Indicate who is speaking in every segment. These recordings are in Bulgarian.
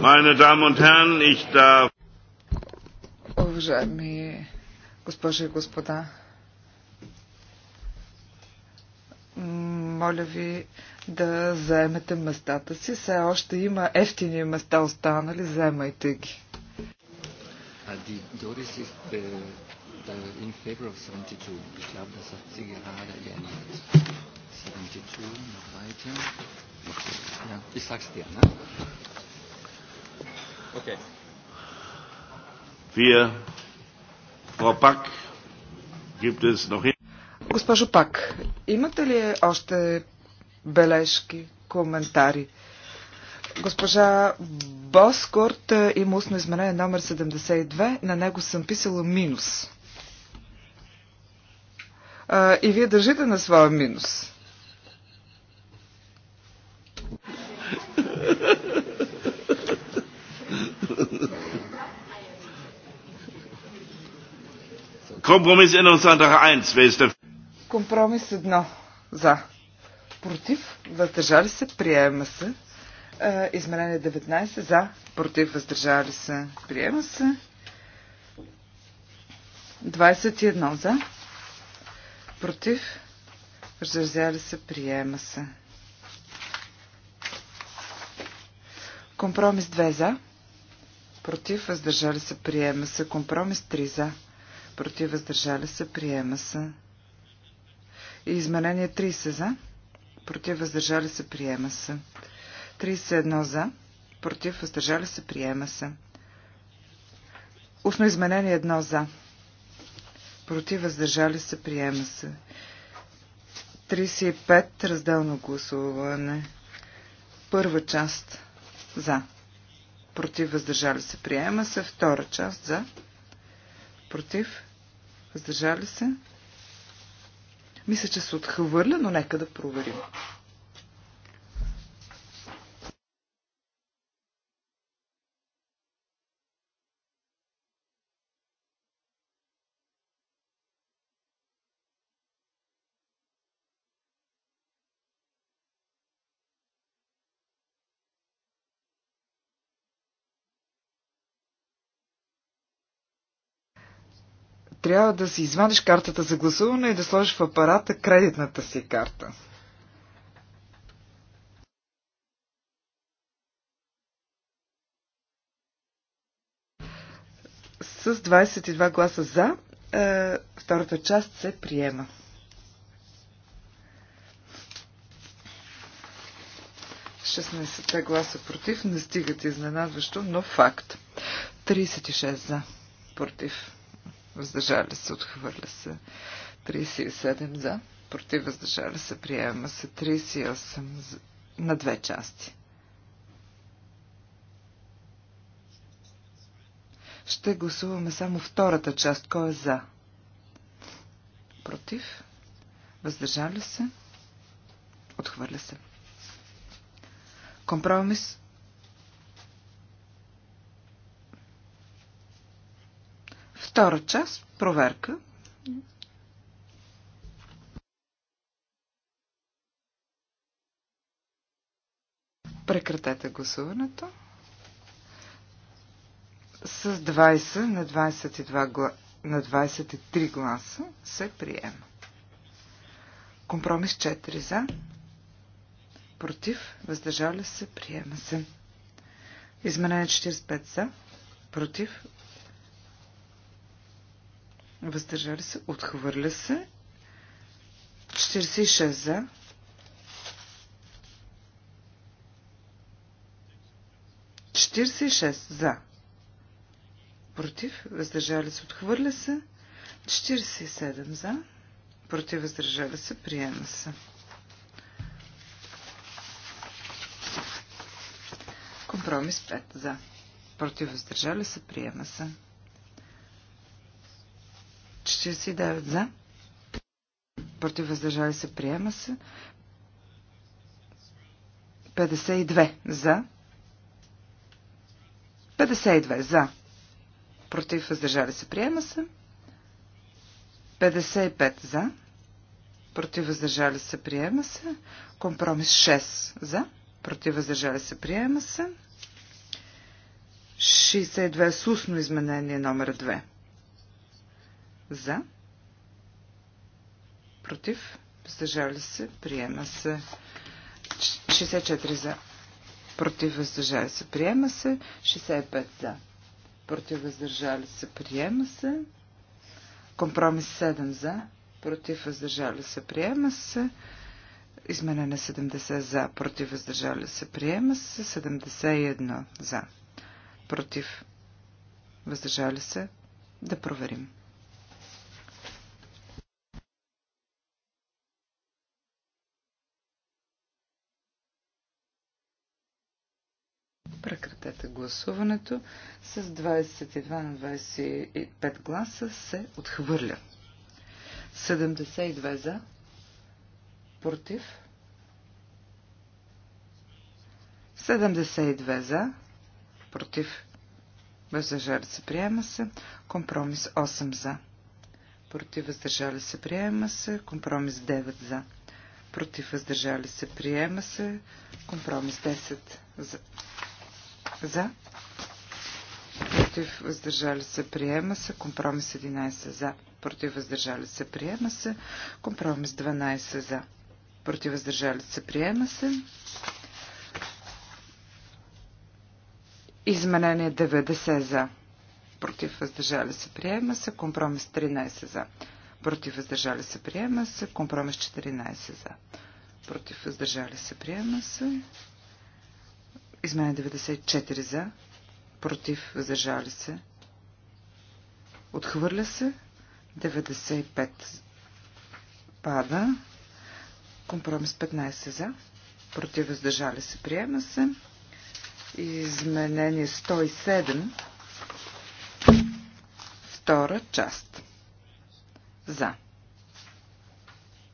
Speaker 1: Meine Damen und Herren, ich darf...
Speaker 2: Уважаеми госпожи и господа, моля ви да заемете местата си. Все още има ефтини места останали, заемайте ги.
Speaker 3: А Дорис э, in favor of 72. Ich glaube, das hat sie gerade 72, noch weiter. Ja, ich sag's dir. Ne? Okay.
Speaker 1: Wir, Frau Pack, gibt es noch hin?
Speaker 2: Госпожо Пак, имате ли още бележки, коментари? Госпожа Боскорт е, има устно изменение номер 72. На него съм писала минус. А, и вие държите на своя минус.
Speaker 1: Компромис 1. Wer ist
Speaker 2: Компромис 1. За. Против. Въздържали се. Приема се. Е, изменение 19. За. Против. Въздържали се. Приема се. 21. За. Против. Въздържали се. Приема се. Компромис 2 за. Против. Въздържали се. Приема се. Компромис 3 за против, въздържали се, приема се. И изменение 30 за, против, въздържали се, приема се. 31 за, против, въздържали се, приема се. Устно изменение 1 за, против, въздържали се, приема се. 35 разделно гласуване. Първа част за. Против въздържали се приема се. Втора част за. Против? Въздържали се? Мисля, че се отхвърля, но нека да проверим. трябва да си извадиш картата за гласуване и да сложиш в апарата кредитната си карта. С 22 гласа за, е, втората част се приема. Шестнадесетте гласа против не стигат изненадващо, но факт. 36 за против въздържали се, отхвърля се. 37 за, против, въздържали се, приема се. 38 за, на две части. Ще гласуваме само втората част. Кой е за? Против? Въздържали се? Отхвърля се. Компромис Втора част. Проверка. Прекратете гласуването. С 20 на 22 гла... на 23 гласа се приема. Компромис 4 за, против, въздържали се, приема се. Изменение 45 за, против, въздържали се, отхвърля се. 46 за, 46 за. Против, въздържали се, отхвърля се. 47 за. Против, въздържали се, приема се. Компромис 5 за. Против, въздържали се, приема се. 49 за. Против въздържали се. Приема се. 52 за. 52 за. Против въздържали се. Приема се. 55 за. Против въздържали се. Приема се. Компромис 6 за. Против въздържали се. Приема се. 62 с устно изменение номер 2. За. Против. Въздържали се. Приема се. 64 за. Против. Въздържали се. Приема се. 65 за. Против. Въздържали се. Приема се. Компромис 7 за. Против. Въздържали се. Приема се. Изменене 70 за. Против. Въздържали се. Приема се. 71 за. Против. Въздържали се. Да проверим. Прекратете гласуването. С 22 на 25 гласа се отхвърля. 72 за. Против. 72 за. Против. Въздържали се. Приема се. Компромис 8 за. Против. Въздържали се. Приема се. Компромис 9 за против въздържали се, приема се, компромис 10 за, за. Против. Въздържали се. Приема се. Компромис 11. За. Против. Въздържали се. Приема се. Компромис 12. За. Против. Въздържали се. Приема се. Изменение 90 за. Против въздържали се приема се. Компромис 13 за. Против въздържали се приема се. Компромис 14 за. Против въздържали се приема се. Измене 94 за, против, въздържали се. Отхвърля се. 95 пада. Компромис 15 за. Против въздържали се. Приема се. Изменение 107. Втора част. За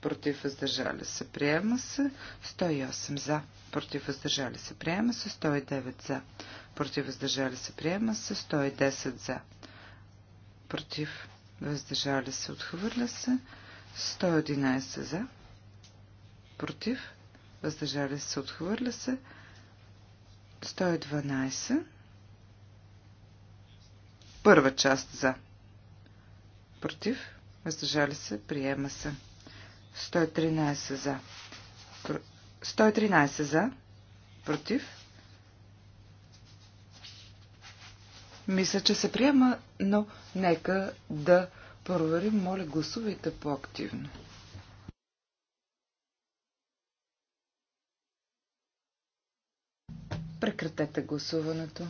Speaker 2: против въздържали се, приема се. 108 за, против въздържали се, приема се. 109 за, против въздържали се, приема се. 110 за, против въздържали се, отхвърля се. 111 за, против въздържали се, отхвърля се. 112 първа част за, против въздържали се, приема се. 113 за. 113 за. Против. Мисля, че се приема, но нека да проверим. Моля, гласувайте по-активно. Прекратете гласуването.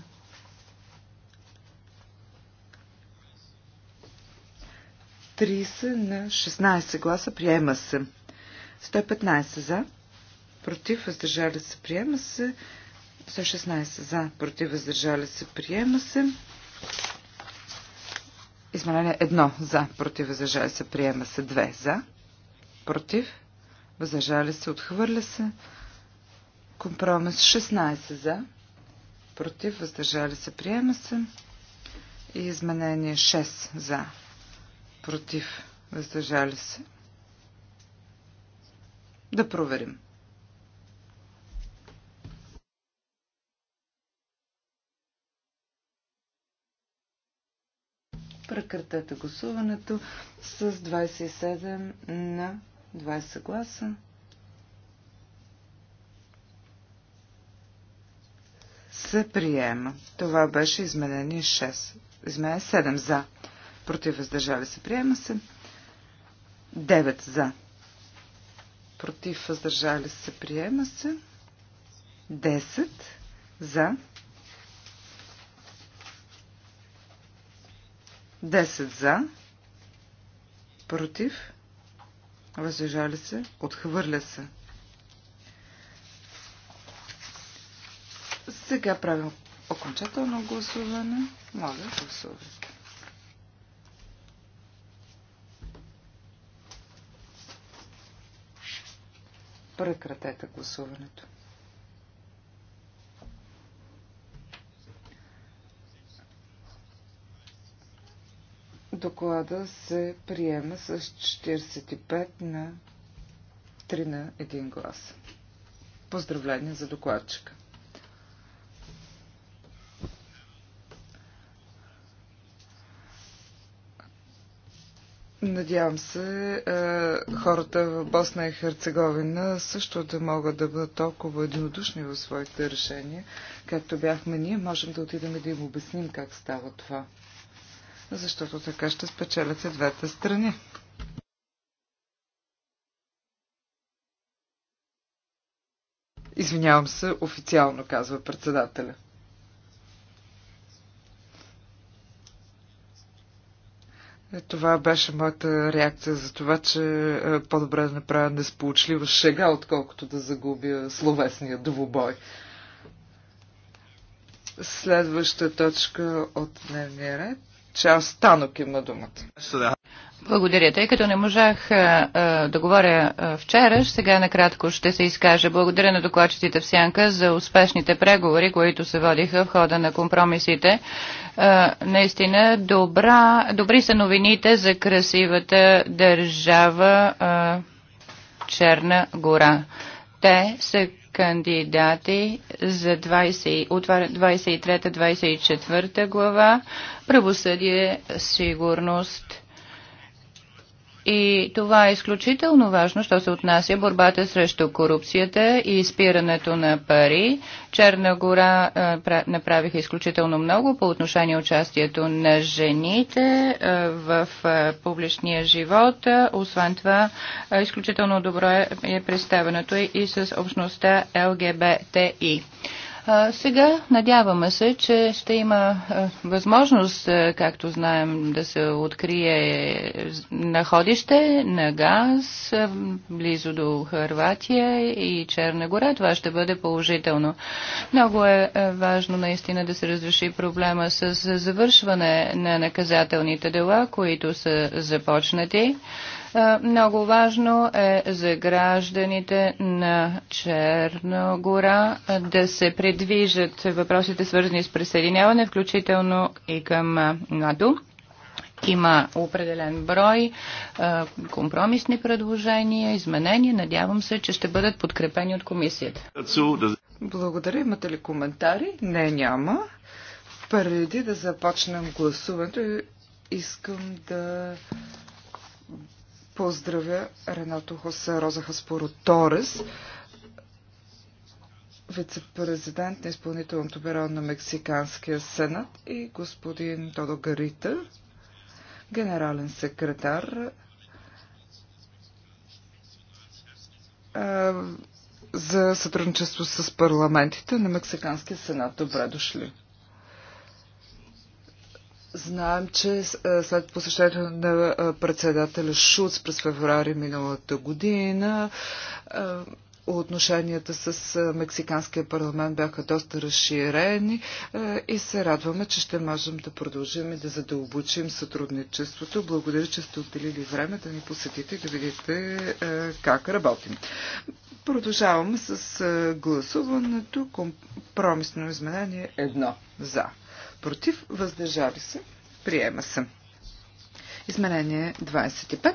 Speaker 2: 30 на 16 гласа приема се. 115 за, против, въздържали се, приема се. 116 за, против, въздържали се, приема се. Изменение 1 за, против, въздържали се, приема се. 2 за, против, въздържали се, отхвърля се. Компромис 16 за, против, въздържали се, приема се. И изменение 6 за, против, въздържали се. Да проверим. Прекратете гласуването с 27 на 20 гласа. Се приема. Това беше изменение 6. Изменение 7 за против въздържали се, приема се. 9 за, против въздържали се, приема се. 10 за, 10 за, против, въздържали се, отхвърля се. Сега правим окончателно гласуване. Моля, гласувайте. Прекратете гласуването. Доклада се приема с 45 на 3 на 1 глас. Поздравление за докладчика. Надявам се е, хората в Босна и Херцеговина също да могат да бъдат толкова единодушни в своите решения, както бяхме ние. Можем да отидем и да им обясним как става това. Защото така ще спечелят и двете страни. Извинявам се, официално казва председателя. Това беше моята реакция за това, че е, по-добре да направя несполучлива шега, отколкото да загубя словесния двубой. Следваща точка от дневния ред. Чао Станок има думата.
Speaker 4: Благодаря. Тъй като не можах а, да говоря а, вчера, сега накратко ще се изкажа. Благодаря на докладчетите в Сянка за успешните преговори, които се водиха в хода на компромисите. А, наистина добра, добри са новините за красивата държава а, Черна гора. Те са кандидати за 20, от 23-24 глава правосъдие, сигурност, и това е изключително важно, що се отнася борбата срещу корупцията и изпирането на пари. Черна гора е, направиха изключително много по отношение участието на жените е, в е, публичния живот. Освен това, е, изключително добро е, е представеното и с общността ЛГБТИ. Сега надяваме се, че ще има възможност, както знаем, да се открие находище на газ близо до Харватия и Черна гора. Това ще бъде положително. Много е важно наистина да се разреши проблема с завършване на наказателните дела, които са започнати. Много важно е за гражданите на Черногора да се предвижат въпросите свързани с присъединяване, включително и към НАТО. Има определен брой компромисни предложения, изменения. Надявам се, че ще бъдат подкрепени от комисията. Благодаря. Имате ли
Speaker 2: коментари? Не, няма. Преди да започнем гласуването, искам да поздравя Ренато Хосе Роза Хаспоро Торес, вице-президент на изпълнителното бюро на Мексиканския сенат и господин Тодо Гарита, генерален секретар за сътрудничество с парламентите на Мексиканския сенат. Добре дошли! Знаем, че е, след посещението на е, председателя Шуц през феврари миналата година е, отношенията с Мексиканския парламент бяха доста разширени и се радваме, че ще можем да продължим и да задълбочим сътрудничеството. Благодаря, че сте отделили време да ни посетите и да видите как работим. Продължаваме с гласуването. Компромисно изменение едно за против, въздържали се, приема се. Изменение 25.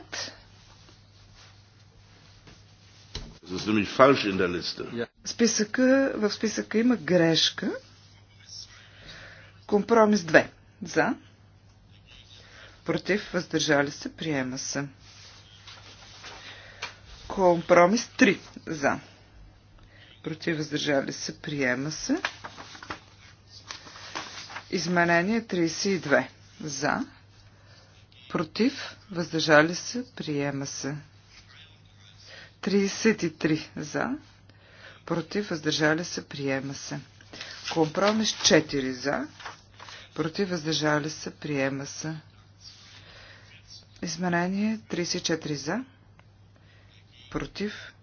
Speaker 2: Списъка, в списъка има грешка. Компромис 2. За. Против. Въздържали се. Приема се. Компромис 3. За. Против. Въздържали се. Приема се. Изменение 32. За. Против. Въздържали се. Приема се. 33. За. Против. Въздържали се. Приема се. Компромис 4. За. Против. Въздържали се. Приема се. Изменение 34. За. Против.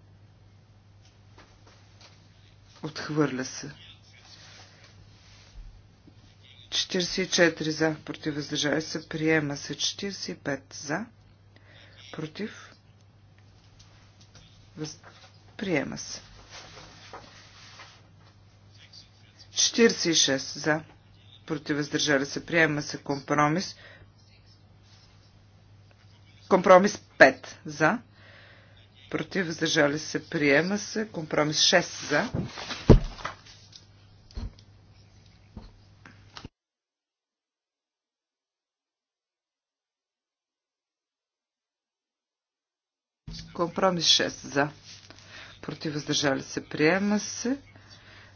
Speaker 2: Отхвърля се. 44 за, против въздържали се, приема се 45 за, против, въз... приема се. 46 за, против въздържали се, приема се компромис. Компромис 5 за, против въздържали се, приема се, компромис 6 за, Компромис 6 за. Против въздържали се. Приема се.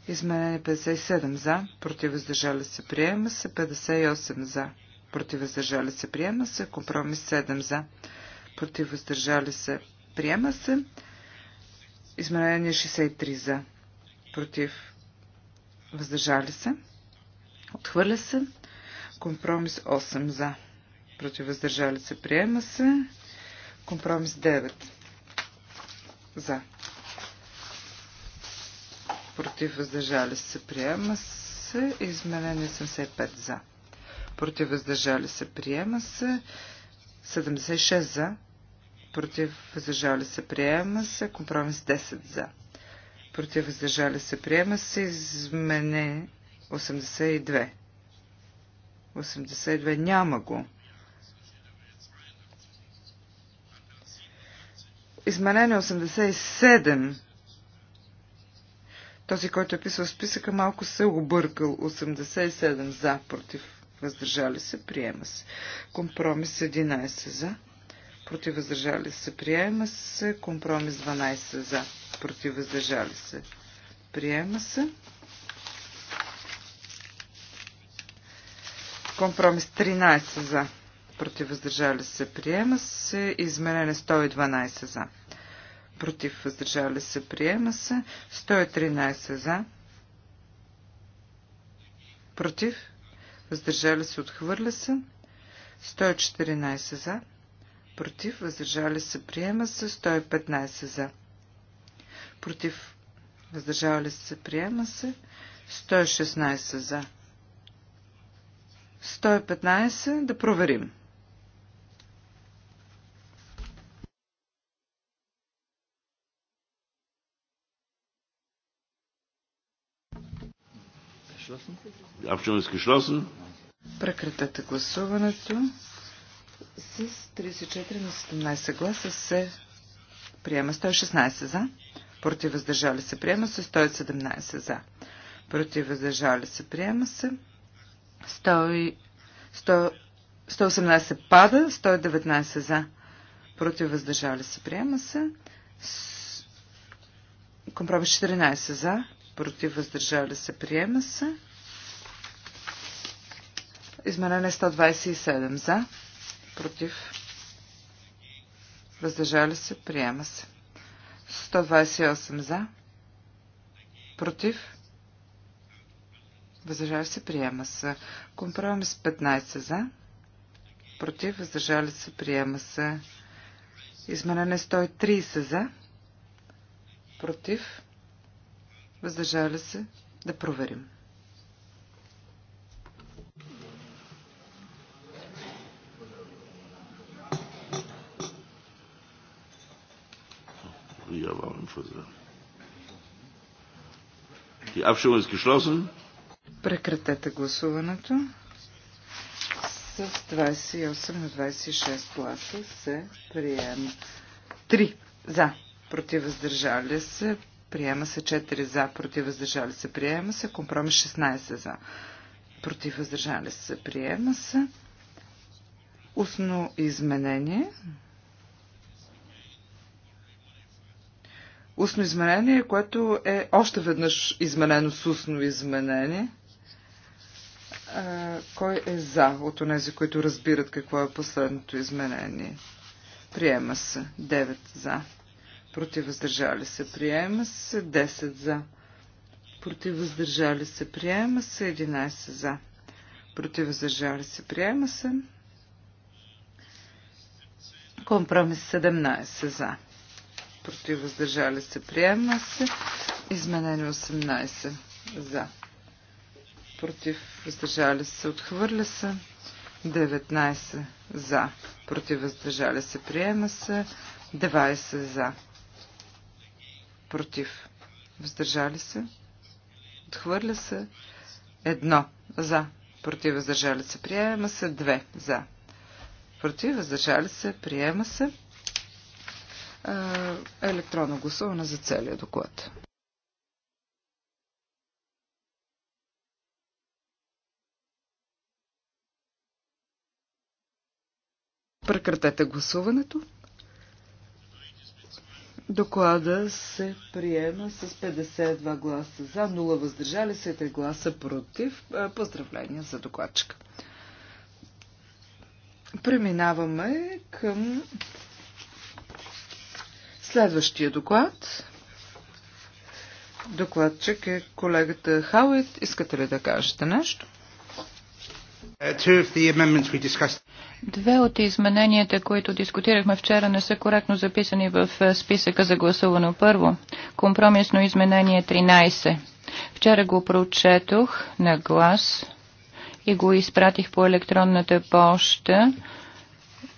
Speaker 2: Изменение 57 за. Против въздържали се. Приема се. 58 за. Против въздържали се. Приема се. Компромис 7 за. Против въздържали се. Приема се. Изменение 63 за. Против въздържали се. Отхвърля се. Компромис 8 за. Против въздържали се. Приема се. Компромис 9 за. Против въздържали се приема се. Изменение 75 за. Против въздържали се приема се. 76 за. Против въздържали се приема се. Компромис 10 за. Против въздържали се приема се. Измене 82. 82 няма го. Изменение 87. Този, който е писал списъка, малко се е объркал. 87 за, против, въздържали се, приема се. Компромис 11 за, против, въздържали се, приема се. Компромис 12 за, против, въздържали се, приема се. Компромис 13 за, против въздържали се, приема се. изменене 112 за, против въздържали се, приема се. 113 за, против въздържали се, отхвърля се. 114 за, против въздържали се, приема се. 115 за, против въздържали се, приема се. 116 за. 115 да проверим. Прекратете гласуването. С 34 на 17 гласа се приема 116 за. Против въздържали се приема се 117 за. Против въздържали се приема се 100, 100, 118 пада, 119 за. Против въздържали се приема се. Компромис 14 за. Против въздържали се приема се. Изменение 127 за. Против. Въздържали се. Приема се. 128 за. Против. Въздържали се. Приема се. Компромис 15 за. Против. Въздържали се. Приема се. Изменение 130 за. Против. Въздържали се. Да проверим.
Speaker 1: Julia war im Versagen. Die Abstimmung ist geschlossen.
Speaker 2: Прекратете гласуването. С 28 на 26 гласа се приема. 3 за, против въздържали се, приема се 4 за, против въздържали се, приема се, компромис 16 за, против въздържали се, приема се. Устно изменение. устно изменение, което е още веднъж изменено с устно изменение. А, кой е за от тези, които разбират какво е последното изменение? Приема се. 9 за. Против въздържали се. Приема се. 10 за. Против въздържали се. Приема се. 11 за. Против въздържали се. Приема се. Компромис 17 за против, въздържали се, приема се. Изменени 18 за, против, въздържали се, отхвърля се. 19 за, против, въздържали се, приема се. 20 за, против, въздържали се, отхвърля се. 1 за, против, въздържали се, приема се. 2 за, против, въздържали се, приема се. Е, електронно гласуване за целия доклад. Прекратете гласуването. Доклада се приема с 52 гласа за, 0 въздържали се, 3 гласа против. Е, поздравления за докладчика. Преминаваме към Следващия доклад. Докладчик е колегата Хауит. Искате ли да кажете нещо? Uh,
Speaker 4: Две от измененията, които дискутирахме вчера, не са коректно записани в е, списъка за гласуване. Първо, компромисно изменение 13. Вчера го прочетох на глас и го изпратих по електронната поща,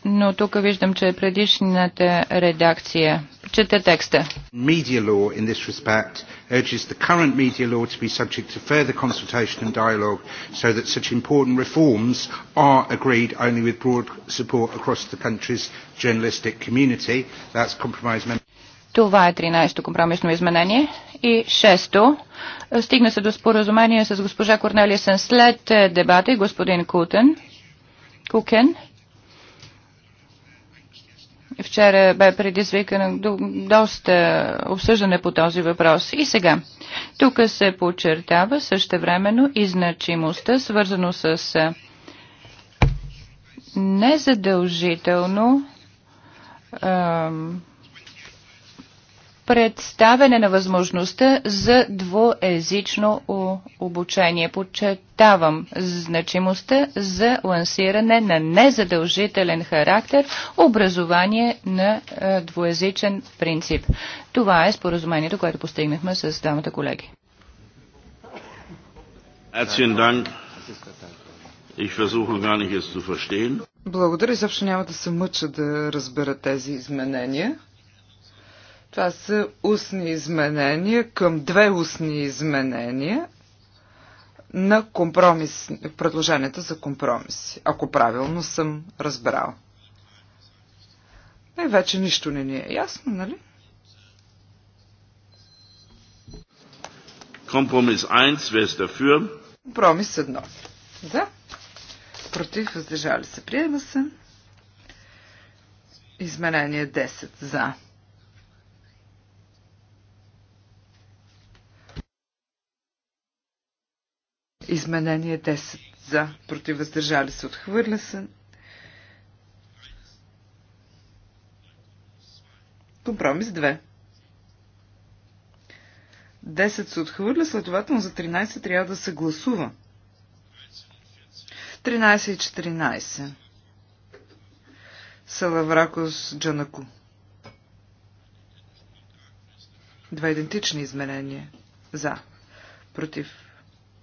Speaker 4: но тук виждам, че е предишната редакция чете текста.
Speaker 1: Media law in this respect urges the current media law to be subject to further consultation and dialogue so that such important reforms are agreed only with broad support across the country's journalistic community. That's compromise member.
Speaker 4: Това е 13-то компромисно изменение. И 6-то. Стигна се до споразумение с госпожа Корнелисен след дебата и господин Кутен. Кукен Вчера бе предизвикано до, доста обсъждане по този въпрос. И сега, тук се подчертава същевременно и значимостта, свързано с незадължително представяне на възможността за двоезично обучение. Подчертавам значимостта за лансиране на незадължителен характер образование на е, двоезичен принцип. Това е споразумението, което постигнахме с дамата колеги. Благодаря,
Speaker 2: изобщо няма да се мъча да разбера тези изменения. Това са устни изменения към две устни изменения на компромис, предложенията за компромиси, ако правилно съм разбрал. И вече нищо не ни е ясно, нали?
Speaker 1: Компромис 1, вие сте фюр?
Speaker 2: Компромис 1. За. Против, въздържали се. Приема се. Изменение 10. За. Изменение 10 за, против, въздържали се, отхвърля се. Компромис 2. 10 се отхвърля, следователно за 13 трябва да се гласува. 13 и 14. Салавракос Джанаку. Два идентични измерения. За. Против.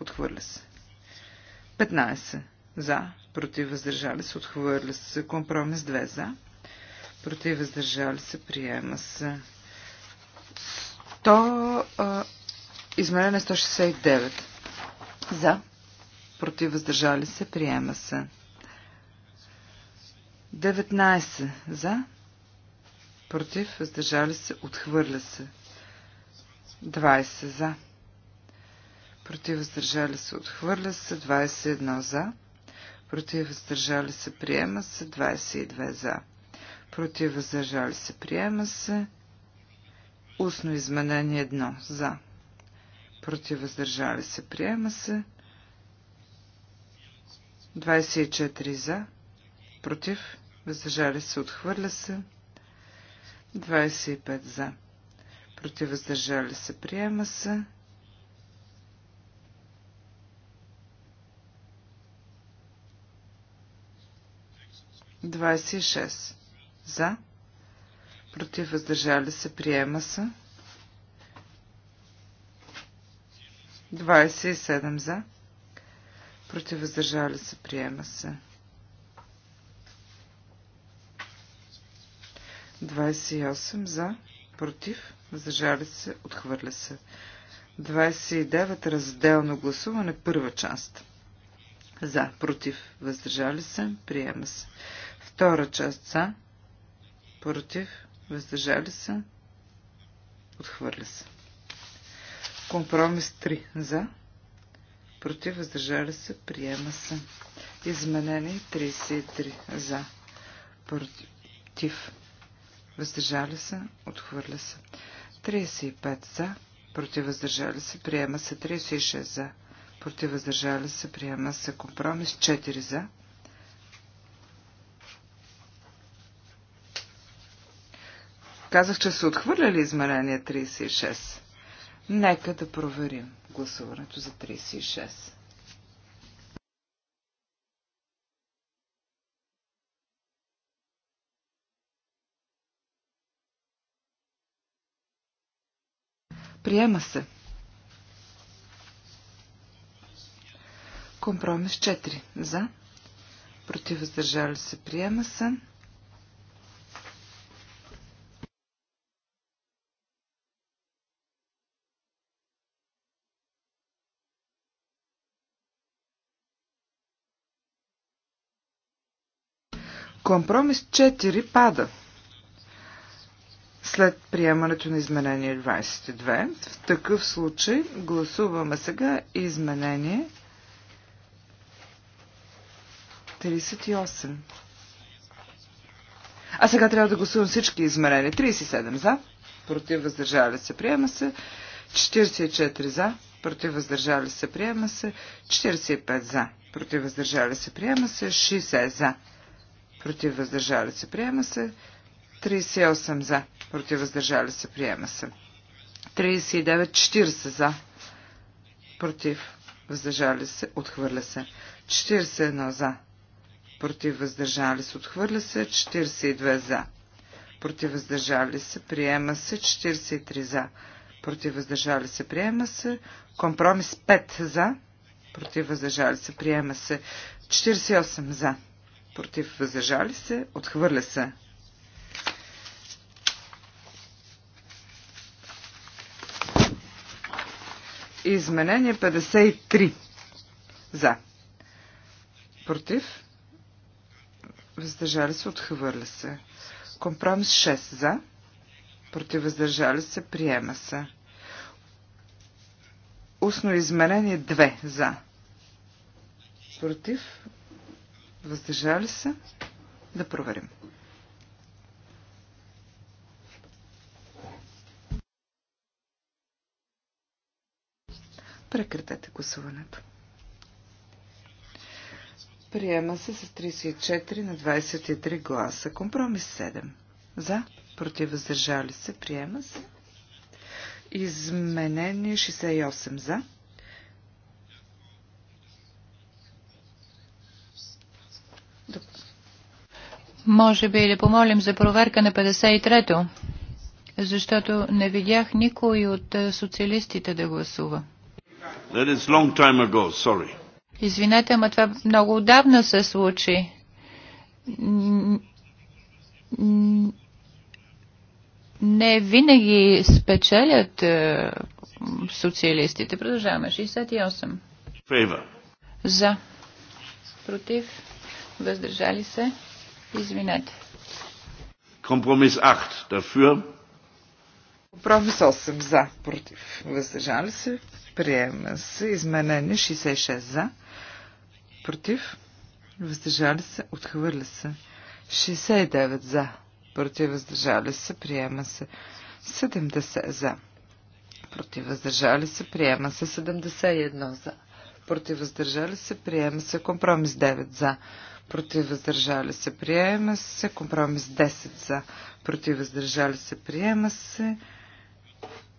Speaker 2: Отхвърля се. 15. За. Против. Въздържали се. Отхвърля се. Компромис 2. За. Против. Въздържали се. Приема се. 100. Измерение 169. За. Против. Въздържали се. Приема се. 19. За. Против. Въздържали се. Отхвърля се. 20. За против въздържали се, отхвърля се, 21 за, против въздържали се, приема се, 22 за, против въздържали се, приема се, устно изменение 1 за, против въздържали се, приема се, 24 за, против въздържали се, отхвърля се, 25 за, против въздържали се, приема се, 26. За. Против въздържали се. Приема се. 27 за. Против въздържали се. Приема се. 28 за. Против. Въздържали се. Отхвърля се. 29. Разделно гласуване. Първа част. За. Против. Въздържали се. Приема се. Втора част са против, въздържали се, отхвърля се. Компромис 3 за, против, въздържали се, приема се. Изменени 33 за, против, въздържали се, отхвърля се. 35 за, против, въздържали се, приема се. 36 за, против, въздържали се, приема се. Компромис 4 за, казах, че са отхвърляли измерение 36. Нека да проверим гласуването за 36. Приема се. Компромис 4. За. Против въздържали се. Приема се. Компромис 4 пада след приемането на изменение 22. В такъв случай гласуваме сега изменение 38. А сега трябва да гласувам всички измерения. 37 за, против въздържали се, приема се. 44 за, против въздържали се, приема се. 45 за, против въздържали се, приема се. 60 за, против въздържали се, приема се. 38 за, против въздържали се, приема се. 39, 40 за, против въздържали се, отхвърля се. 41 за, против въздържали се, отхвърля се. 42 за, против въздържали се, приема се. 43 за, против въздържали се, приема се. Компромис 5 за, против въздържали се, приема се. 48 за, против, въздържали се, отхвърля се. Изменение 53. За. Против. Въздържали се, отхвърля се. Компромис 6. За. Против, въздържали се, приема се. Устно изменение 2. За. Против. Въздържали се? Да проверим. Прекратете гласуването. Приема се с 34 на 23 гласа. Компромис 7. За, против, въздържали се. Приема се. Изменение 68 за
Speaker 4: Може би да помолим за проверка на 53-то, защото не видях никой от е, социалистите да гласува.
Speaker 1: That is long time ago,
Speaker 4: sorry. Извинете, ама това много отдавна се случи. Не винаги спечелят е, социалистите. Продължаваме. 68. Favor. За. Против. Въздържали се. Извинете.
Speaker 1: Компромис 8. Дафюр.
Speaker 4: Компромис
Speaker 2: 8 за, против. Въздържали се. Приема се. Изменение 66 за. Против. Въздържали се. Отхвърля се. 69 за. Против. Въздържали се. Приема се. 70 за. Против. Въздържали се. Приема се. 71 за. Против. Въздържали се. Приема се. Компромис 9 за против въздържали се, приема се. Компромис 10 за, против въздържали се, приема се.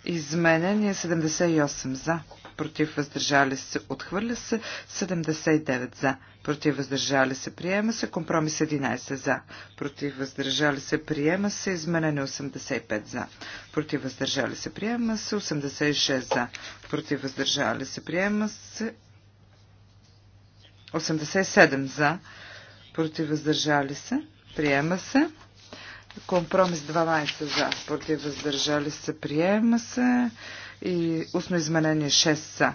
Speaker 2: Изменение 78 за, против въздържали се, отхвърля се. 79 за, против въздържали се, приема се. Компромис 11 за, против въздържали се, приема се. Изменение 85 за, против въздържали се, приема се. 86 за, против въздържали се, приема се. 87 за, против въздържали се, приема се. Компромис 12 за, против въздържали се, приема се. И устно изменение 6 за,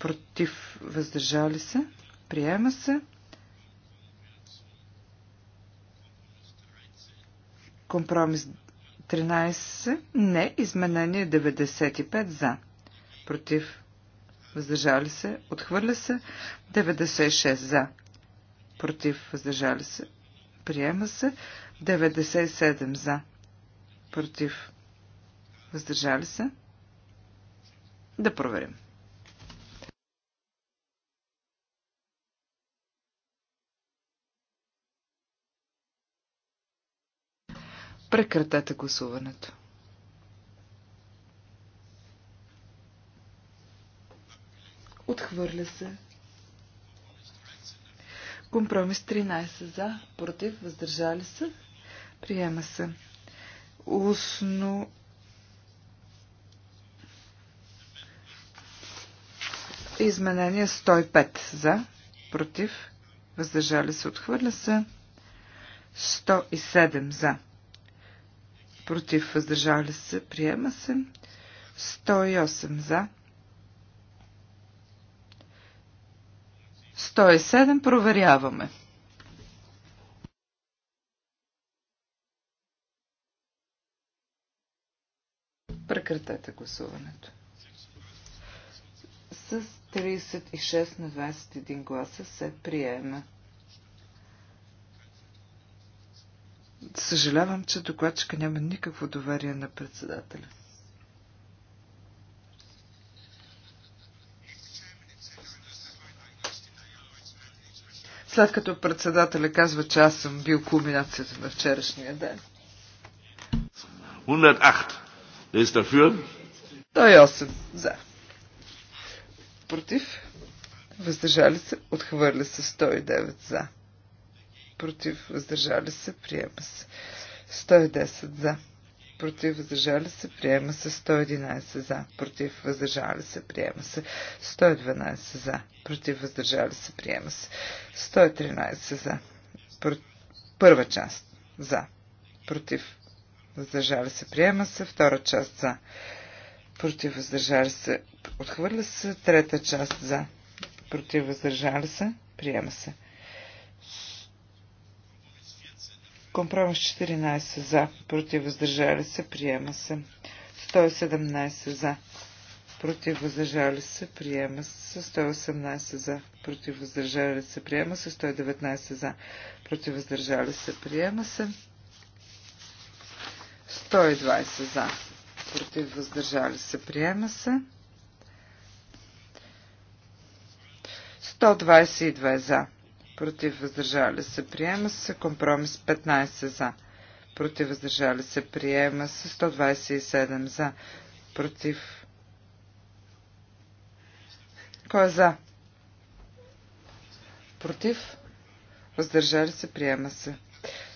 Speaker 2: против въздържали се, приема се. Компромис 13 не, изменение 95 за, против въздържали се, отхвърля се, 96 за против, въздържали се, приема се. 97 за, против, въздържали се. Да проверим. Прекратете гласуването. Отхвърля се. Компромис 13 за, против, въздържали се, приема се. Устно изменение 105 за, против, въздържали се, отхвърля се. 107 за, против, въздържали се, приема се. 108 за, 107 проверяваме. Прекратете гласуването. С 36 на 21 гласа се приема. Съжалявам, че докладчика няма никакво доверие на председателя. след като председателя казва, че аз съм бил кулминацията на вчерашния ден.
Speaker 1: 108. Лист дафюр?
Speaker 2: 108. За. Против? Въздържали се? Отхвърля се 109 за. Против? Въздържали се? Приема се. 110 за против, въздържали се, приема се 111 за, против, въздържали се, приема се 112 за, против, въздържали се, приема се 113 за, Про... първа част за, против, въздържали се, приема се, втора част за, против, въздържали се, отхвърля се, трета част за, против, въздържали се, приема се Компромис 14 за, против въздържали се, приема се. 117 за, против въздържали се, приема се. 118 за, против въздържали се, приема се. 119 за, против въздържали се, приема се. 120 за, против въздържали се, приема се. 122 за, против въздържали се, приема се. Компромис 15 за, против въздържали се, приема се. 127 за, против. Кой е за? Против? Въздържали се, приема се.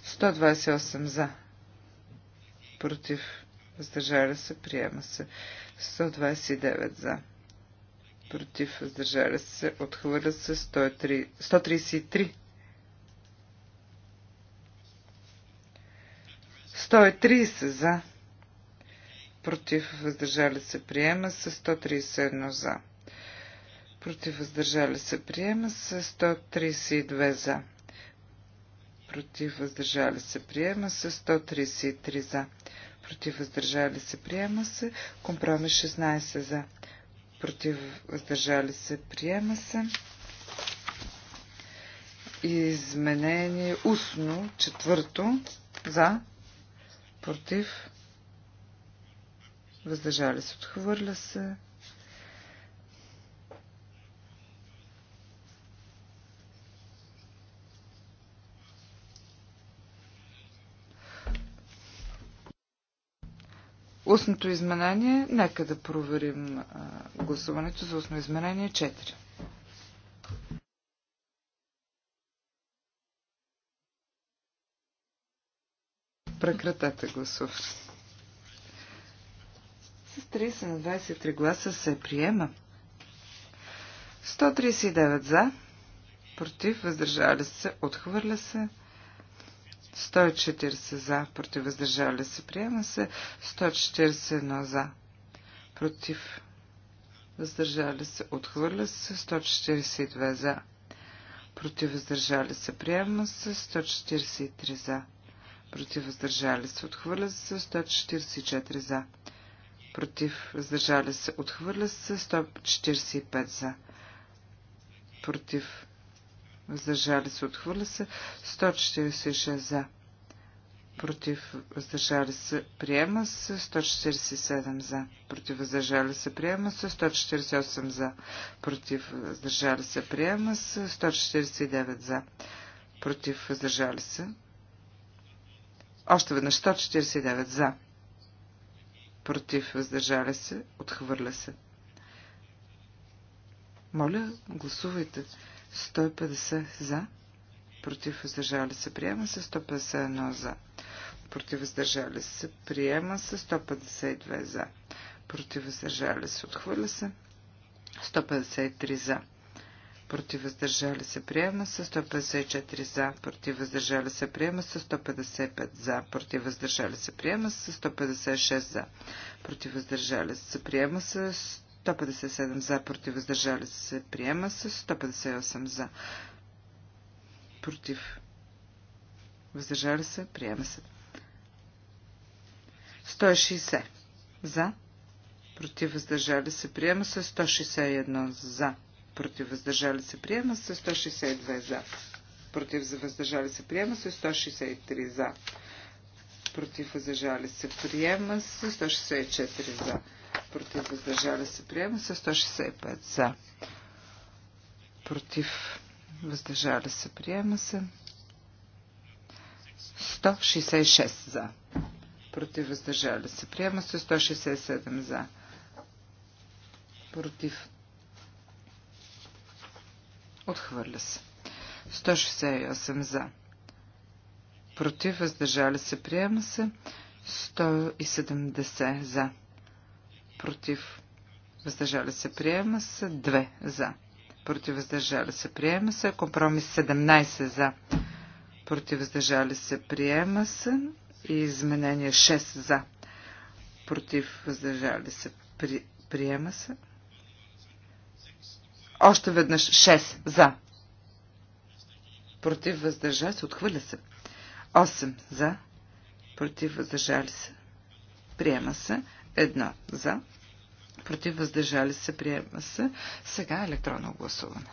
Speaker 2: 128 за. Против. Въздържали се, приема се. 129 за против, въздържали се, отхвърля се 103, 133. 130 за, против, въздържали се, приема се 131 за, против, въздържали се, приема се 132 за, против, въздържали се, приема се 133 за, против, въздържали се, приема се, компромис 16 за против, въздържали се, приема се. Изменение устно, четвърто, за, против, въздържали се, отхвърля се. Устното изменение, нека да проверим гласуването за устно изменение 4. Прекратете гласуване. С 30 на 23 гласа се приема. 139 за, против, въздържали се, отхвърля се. 140 за, против въздържали се, приема се. 141 за, против въздържали се, отхвърля се. 142 за, против въздържали се, приема се. 143 за, против въздържали се, отхвърля се. 144 за, против въздържали се, отхвърля се. 145 за, против въздържали се, отхвърля се, 146 за, против, въздържали се, приема се, 147 за, против, въздържали се, приема се, 148 за, против, въздържали се, приема се, 149 за, против, въздържали се. Още веднъж 149 за, против, въздържали се, отхвърля се. Моля, гласувайте. 150 за, против въздържали се, приема се 151 за, против въздържали се, приема се 152 за, против въздържали се, отхвърля се 153 за, против въздържали се, приема се 154 за, против въздържали се, приема се 155 за, против въздържали се, приема се 156 за, против въздържали се, приема се 157 за, против, въздържали се, приема се. 158 за, против, въздържали се, приема се. 160 за, против, въздържали се, приема се. 161 за, против, въздържали се, приема се. 162 за, против, въздържали се, приема се. 163 за, против, въздържали се, приема се. 164 за против въздържали се приема се, 165 за, против въздържали се приема се, 166 за, против въздържали се приема се, 167 за, против отхвърля се, 168 за, против въздържали се приема се, 170 за против, въздържали се, приема с 2 за, против, въздържали се, приема се, компромис 17 за, против, въздържали се, приема се изменение 6 за, против, въздържали се, при, приема се. Още веднъж 6 за, против, въздържали се, отхвърля се. 8 за, против, въздържали се, приема се. Една за, против въздържали се, приема се. Сега електронно гласуване.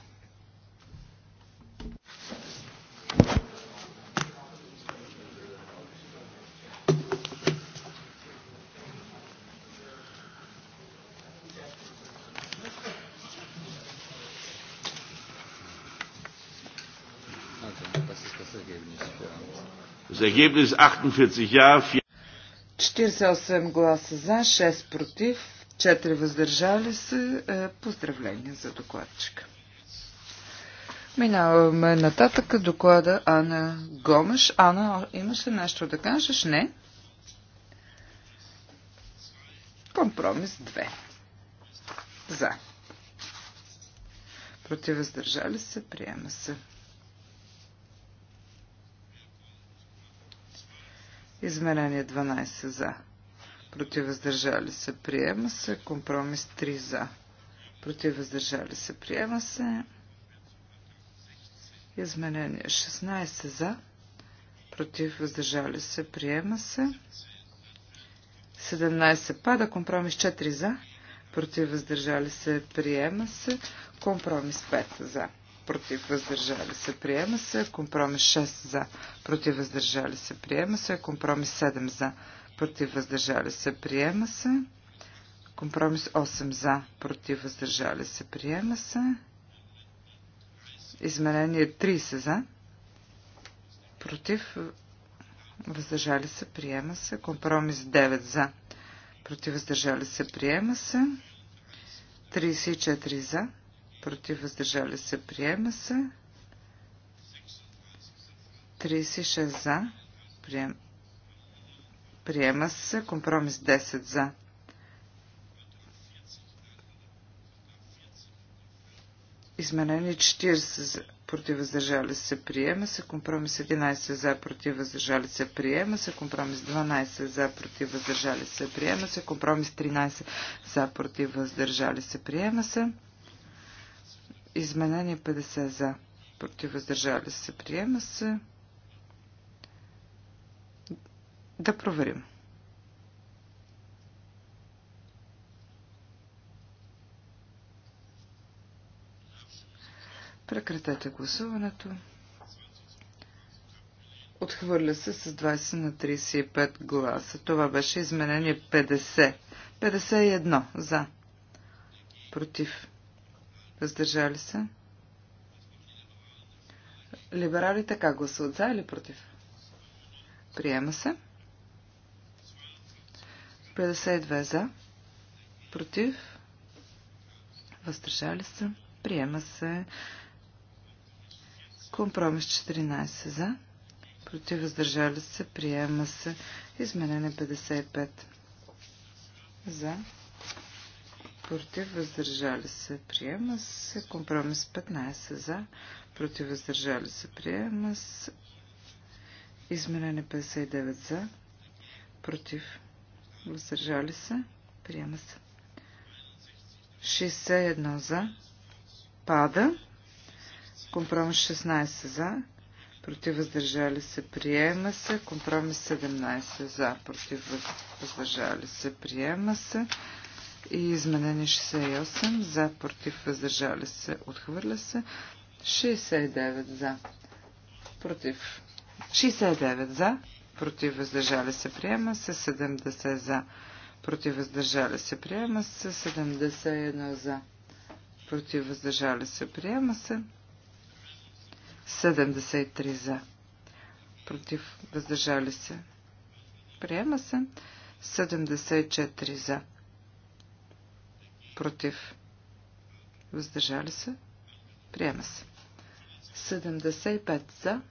Speaker 1: Das Ergebnis 48 Ja,
Speaker 2: 48 гласа за, 6 против, 4 въздържали се. Е, поздравления за докладчика. Минаваме нататък доклада Ана Гомеш. Ана, имаш ли нещо да кажеш? Не. Компромис 2. За. Против въздържали се, приема се. Измерение 12 за. Против въздържали се. Приема се. Компромис 3 за. Против въздържали се. Приема се. Изменение 16 за. Против въздържали се. Приема се. 17 пада. Компромис 4 за. Против въздържали се. Приема се. Компромис 5 за против въздържали се, приема се. Компромис 6 за, против въздържали се, приема се. Компромис 7 за, против въздържали се, приема се. Компромис 8 за, против въздържали се, приема се. Изменение 30 за, против въздържали се, приема се. Компромис 9 за, против въздържали се, приема се. 34 за, против въздържали се, приема се. 36 за, прием... приема се. Компромис 10 за. Изменени 40 за против въздържали се приема се, компромис 11 за против въздържали се приема се, компромис 12 за против въздържали се приема се, компромис 13 за против въздържали се приема се. Изменение 50 за. Против въздържали се. Приема се. Да проверим. Прекратете гласуването. Отхвърля се с 20 на 35 гласа. Това беше изменение 50. 51 за. Против. Въздържали се. Либералите как гласуват? За или против? Приема се. 52 за. Против. Въздържали се. Приема се. Компромис 14 за. Против. Въздържали се. Приема се. Изменение 55 за против, въздържали се, приема се. Компромис 15 за, против, въздържали се, приема се. Изменение 59 за, против, въздържали се, приема се. 61 за, пада. Компромис 16 за, против въздържали се, приема се. Компромис 17 за, против въздържали се, приема се. И изменение 68 за, против, въздържали се, отхвърля се. 69 за, против. 69 за, против, въздържали се, приема се. 70 за, против, въздържали се, приема се. 71 за, против, въздържали се, приема се. 73 за, против, въздържали се, приема се. 74 за против, въздържали се, приема се. 75 за,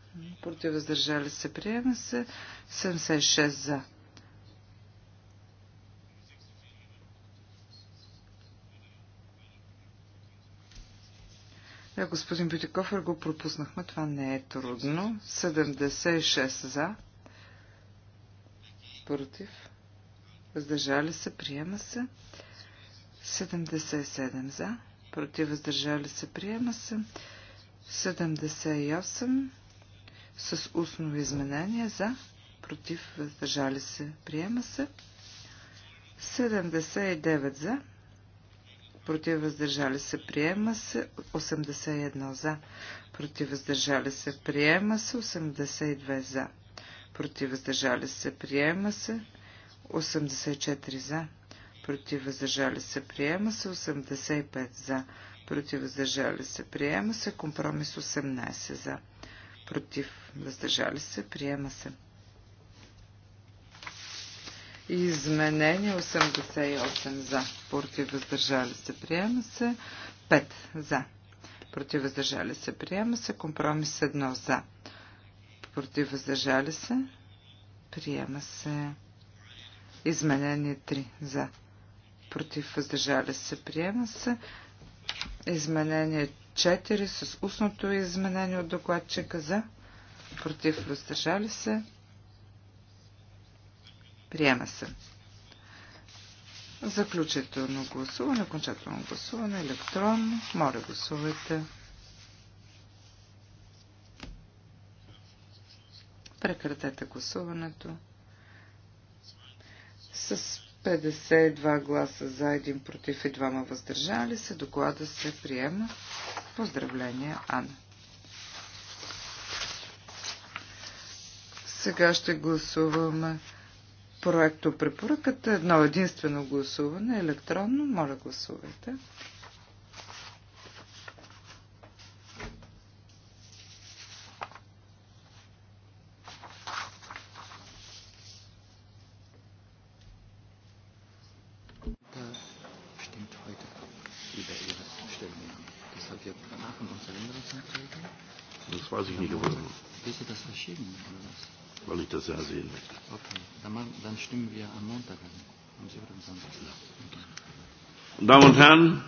Speaker 2: против, въздържали се, приема се. 76 за. Да, е, господин Бютикофер, го пропуснахме, това не е трудно. 76 за, против, въздържали се, приема се. 77 за, против въздържали се, приема се. 78 с устно изменение за, против въздържали се, приема се. 79 за, против въздържали се, приема се. 81 за, против въздържали се, приема се. 82 за, против въздържали се, приема се. 84 за против въздържали се, приема се 85 за, против въздържали се, приема се компромис 18 за, против въздържали се, приема се. Изменение 88 за, против въздържали се, приема се 5 за, против въздържали се, приема се компромис 1 за, против въздържали се, приема се. Изменение 3 за против, въздържали се, приема се. Изменение 4 с устното изменение от докладчика за, против, въздържали се, приема се. Заключително гласуване, окончателно гласуване, електронно. Моля, гласувайте. Прекратете гласуването. С 52 гласа за, 1 против и 2 въздържали се. Доклада се приема. Поздравления, Анна. Сега ще гласуваме проекто препоръката. Едно единствено гласуване, електронно. Моля, гласувайте.
Speaker 3: stimmen wir am Montag an. am Damen und Herren,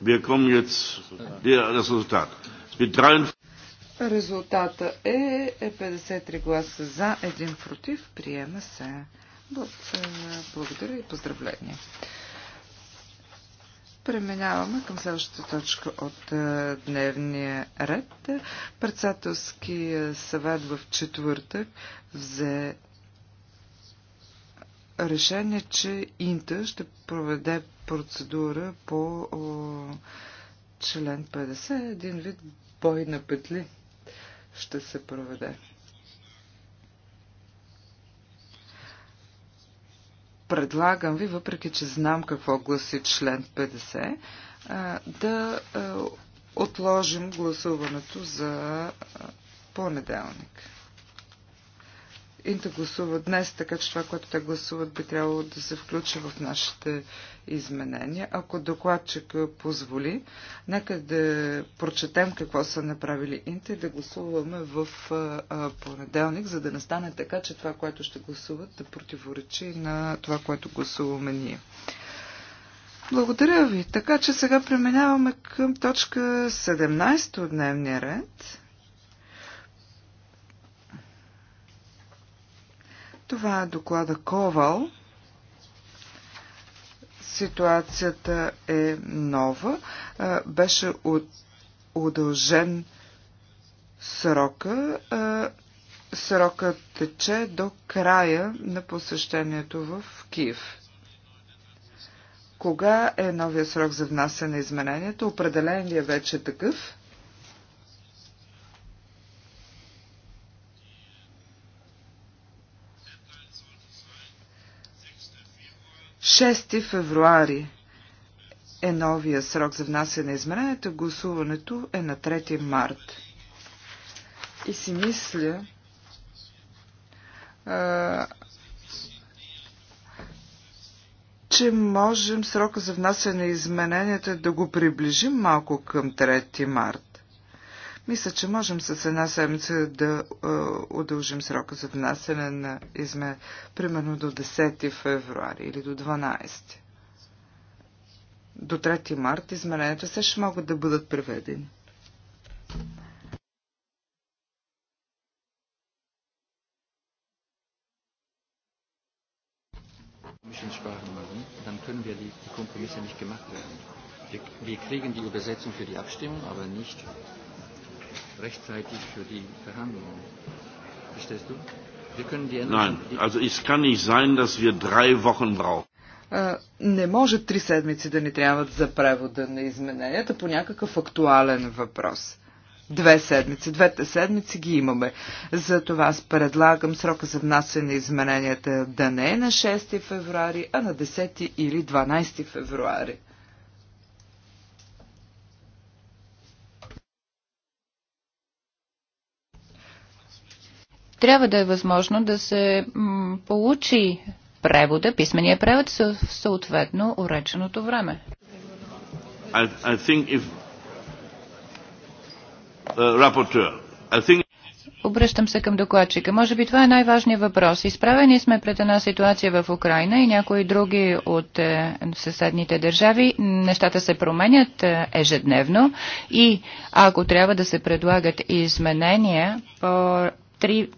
Speaker 3: wir kommen jetzt das
Speaker 1: Resultat. Mit
Speaker 2: Резултата E, е, 53 е гласа за, 1 против. Приема се. Е, благодаря и поздравления. Преминаваме към следващата точка от дневния ред. Председателски съвет в четвъртък взе решение, че Инта ще проведе процедура по о, член 50, един вид бой на петли ще се проведе. Предлагам ви, въпреки че знам какво гласи член 50, да отложим гласуването за понеделник. Инта гласува днес, така че това, което те гласуват, би трябвало да се включи в нашите изменения. Ако докладчик позволи, нека да прочетем какво са направили Инта и да гласуваме в понеделник, за да не стане така, че това, което ще гласуват, да противоречи на това, което гласуваме ние. Благодаря ви. Така че сега преминаваме към точка 17 от дневния ред. Това е доклада Ковал. Ситуацията е нова. Беше удължен срока. Срокът тече до края на посещението в Киев. Кога е новия срок за внасяне на измененията? Определен ли е вече такъв? 6 февруари е новия срок за внасяне на измененията. Гласуването е на 3 март. И си мисля, а, че можем срока за внасяне на измененията да го приближим малко към 3 март. Мисля, че можем с една седмица да е, удължим срока за внасяне на изме, примерно до 10 февруари или до 12. До 3 март измененията се ще могат да бъдат преведени.
Speaker 3: dann können wir die Kompromisse nicht gemacht werden. Wir, wir kriegen die Übersetzung für die Abstimmung, aber nicht rechtzeitig für die Verhandlungen. Verstehst du? Wir können
Speaker 2: die Nein,
Speaker 1: also es kann nicht sein, dass wir drei Wochen brauchen.
Speaker 2: Е, не може три седмици да ни трябват за превода на измененията по някакъв актуален въпрос две седмици. Двете седмици ги имаме. Затова аз предлагам срока за внасяне на измененията да не е на 6 февруари, а на 10 или 12 февруари.
Speaker 4: трябва да е възможно да се получи превода, писмения превод в съответно уреченото време.
Speaker 1: I, I if, uh, think...
Speaker 4: Обръщам се към докладчика. Може би това е най-важният въпрос. Изправени сме пред една ситуация в Украина и някои други от е, съседните държави. Нещата се променят е, ежедневно и ако трябва да се предлагат изменения по три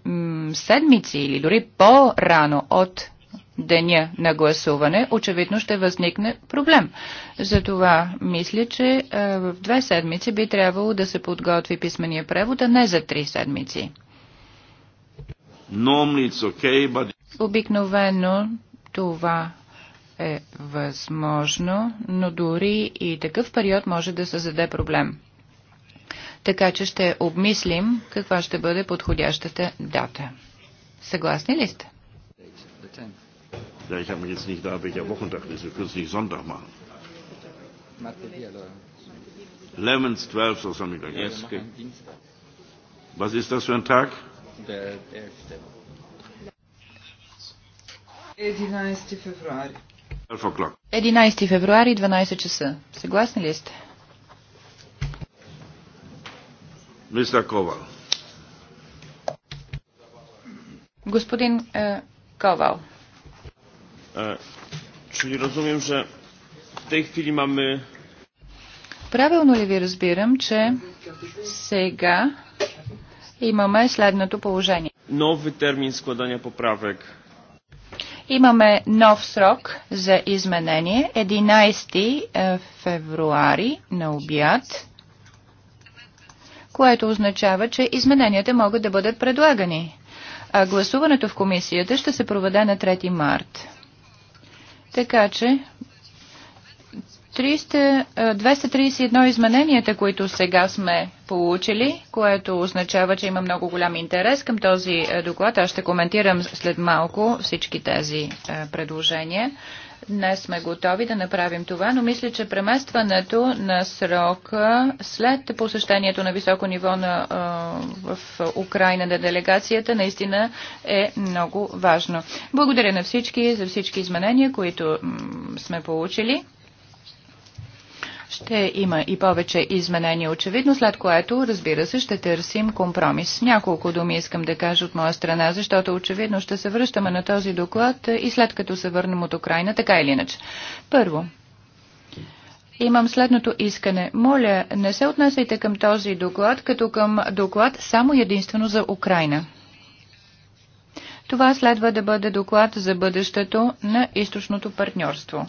Speaker 4: седмици или дори по-рано от деня на гласуване, очевидно ще възникне проблем. Затова мисля, че е, в две седмици би трябвало да се подготви писмения превод, а не за три седмици.
Speaker 1: Okay, but...
Speaker 4: Обикновено това е възможно, но дори и такъв период може да създаде проблем така че ще обмислим каква ще бъде подходящата дата. Съгласни ли сте?
Speaker 2: Единайсти февруари.
Speaker 4: 11 февруари, 12 часа. Съгласни ли сте? Господин е, Ковал.
Speaker 1: Е, Чули разумем, че в тези хвили имаме...
Speaker 4: Правилно ли ви разбирам, че сега имаме следното положение?
Speaker 5: Нови термин складания поправек.
Speaker 4: Имаме нов срок за изменение 11 е, февруари на обяд което означава, че измененията могат да бъдат предлагани. А гласуването в комисията ще се проведе на 3 март. Така че 300, 231 е, измененията, които сега сме получили, което означава, че има много голям интерес към този е, доклад. Аз ще коментирам след малко всички тези е, предложения. Днес сме готови да направим това, но мисля, че преместването на срока след посещението на високо ниво на, в Украина на делегацията наистина е много важно. Благодаря на всички за всички изменения, които сме получили. Ще има и повече изменения очевидно, след което, разбира се, ще търсим компромис. Няколко думи искам да кажа от моя страна, защото очевидно ще се връщаме на този доклад и след като се върнем от Украина, така или иначе. Първо, имам следното искане. Моля, не се отнасяйте към този доклад, като към доклад само единствено за Украина. Това следва да бъде доклад за бъдещето на източното партньорство.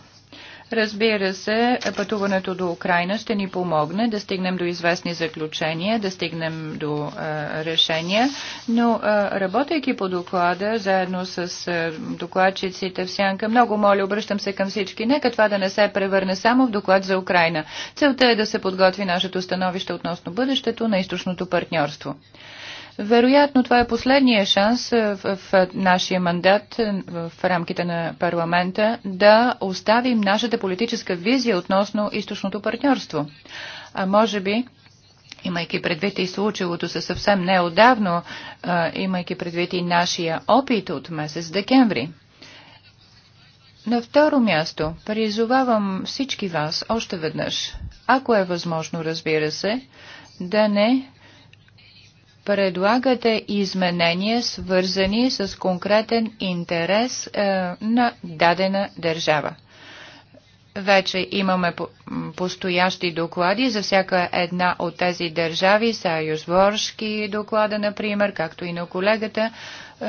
Speaker 4: Разбира се, пътуването до Украина ще ни помогне да стигнем до известни заключения, да стигнем до е, решения, но е, работейки по доклада, заедно с е, докладчиците в Сянка, много моля, обръщам се към всички, нека това да не се превърне само в доклад за Украина. Целта е да се подготви нашето становище относно бъдещето на източното партньорство. Вероятно това е последния шанс е, в, в нашия мандат, е, в рамките на парламента, да оставим нашата политическа визия относно източното партньорство. А може би имайки предвид и случилото се съвсем неодавно, е, имайки предвид и нашия опит от месец декември. На второ място призовавам всички вас още веднъж, ако е възможно, разбира се, да не предлагате изменения, свързани с конкретен интерес е, на дадена държава. Вече имаме постоящи доклади за всяка една от тези държави, Съюзворски доклада, например, както и на колегата, е,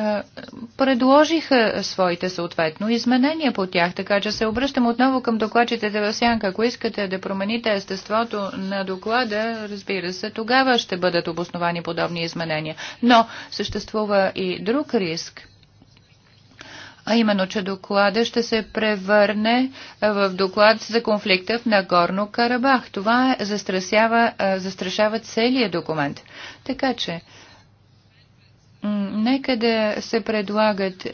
Speaker 4: предложиха своите съответно изменения по тях, така че се обръщам отново към докладчите в сянка. Ако искате да промените естеството на доклада, разбира се, тогава ще бъдат обосновани подобни изменения. Но съществува и друг риск – а именно, че доклада ще се превърне в доклад за конфликта в Нагорно Карабах. Това застрасява, застрашава целият документ. Така че, нека да се предлагат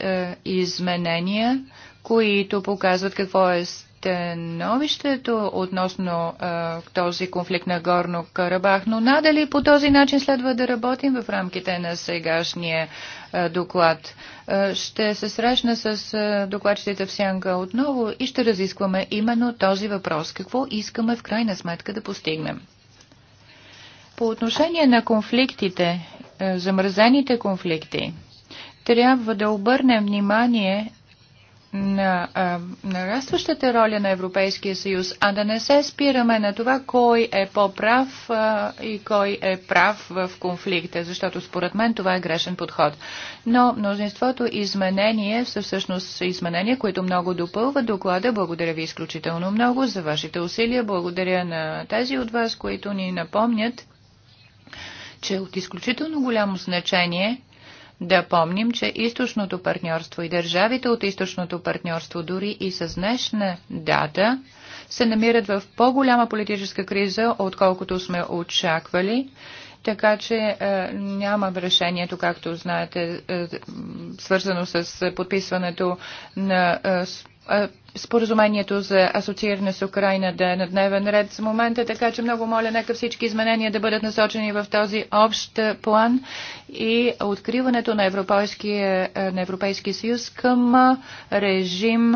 Speaker 4: изменения, които показват какво е становището относно а, този конфликт на Горно Карабах, но надали по този начин следва да работим в рамките на сегашния а, доклад. А, ще се срещна с а, докладчетите в Сянка отново и ще разискваме именно този въпрос. Какво искаме в крайна сметка да постигнем? По отношение на конфликтите, а, замръзените конфликти, трябва да обърнем внимание на нарастващата роля на Европейския съюз, а да не се спираме на това кой е по-прав а, и кой е прав в конфликта, защото според мен това е грешен подход. Но мнозинството изменение, са всъщност изменения, които много допълват доклада. Благодаря ви изключително много за вашите усилия. Благодаря на тези от вас, които ни напомнят, че от изключително голямо значение да помним, че източното партньорство и държавите от източното партньорство дори и с днешна дата се намират в по-голяма политическа криза, отколкото сме очаквали. Така че е, няма решението, както знаете, е, свързано с подписването на е, е, споразумението за асоцииране с Украина да е на дневен ред с момента, така че много моля, нека всички изменения да бъдат насочени в този общ план и откриването на, Европейския, е, на Европейския съюз към е, режим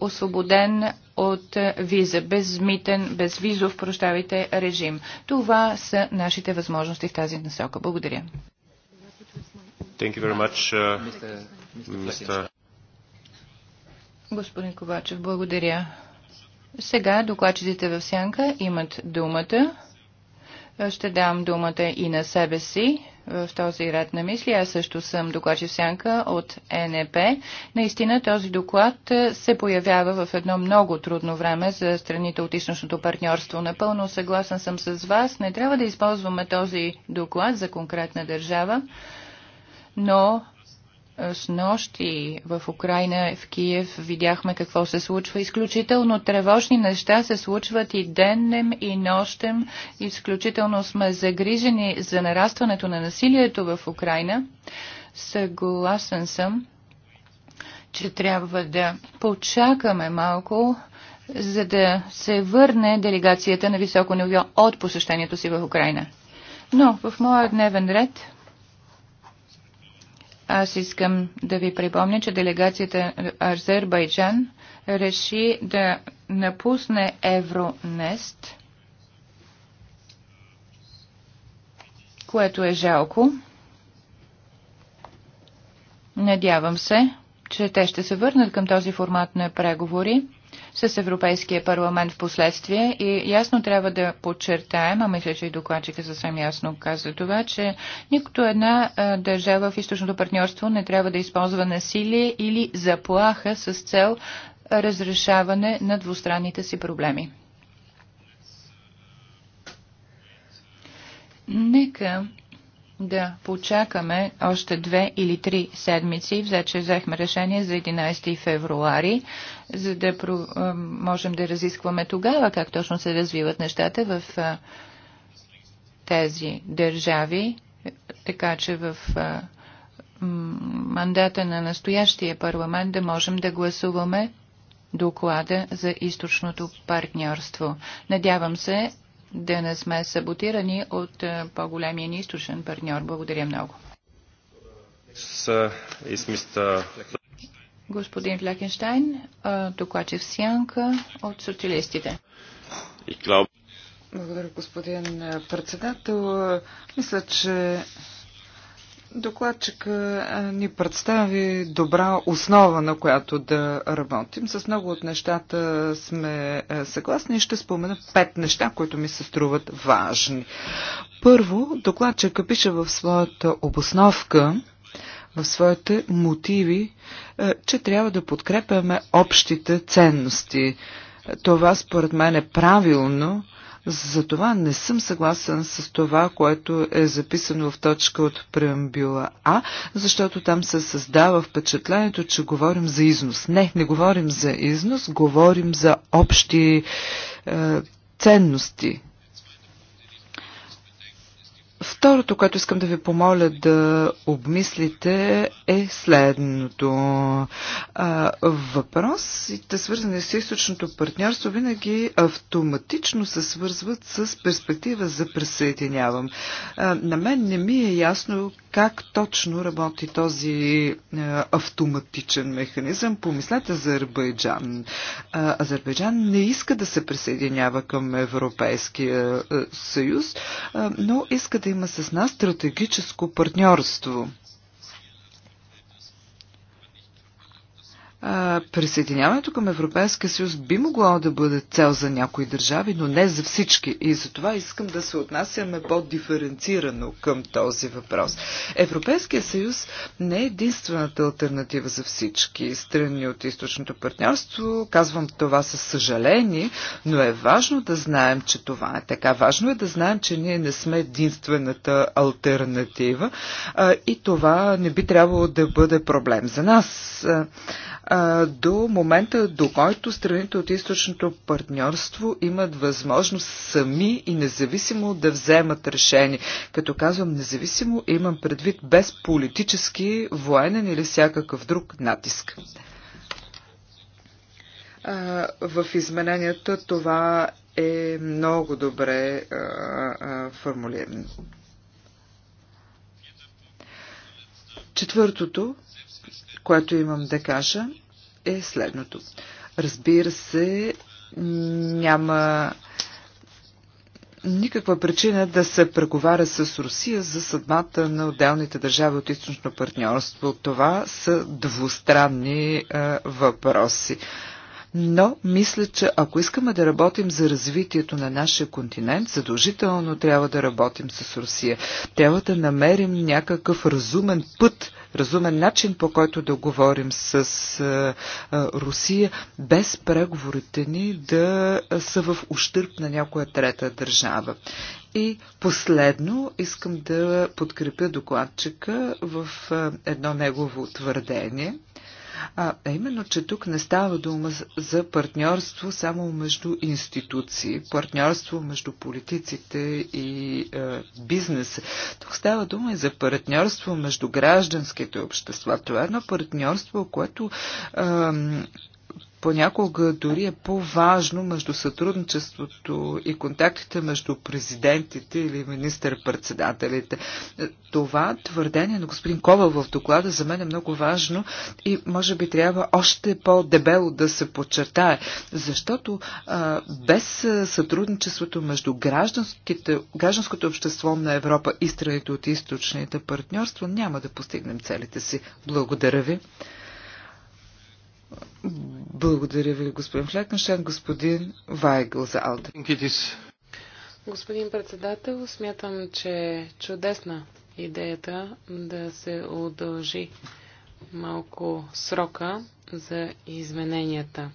Speaker 4: освободен от виза, безмитен, безвизов, прощавайте, режим. Това са нашите възможности в тази насока. Благодаря.
Speaker 3: Thank you very much, uh, Mr.
Speaker 4: Господин Ковачев, благодаря. Сега докладчиците в сянка имат думата. Ще дам думата и на себе си в този ред на мисли. Аз също съм докладчик сянка от НЕП. Наистина този доклад се появява в едно много трудно време за страните от източното партньорство. Напълно съгласен съм с вас. Не трябва да използваме този доклад за конкретна държава, но с нощи в Украина, в Киев, видяхме какво се случва. Изключително тревожни неща се случват и деннем, и нощем. Изключително сме загрижени за нарастването на насилието в Украина. Съгласен съм, че трябва да почакаме малко, за да се върне делегацията на високо ниво от посещението си в Украина. Но в моя дневен ред аз искам да ви припомня, че делегацията Азербайджан реши да напусне Евронест, което е жалко. Надявам се, че те ще се върнат към този формат на преговори с Европейския парламент в последствие и ясно трябва да подчертаем, а мисля, че и докладчика съвсем ясно каза това, че нито една държава в източното партньорство не трябва да използва насилие или заплаха с цел разрешаване на двустранните си проблеми. Нека да почакаме още две или три седмици, Взече взехме решение за 11 февруари, за да можем да разискваме тогава как точно се развиват нещата в тези държави, така че в мандата на настоящия парламент да можем да гласуваме доклада за източното партньорство. Надявам се да не сме саботирани от е, по-големия ни източен партньор. Благодаря много.
Speaker 1: Е,
Speaker 4: господин Флекенштайн, е, докладчик в сянка от социалистите. Благодаря, господин
Speaker 2: председател. Мисля, че Докладчик ни представи добра основа, на която да работим. С много от нещата сме съгласни и ще спомена пет неща, които ми се струват важни. Първо, докладчика пише в своята обосновка, в своите мотиви, че трябва да подкрепяме общите ценности. Това според мен е правилно, затова не съм съгласен с това, което е записано в точка от преамбюла А, защото там се създава впечатлението, че говорим за износ. Не, не говорим за износ, говорим за общи е, ценности. Второто, което искам да ви помоля да обмислите е следното. А, въпросите, свързани с източното партньорство, винаги автоматично се свързват с перспектива за присъединявам. А, на мен не ми е ясно как точно работи този а, автоматичен механизъм. Помислете за Азербайджан. А, Азербайджан не иска да се присъединява към Европейския съюз, а, но иска да да има с нас стратегическо партньорство. А, присъединяването към Европейския съюз би могло да бъде цел за някои държави, но не за всички. И затова искам да се отнасяме по-диференцирано към този въпрос. Европейския съюз не е единствената альтернатива за всички страни от източното партньорство. Казвам това със съжаление, но е важно да знаем, че това е така. Важно е да знаем, че ние не сме единствената альтернатива а, и това не би трябвало да бъде проблем за нас до момента, до който страните от източното партньорство имат възможност сами и независимо да вземат решение. Като казвам независимо, имам предвид без политически, военен или всякакъв друг натиск. В измененията това е много добре формулирано. Четвъртото което имам да кажа, е следното. Разбира се, няма никаква причина да се преговаря с Русия за съдбата на отделните държави от източно партньорство. Това са двустранни е, въпроси. Но мисля, че ако искаме да работим за развитието на нашия континент, задължително трябва да работим с Русия. Трябва да намерим някакъв разумен път разумен начин, по който да говорим с е, е, Русия, без преговорите ни да са в ущърп на някоя трета държава. И последно искам да подкрепя докладчика в е, едно негово твърдение а именно, че тук не става дума за партньорство само между институции, партньорство между политиците и е, бизнеса. Тук става дума и за партньорство между гражданските общества. Това е едно партньорство, което е, понякога дори е по-важно между сътрудничеството и контактите между президентите или министър-председателите. Това твърдение на господин Кова в доклада за мен е много важно и може би трябва още по-дебело да се подчертае, защото а, без сътрудничеството между гражданското общество на Европа и страните от източните партньорства няма да постигнем целите си. Благодаря ви. Благодаря ви, господин Флекеншен. Господин Вайгъл за Алта.
Speaker 6: Господин председател, смятам, че е чудесна идеята да се удължи малко срока за измененията.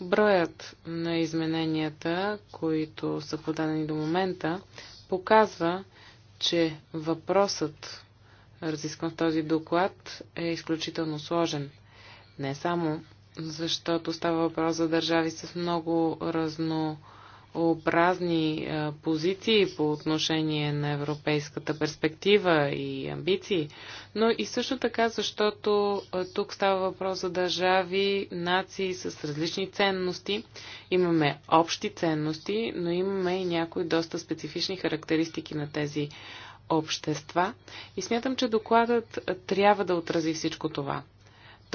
Speaker 6: Броят на измененията, които са подадени до момента, показва, че въпросът, разискван в този доклад, е изключително сложен – не само защото става въпрос за държави с много разнообразни позиции по отношение на европейската перспектива и амбиции, но и също така, защото тук става въпрос за държави, нации с различни ценности. Имаме общи ценности, но имаме и някои доста специфични характеристики на тези общества. И смятам, че докладът трябва да отрази всичко това.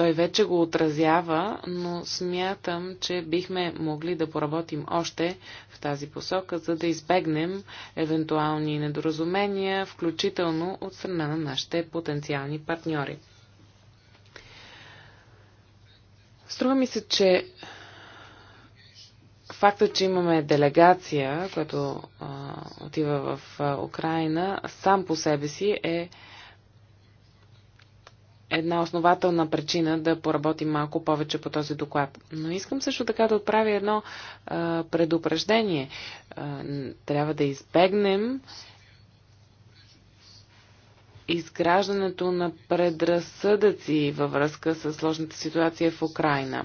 Speaker 6: Той вече го отразява, но смятам, че бихме могли да поработим още в тази посока, за да избегнем евентуални недоразумения, включително от страна на нашите потенциални партньори. Струва ми се, че факта, че имаме делегация, която а, отива в а, Украина, сам по себе си е една основателна причина да поработим малко повече по този доклад. Но искам също така да отправя едно а, предупреждение. А, трябва да избегнем изграждането на предразсъдъци във връзка с сложната ситуация в Украина.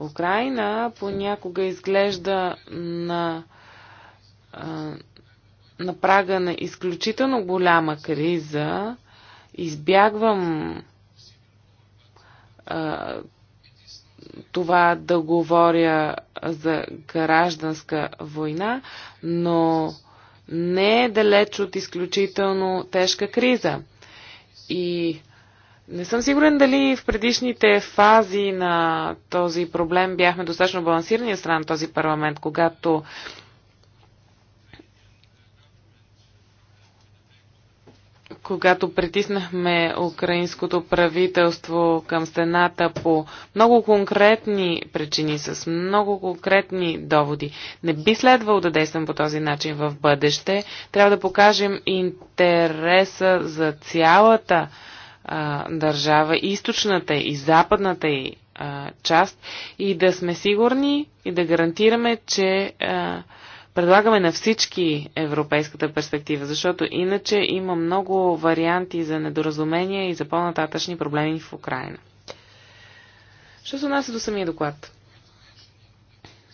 Speaker 6: Украина понякога изглежда на, а, на прага на изключително голяма криза. Избягвам това да говоря за гражданска война, но не е далеч от изключително тежка криза. И не съм сигурен дали в предишните фази на този проблем бяхме достатъчно балансирани страна на този парламент, когато когато притиснахме украинското правителство към стената по много конкретни причини, с много конкретни доводи. Не би следвало да действам по този начин в бъдеще. Трябва да покажем интереса за цялата а, държава, източната и западната и а, част, и да сме сигурни и да гарантираме, че а, предлагаме на всички европейската перспектива, защото иначе има много варианти за недоразумения и за по-нататъчни проблеми в Украина. Що се отнася до самия доклад?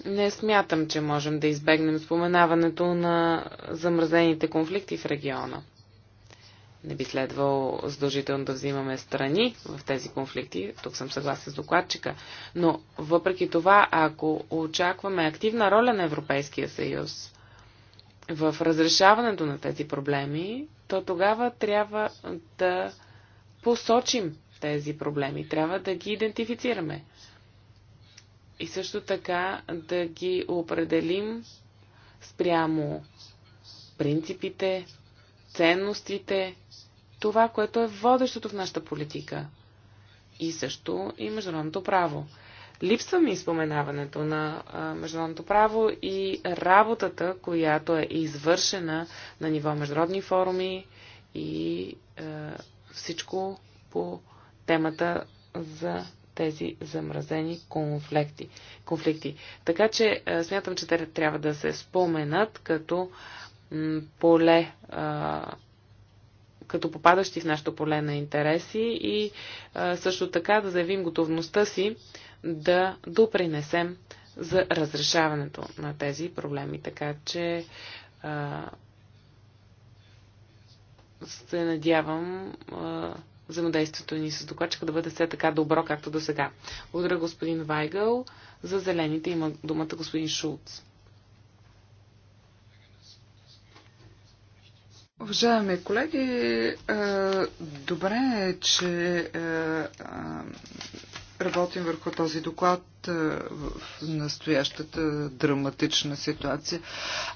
Speaker 6: Не смятам, че можем да избегнем споменаването на замразените конфликти в региона – не би следвало задължително да взимаме страни в тези конфликти. Тук съм съгласен с докладчика. Но въпреки това, ако очакваме активна роля на Европейския съюз в разрешаването на тези проблеми, то тогава трябва да посочим тези проблеми. Трябва да ги идентифицираме. И също така да ги определим спрямо принципите, ценностите, това, което е водещото в нашата политика. И също и международното право. Липсва ми споменаването на международното право и работата, която е извършена на ниво международни форуми и е, всичко по темата за тези замразени конфликти. конфликти. Така че смятам, че те трябва да се споменат като е, поле, като попадащи в нашето поле на интереси и също така да заявим готовността си да допринесем за разрешаването на тези проблеми. Така че се надявам взаимодействието ни с докладчика да бъде все така добро, както до сега. Благодаря господин Вайгъл. За зелените има думата господин Шулц.
Speaker 2: Уважаеми колеги, е, добре е, че е, работим върху този доклад е, в настоящата драматична ситуация.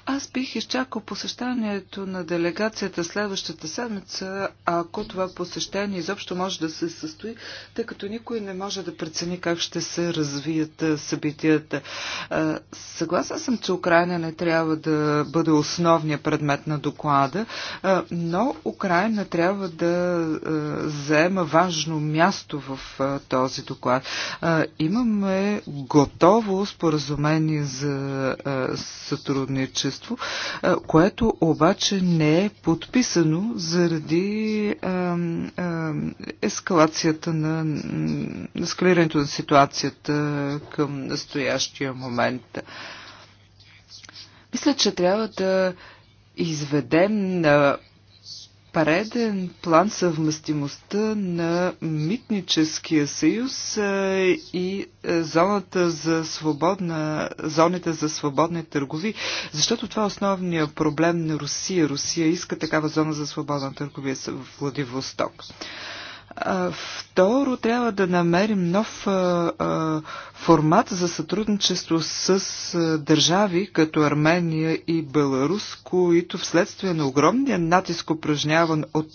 Speaker 2: Аз бих изчакал посещанието на делегацията следващата седмица, ако това посещение изобщо може да се състои, тъй като никой не може да прецени как ще се развият е, събитията. Е, съгласен съм, че Украина не трябва да бъде основния предмет на доклада, но Украина трябва да заема важно място в този доклад доклад. А, имаме готово споразумение за а, сътрудничество, а, което обаче не е подписано заради а, а, ескалацията на, ескалирането на ситуацията към настоящия момент. Мисля, че трябва да изведем на Пареден план съвместимостта на митническия съюз и зоната за свободна, зоните за свободни търгови, защото това е основният проблем на Русия. Русия иска такава зона за свободна търговия в Владивосток. Второ, трябва да намерим нов формат за сътрудничество с държави като Армения и Беларус, които вследствие на огромния натиск упражняван от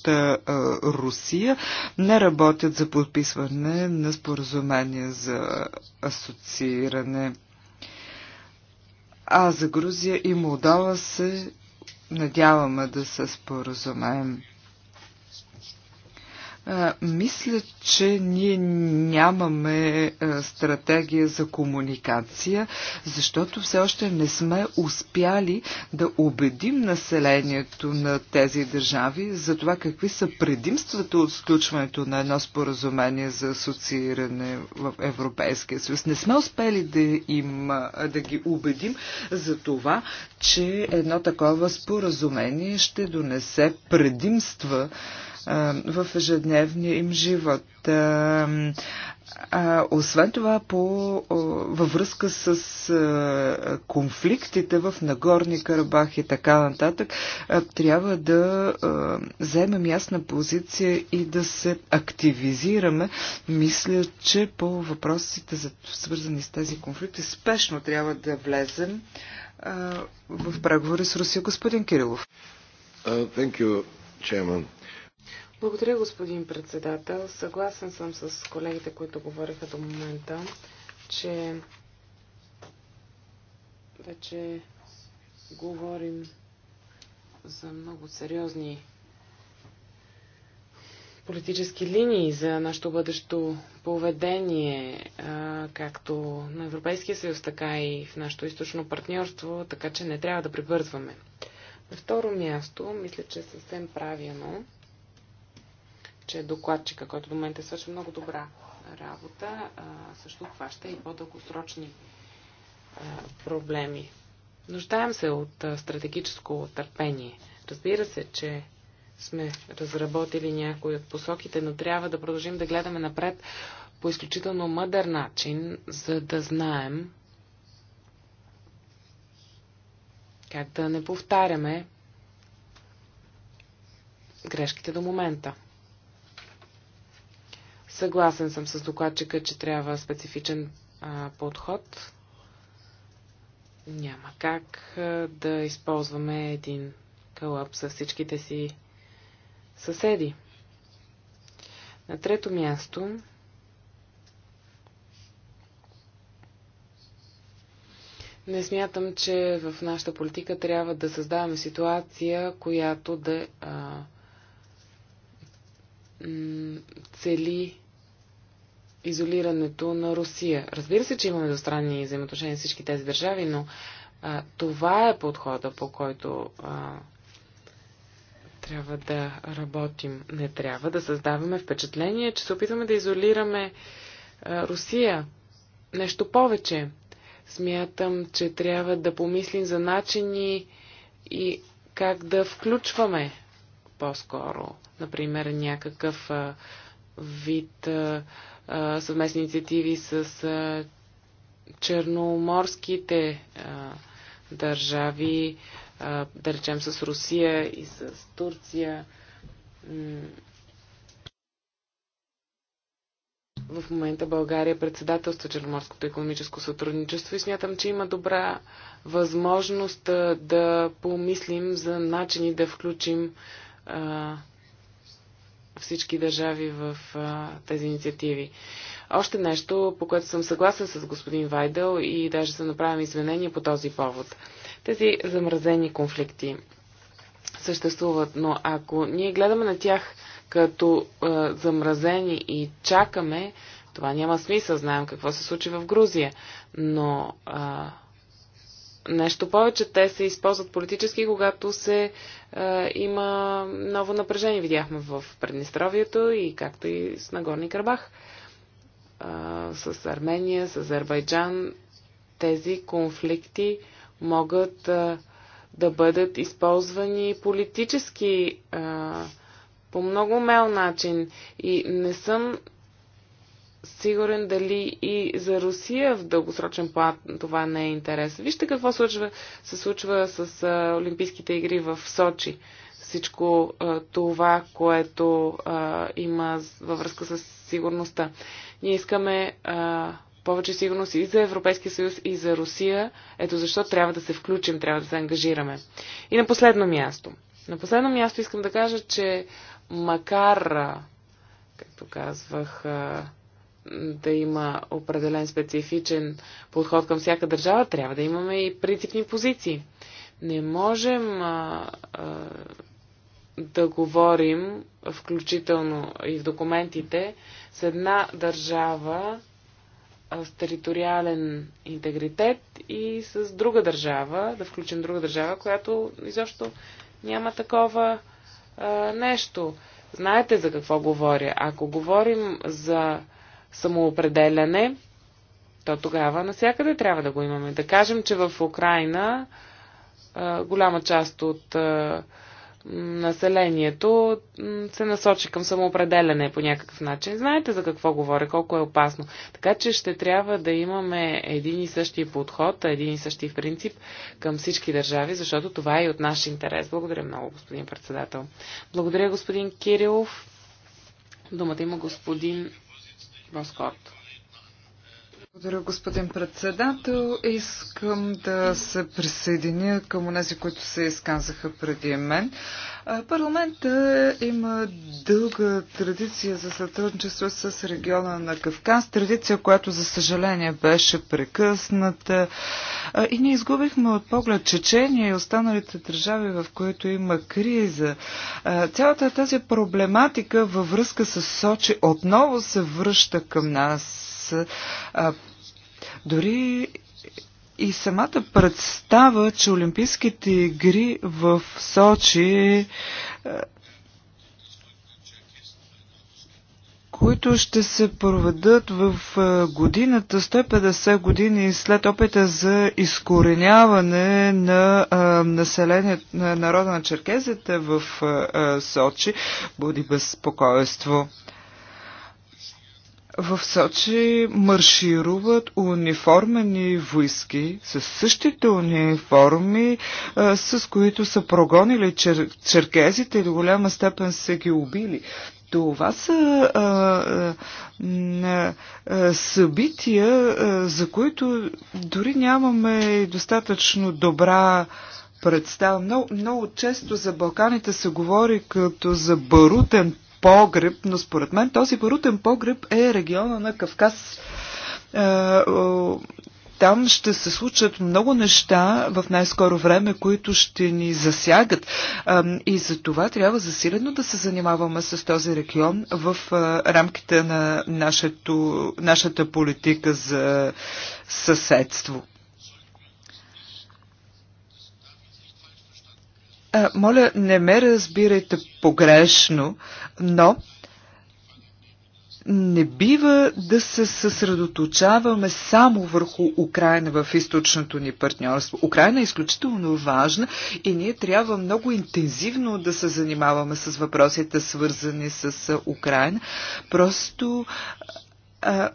Speaker 2: Русия не работят за подписване на споразумение за асоцииране. А за Грузия и Молдова се надяваме да се споразумеем. Мисля, че ние нямаме стратегия за комуникация, защото все още не сме успяли да убедим населението на тези държави за това какви са предимствата от сключването на едно споразумение за асоцииране в Европейския съюз. Не сме успели да, им, да ги убедим за това, че едно такова споразумение ще донесе предимства в ежедневния им живот. А, освен това, по, във връзка с а, конфликтите в Нагорни Карабах и така нататък, а, трябва да а, вземем ясна позиция и да се активизираме. Мисля, че по въпросите, за, свързани с тези конфликти, спешно трябва да влезем а, в преговори с Русия. Господин Кирилов. Uh, thank
Speaker 5: you, chairman.
Speaker 6: Благодаря, господин председател. Съгласен съм с колегите, които говориха до момента, че вече говорим за много сериозни политически линии за нашето бъдещо поведение, както на Европейския съюз, така и в нашето източно партньорство, така че не трябва да прибързваме. На второ място, мисля, че съвсем правилно че докладчика, който до момента свърши много добра работа, също хваща и по-дългосрочни проблеми. Нуждаем се от стратегическо търпение. Разбира се, че сме разработили някои от посоките, но трябва да продължим да гледаме напред по изключително мъдър начин, за да знаем как да не повтаряме грешките до момента. Съгласен съм с докладчика, че трябва специфичен а, подход. Няма как а, да използваме един кълъп с всичките си съседи. На трето място не смятам, че в нашата политика трябва да създаваме ситуация, която да а, цели изолирането на Русия. Разбира се, че имаме двустранни взаимоотношения с всички тези държави, но а, това е подхода, по който а, трябва да работим. Не трябва да създаваме впечатление, че се опитваме да изолираме а, Русия. Нещо повече. Смятам, че трябва да помислим за начини и как да включваме по-скоро, например, някакъв а, вид. А, съвместни инициативи с а, черноморските а, държави, а, да речем с Русия и с Турция. В момента България председателства Черноморското економическо сътрудничество и смятам, че има добра възможност да помислим за начини да включим а, всички държави в а, тези инициативи. Още нещо, по което съм съгласен с господин Вайдел и даже се направим изменения по този повод. Тези замразени конфликти съществуват, но ако ние гледаме на тях като а, замразени и чакаме, това няма смисъл. Знаем какво се случи в Грузия. Но а, Нещо повече, те се използват политически, когато се е, има ново напрежение. Видяхме в Преднестровието и както и с Нагорни Карабах, е, с Армения, с Азербайджан. Тези конфликти могат е, да бъдат използвани политически е, по много мел начин. И не съм сигурен дали и за Русия в дългосрочен план това не е интерес. Вижте какво случва, се случва с а, Олимпийските игри в Сочи. Всичко а, това, което а, има във връзка с сигурността. Ние искаме а, повече сигурност и за Европейския съюз, и за Русия. Ето защо трябва да се включим, трябва да се ангажираме. И на последно място. На последно място искам да кажа, че макар, както казвах, а, да има определен специфичен подход към всяка държава, трябва да имаме и принципни позиции. Не можем а, а, да говорим, включително и в документите, с една държава с териториален интегритет и с друга държава, да включим друга държава, която изобщо няма такова а, нещо. Знаете за какво говоря. Ако говорим за самоопределяне, то тогава насякъде трябва да го имаме. Да кажем, че в Украина голяма част от населението се насочи към самоопределяне по някакъв начин. Знаете за какво говоря, колко е опасно. Така че ще трябва да имаме един и същи подход, един и същи принцип към всички държави, защото това е и от наш интерес. Благодаря много, господин председател. Благодаря, господин Кирилов. Думата има господин Москот.
Speaker 2: Благодаря, господин председател. Искам да се присъединя към тези, които се изказаха преди мен. Парламента има дълга традиция за сътрудничество с региона на Кавказ, традиция, която за съжаление беше прекъсната. И ние изгубихме от поглед Чечения и останалите държави, в които има криза. Цялата тази проблематика във връзка с Сочи отново се връща към нас а, Дори и самата представа, че Олимпийските игри в Сочи които ще се проведат в годината 150 години след опита за изкореняване на населението на народа на черкезите в Сочи, буди безпокойство. В Сочи маршируват униформени войски с същите униформи, с които са прогонили чер- черкезите и до голяма степен са ги убили. Това са а, а, а, събития, а, за които дори нямаме достатъчно добра представа. Много, много често за Балканите се говори като за барутен погреб, но според мен този барутен погреб е региона на Кавказ. Е, там ще се случат много неща в най-скоро време, които ще ни засягат. И за това трябва засилено да се занимаваме с този регион в е, рамките на нашето, нашата политика за съседство. моля, не ме разбирайте погрешно, но не бива да се съсредоточаваме само върху Украина в източното ни партньорство. Украина е изключително важна и ние трябва много интензивно да се занимаваме с въпросите, свързани с Украина. Просто а,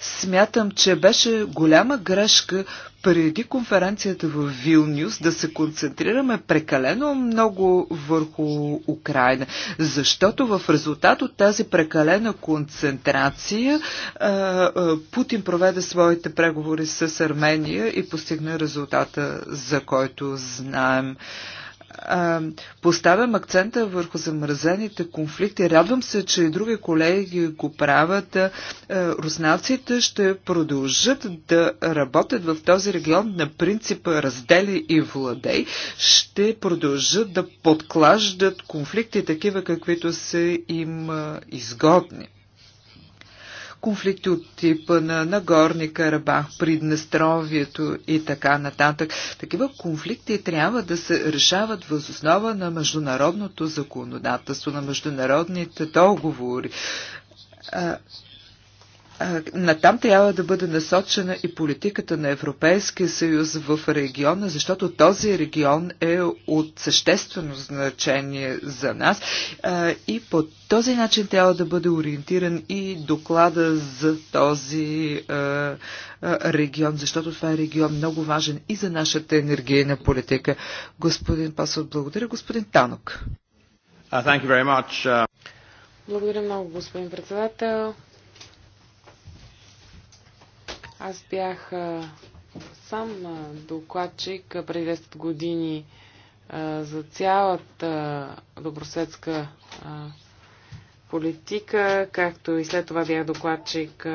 Speaker 2: смятам, че беше голяма грешка преди конференцията в Вилнюс да се концентрираме прекалено много върху Украина, защото в резултат от тази прекалена концентрация Путин проведе своите преговори с Армения и постигна резултата, за който знаем поставям акцента върху замразените конфликти. Радвам се, че и други колеги го правят. Руснаците ще продължат да работят в този регион на принципа раздели и владей. Ще продължат да подклаждат конфликти такива, каквито са им изгодни конфликти от типа на Нагорни Карабах, Приднестровието и така нататък. Такива конфликти трябва да се решават въз основа на международното законодателство, на международните договори Натам трябва да бъде насочена и политиката на Европейския съюз в региона, защото този регион е от съществено значение за нас и по този начин трябва да бъде ориентиран и доклада за този регион, защото това е регион много важен и за нашата енергийна политика. Господин Пасов, благодаря. Господин Танок.
Speaker 1: Uh, uh.
Speaker 6: Благодаря много, господин председател. Аз бях сам докладчик преди 10 години за цялата добросветска политика, както и след това бях докладчик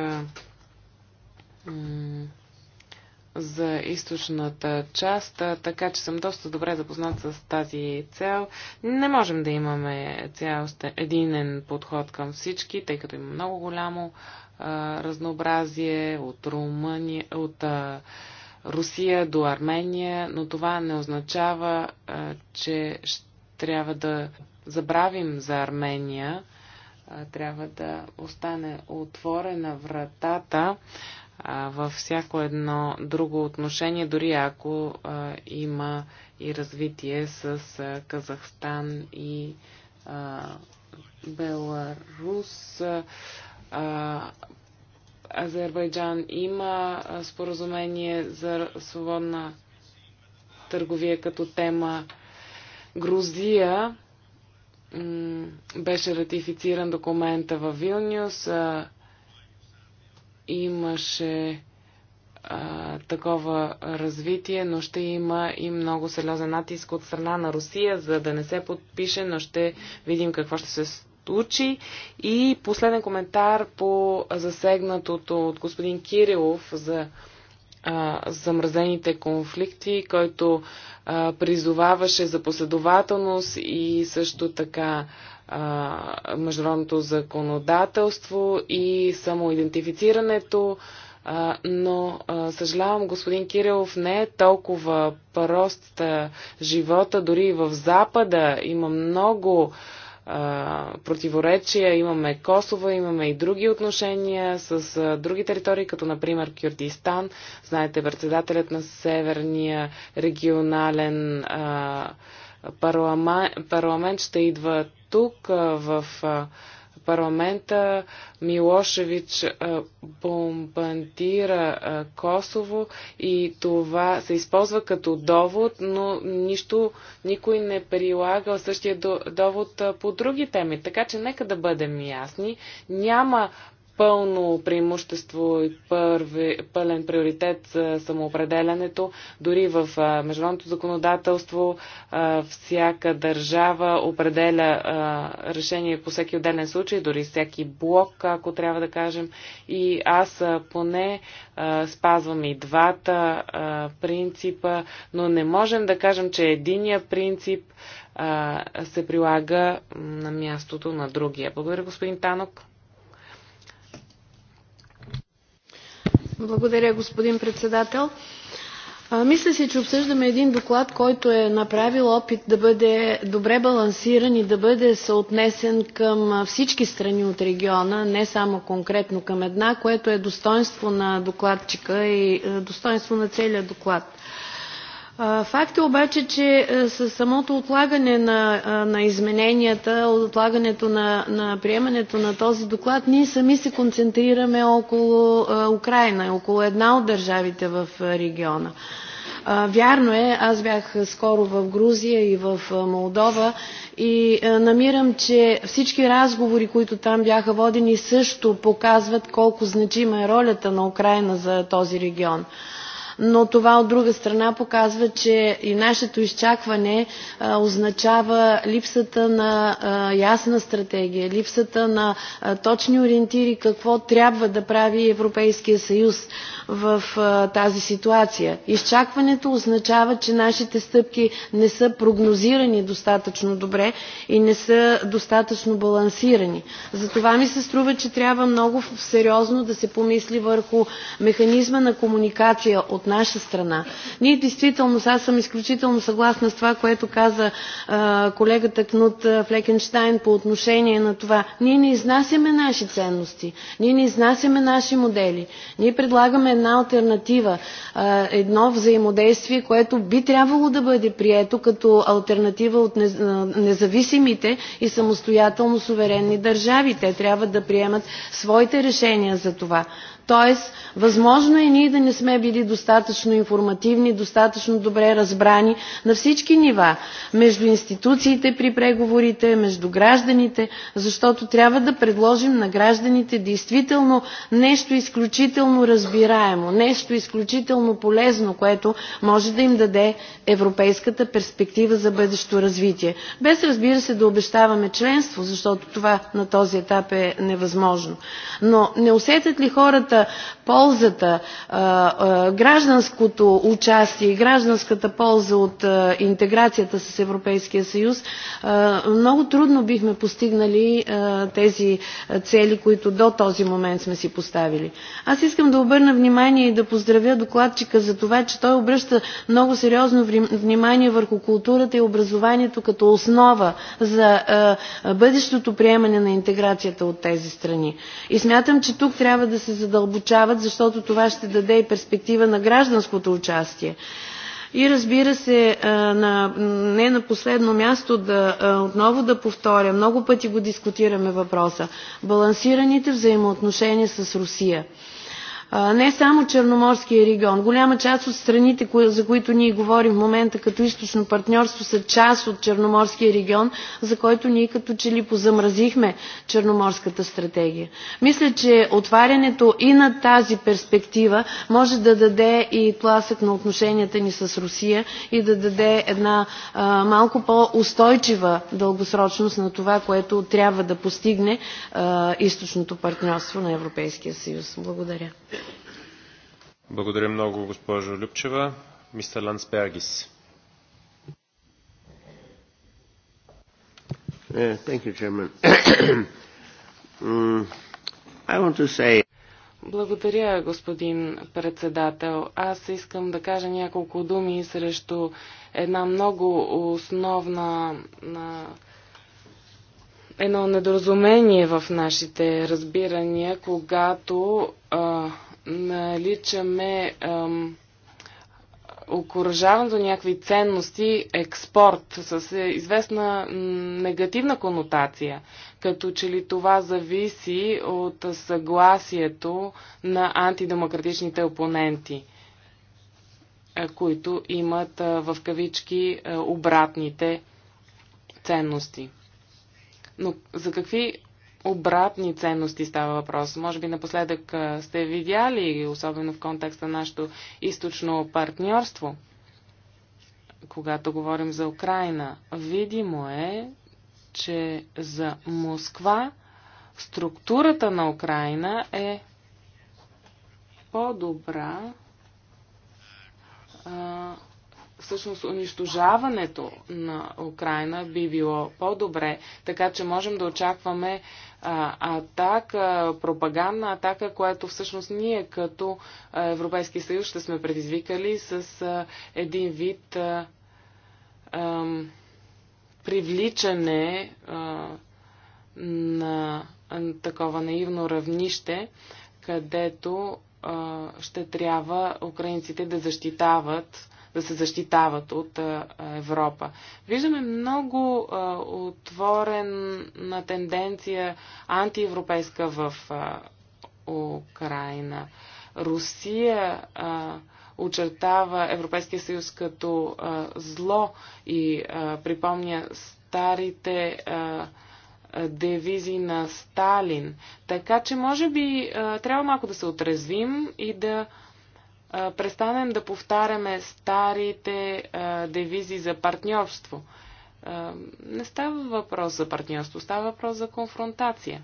Speaker 6: за източната част, така че съм доста добре запознат с тази цел. Не можем да имаме цял единен подход към всички, тъй като има много голямо а, разнообразие от, Румъния, от а, Русия до Армения, но това не означава, а, че трябва да забравим за Армения. А, трябва да остане отворена вратата а, във всяко едно друго отношение, дори ако а, има и развитие с а, Казахстан и а, Беларус. А, Азербайджан има споразумение за свободна търговия като тема. Грузия беше ратифициран документа във Вилнюс. Имаше такова развитие, но ще има и много сериозен натиск от страна на Русия, за да не се подпише, но ще видим какво ще се случи. И последен коментар по засегнатото от господин Кирилов за замразените конфликти, който а, призоваваше за последователност и също така а, международното законодателство и самоидентифицирането. А, но съжалявам, господин Кирилов не е толкова прост живота, дори и в Запада има много противоречия. Имаме Косово, имаме и други отношения с а, други територии, като например Кюрдистан. Знаете, председателят на Северния регионален а, парламент, парламент ще идва тук а, в. А, парламента Милошевич бомбандира Косово и това се използва като довод, но нищо, никой не прилага същия довод по други теми. Така че нека да бъдем ясни. Няма пълно преимущество и първи, пълен приоритет за самоопределянето. Дори в международното законодателство всяка държава определя решение по всеки отделен случай, дори всеки блок, ако трябва да кажем. И аз поне спазвам и двата принципа, но не можем да кажем, че единия принцип се прилага на мястото на другия. Благодаря, господин Танок.
Speaker 5: Благодаря, господин председател. А, мисля си, че обсъждаме един доклад, който е направил опит да бъде добре балансиран и да бъде съотнесен към всички страни от региона, не само конкретно към една, което е достоинство на докладчика и достоинство на целия доклад. Факт е обаче, че е, с самото отлагане на, на измененията, отлагането на, на приемането на този доклад, ние сами се концентрираме около Украина, около една от държавите в региона. Вярно е, аз бях скоро в Грузия и в Молдова и намирам, че всички разговори, които там бяха водени, също показват колко значима е ролята на Украина за този регион но това от друга страна показва, че и нашето изчакване а, означава липсата на а, ясна стратегия, липсата на а, точни ориентири какво трябва да прави Европейския съюз в а, тази ситуация. Изчакването означава, че нашите стъпки не са прогнозирани достатъчно добре и не са достатъчно балансирани. Затова ми се струва, че трябва много сериозно да се помисли върху механизма на комуникация от от наша страна. Ние действително, аз съм изключително съгласна с това, което каза а, колегата Кнут Флекенштайн по отношение на това. Ние не изнасяме наши ценности, ние не изнасяме наши модели. Ние предлагаме една альтернатива, а, едно взаимодействие, което би трябвало да бъде прието като альтернатива от независимите и самостоятелно суверенни държави. Те трябва да приемат своите решения за това. Тоест, възможно е ние да не сме били достатъчно информативни, достатъчно добре разбрани на всички нива, между институциите при преговорите, между гражданите, защото трябва да предложим на гражданите действително нещо изключително разбираемо, нещо изключително полезно, което може да им даде европейската перспектива за бъдещо развитие. Без разбира се да обещаваме членство, защото това на този етап е невъзможно. Но не усетят ли хората хората ползата, гражданското участие гражданската полза от интеграцията с Европейския съюз, много трудно бихме постигнали тези цели, които до този момент сме си поставили. Аз искам да обърна внимание и да поздравя докладчика за това, че той обръща много сериозно внимание върху културата и образованието като основа за бъдещото приемане на интеграцията от тези страни. И смятам, че тук трябва да се задължим задълбочават, защото това ще даде и перспектива на гражданското участие. И разбира се, на, не на последно място да отново да повторя, много пъти го дискутираме въпроса, балансираните взаимоотношения с Русия не само Черноморския регион. Голяма част от страните, за които ние говорим в момента като източно партньорство, са част от Черноморския регион, за който ние като че ли позамразихме Черноморската стратегия. Мисля, че отварянето и на тази перспектива може да даде и тласък на отношенията ни с Русия и да даде една а, малко по-устойчива дългосрочност на това, което трябва да постигне а, източното партньорство на Европейския съюз. Благодаря.
Speaker 4: Благодаря много, госпожо Любчева. Мистер Лансбергис.
Speaker 3: Uh, mm,
Speaker 6: Благодаря, господин председател. Аз искам да кажа няколко думи срещу една много основна на едно недоразумение в нашите разбирания, когато а, наличаме ам, до някакви ценности, експорт с е, известна негативна конотация, като че ли това зависи от съгласието на антидемократичните опоненти, които имат в кавички обратните ценности. Но за какви обратни ценности става въпрос. Може би напоследък сте видяли, особено в контекста на нашето източно партньорство, когато говорим за Украина, видимо е, че за Москва структурата на Украина е по-добра. Всъщност унищожаването на Украина би било по-добре, така че можем да очакваме атака, пропагандна атака, която всъщност ние като Европейски съюз ще сме предизвикали с един вид привличане на такова наивно равнище, където ще трябва украинците да защитават да се защитават от Европа. Виждаме много отворена тенденция антиевропейска в Украина. Русия очертава Европейския съюз като зло и припомня старите девизи на Сталин. Така че, може би, трябва малко да се отрезвим и да а, престанем да повтаряме старите а, девизи за партньорство. А, не става въпрос за партньорство, става въпрос за конфронтация.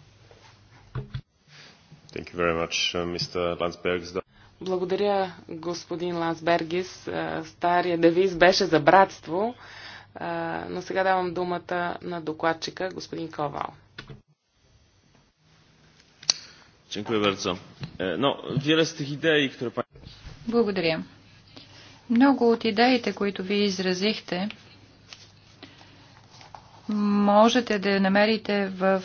Speaker 4: Thank you very much, uh, Mr.
Speaker 6: Благодаря, господин Лансбергис. Стария девиз беше за братство, но сега давам думата на докладчика, господин Ковал.
Speaker 1: Благодаря. bardzo. E, no, wiele z
Speaker 4: благодаря. Много от идеите, които ви изразихте, можете да намерите в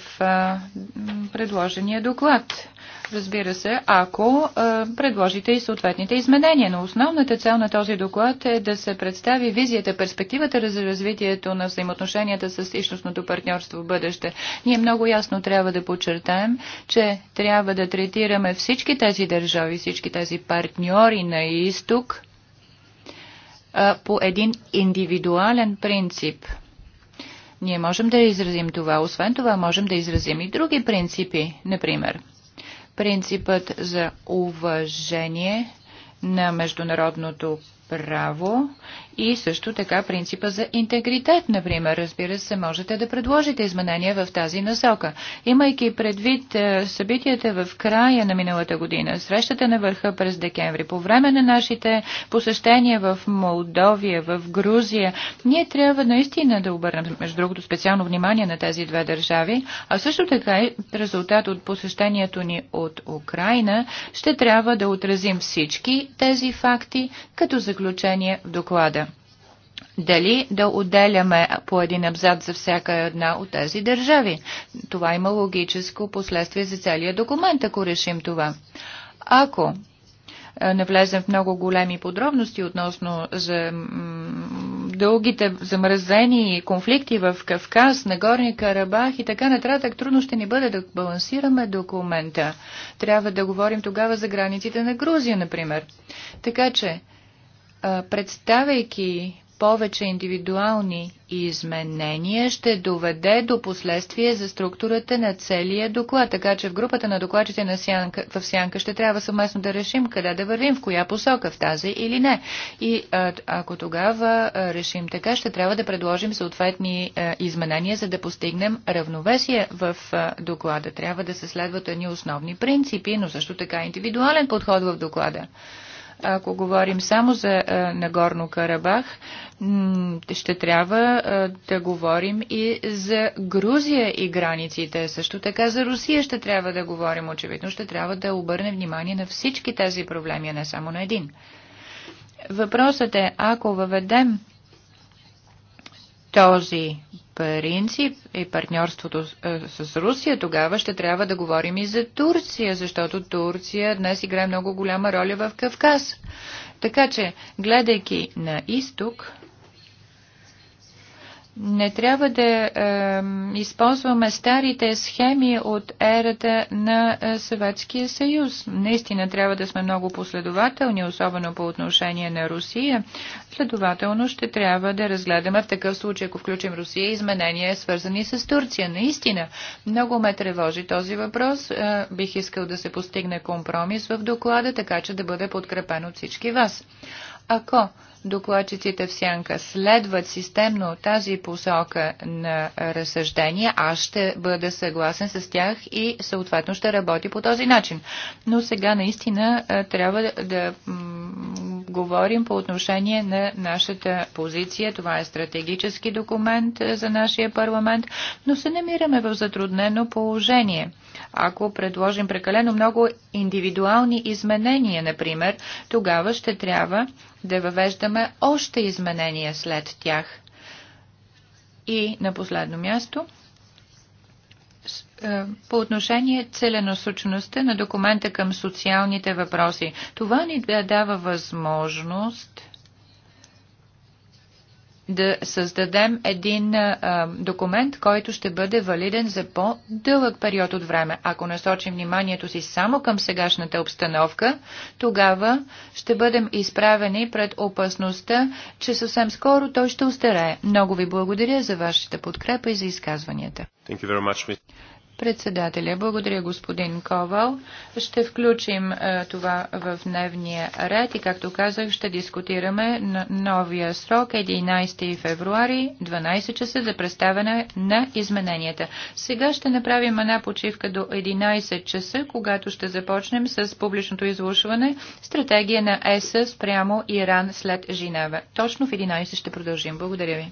Speaker 4: предложения доклад. Разбира се, ако е, предложите и съответните изменения. Но основната цел на този доклад е да се представи визията, перспективата за развитието на взаимоотношенията с източното партньорство в бъдеще. Ние много ясно трябва да подчертаем, че трябва да третираме всички тези държави, всички тези партньори на изток е, по един индивидуален принцип. Ние можем да изразим това. Освен това, можем да изразим и други принципи, например – принципът за уважение на международното право и също така принципа за интегритет, например. Разбира се, можете да предложите изменения в тази насока. Имайки предвид е, събитията в края на миналата година, срещата на върха през декември, по време на нашите посещения в Молдовия, в Грузия, ние трябва наистина да обърнем, между другото, специално внимание на тези две държави, а също така и резултат от посещението ни от Украина, ще трябва да отразим всички тези факти като заключение в доклада дали да отделяме по един абзац за всяка една от тези държави. Това има логическо последствие за целия документ, ако решим това. Ако е, не влезем в много големи подробности относно за дългите замръзени конфликти в Кавказ, Нагорни Карабах и така нататък, трудно ще ни бъде да балансираме документа. Трябва да говорим тогава за границите на Грузия, например. Така че, представяйки повече индивидуални изменения ще доведе до последствие за структурата на целия доклад. Така че в групата на докладчите на сянка, в Сянка ще трябва съвместно да решим къде да вървим, в коя посока, в тази или не. И а, ако тогава решим така, ще трябва да предложим съответни а, изменения, за да постигнем равновесие в а, доклада. Трябва да се следват едни основни принципи, но също така индивидуален подход в доклада. Ако говорим само за е, Нагорно Карабах, ще трябва е, да говорим и за Грузия и границите. Също така за Русия ще трябва да говорим. Очевидно ще трябва да обърнем внимание на всички тези проблеми, а не само на един. Въпросът е, ако въведем този принцип и партньорството е, с Русия, тогава ще трябва да говорим и за Турция, защото Турция днес играе много голяма роля в Кавказ. Така че, гледайки на изток, не трябва да е, използваме старите схеми от ерата на е, Съветския съюз. Наистина трябва да сме много последователни, особено по отношение на Русия. Следователно ще трябва да разгледаме в такъв случай, ако включим Русия, изменения свързани с Турция. Наистина, много ме тревожи този въпрос. Е, бих искал да се постигне компромис в доклада, така че да бъде подкрепен от всички вас. Ако докладчиците в сянка следват системно тази посока на разсъждение, аз ще бъда съгласен с тях и съответно ще работи по този начин. Но сега наистина трябва да говорим по отношение на нашата позиция. Това е стратегически документ за нашия парламент, но се намираме в затруднено положение – ако предложим прекалено много индивидуални изменения, например, тогава ще трябва да въвеждаме още изменения след тях. И на последно място, е, по отношение целенасочеността на документа към социалните въпроси. Това ни дава възможност да създадем един а, документ, който ще бъде валиден за по-дълъг период от време. Ако насочим вниманието си само към сегашната обстановка, тогава ще бъдем изправени пред опасността, че съвсем скоро той ще устарее. Много ви благодаря за вашата подкрепа и за изказванията. Much, Председателя, благодаря господин Ковал. Ще включим е, това в дневния ред и както казах ще дискутираме на новия срок 11 февруари 12 часа за представяне на измененията. Сега ще направим една почивка до 11 часа, когато ще започнем с публичното изслушване стратегия на ЕС спрямо Иран след Женева. Точно в 11 ще продължим. Благодаря ви.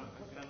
Speaker 4: Да, така.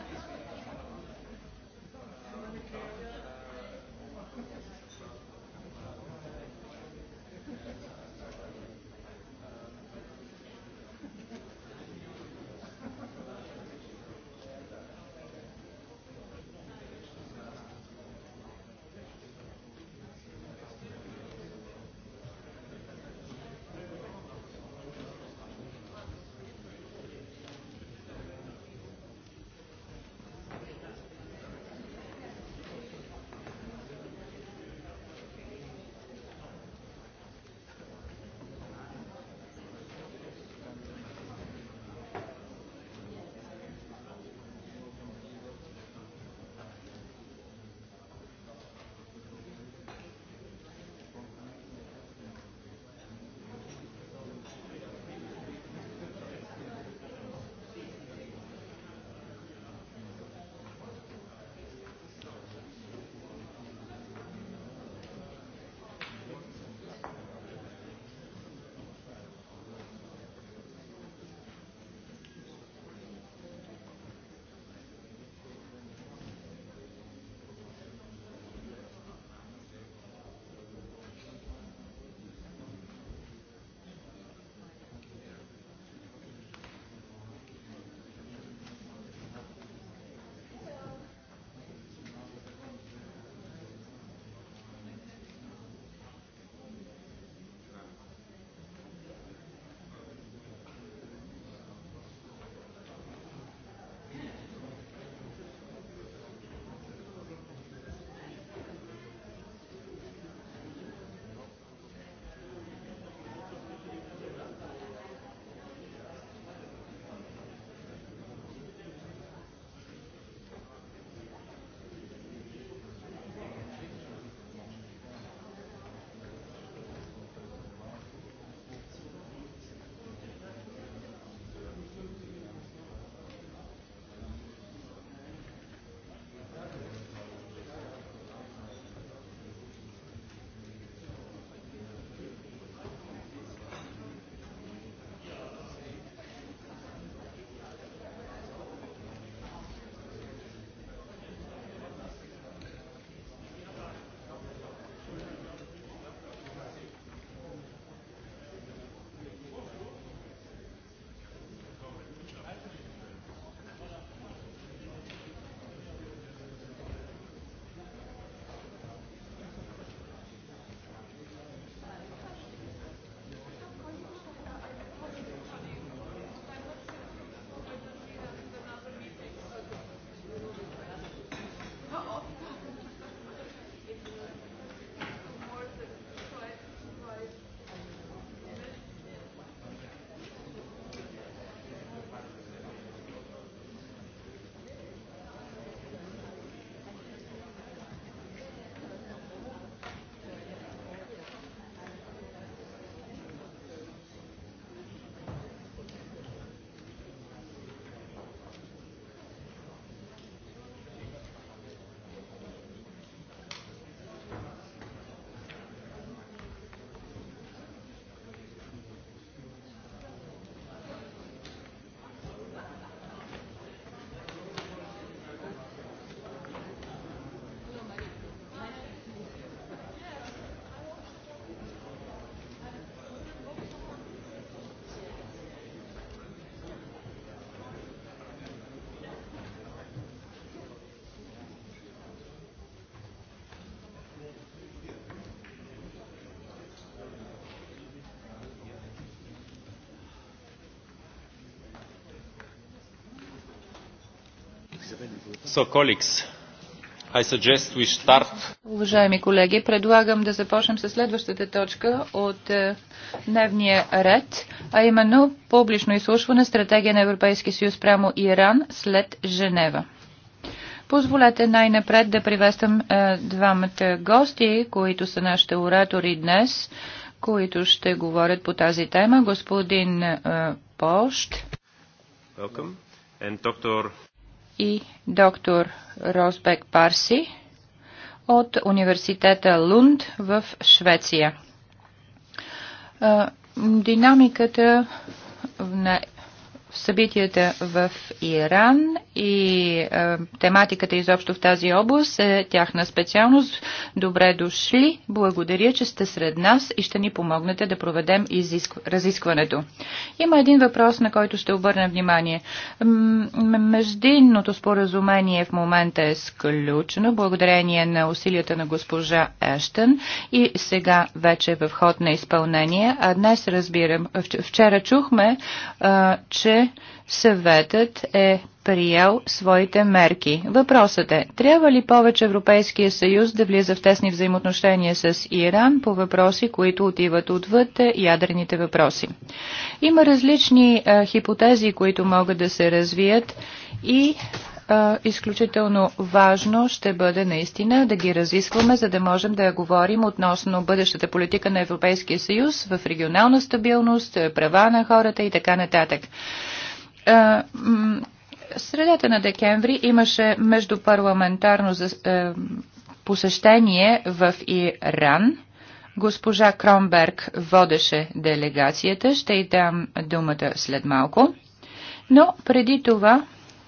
Speaker 4: Уважаеми колеги, предлагам да започнем с следващата точка от е, дневния ред, а именно публично изслушване стратегия на Европейския съюз прямо Иран след Женева. Позволете най-напред да приветствам е, двамата гости, които са нашите оратори днес, които ще говорят по тази тема. Господин Пошт. Е, Пощ.
Speaker 1: Welcome. And doctor...
Speaker 4: И доктор Росбек Парси от университета Лунд в Швеция. Динамиката на събитията в Иран и е, тематиката изобщо в тази област е тяхна специалност. Добре дошли, благодаря, че сте сред нас и ще ни помогнете да проведем изиск... разискването. Има един въпрос, на който ще обърна внимание. Междинното споразумение в момента е сключено, благодарение на усилията на госпожа Ештън и сега вече е в ход на изпълнение, а днес разбирам, вчера чухме, е, че съветът е приел своите мерки. Въпросът е, трябва ли повече Европейския съюз да влиза в тесни взаимоотношения с Иран по въпроси, които отиват отвъд е, ядрените въпроси? Има различни а, е, хипотези, които могат да се развият и а, е, изключително важно ще бъде наистина да ги разискваме, за да можем да говорим относно бъдещата политика на Европейския съюз в регионална стабилност, права на хората и така нататък. Е, средата на декември имаше междупарламентарно е, посещение в Иран. Госпожа Кромберг водеше делегацията. Ще й дам думата след малко. Но преди това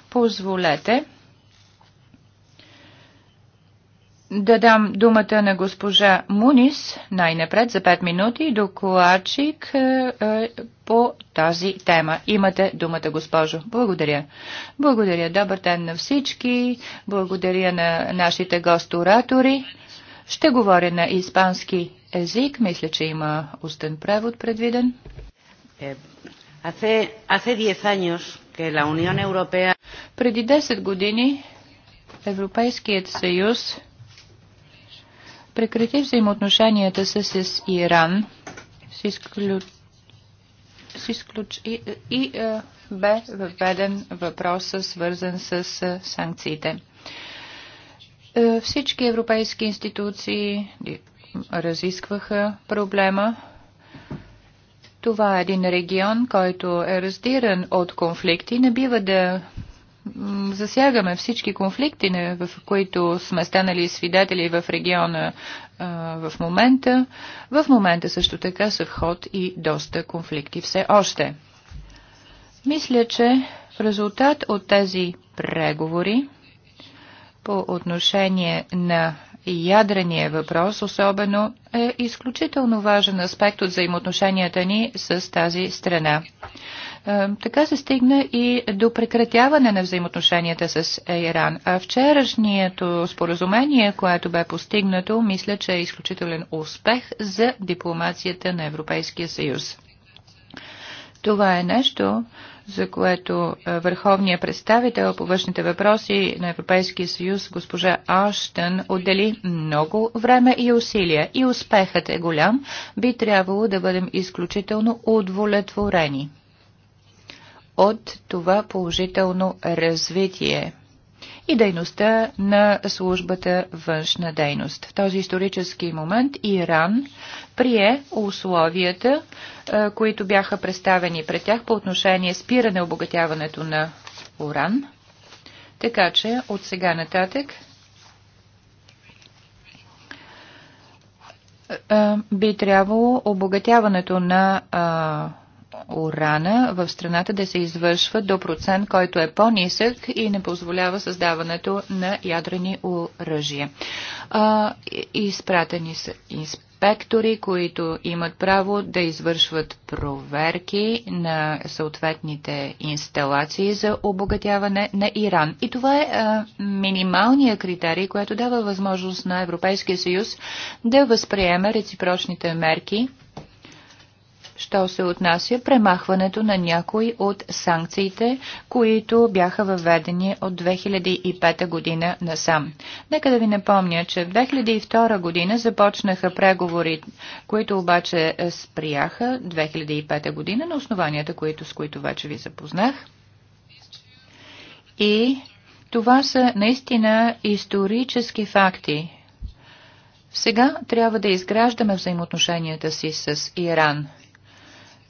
Speaker 4: позволете да дам думата на госпожа Мунис най-напред за 5 минути, докладчик е, е, по тази тема. Имате думата, госпожо. Благодаря. Благодаря. Добър ден на всички. Благодаря на нашите гост-оратори. Ще говоря на испански език. Мисля, че има устен превод предвиден. Е, Преди 10 години Европейският съюз прекрати взаимоотношенията с Иран с изключ... с изключ... и, и е, бе въведен въпрос, свързан с е, санкциите. Е, всички европейски институции разискваха проблема. Това е един регион, който е раздиран от конфликти. Не бива да засягаме всички конфликти, в които сме станали свидетели в региона в момента. В момента също така са в ход и доста конфликти все още. Мисля, че в резултат от тези преговори по отношение на ядрения въпрос особено е изключително важен аспект от взаимоотношенията ни с тази страна. Е, така се стигна и до прекратяване на взаимоотношенията с Иран. А вчерашнието споразумение, което бе постигнато, мисля, че е изключителен успех за дипломацията на Европейския съюз. Това е нещо, за което е, върховният представител по външните въпроси на Европейския съюз, госпожа Аштън, отдели много време и усилия. И успехът е голям. Би трябвало да бъдем изключително удовлетворени от това положително развитие и дейността на службата външна дейност. В този исторически момент Иран прие условията, които бяха представени пред тях по отношение спиране обогатяването на уран. Така че от сега нататък би трябвало обогатяването на урана в страната да се извършва до процент, който е по-нисък и не позволява създаването на ядрени оръжия. Изпратени са инспектори, които имат право да извършват проверки на съответните инсталации за обогатяване на Иран. И това е минималният критерий, който дава възможност на Европейския съюз да възприеме реципрочните мерки що се отнася премахването на някои от санкциите, които бяха въведени от 2005 година насам. Нека да ви напомня, че в 2002 година започнаха преговори, които обаче е, спряха 2005 година на основанията, които, с които вече ви запознах. И това са наистина исторически факти. Сега трябва да изграждаме взаимоотношенията си с Иран –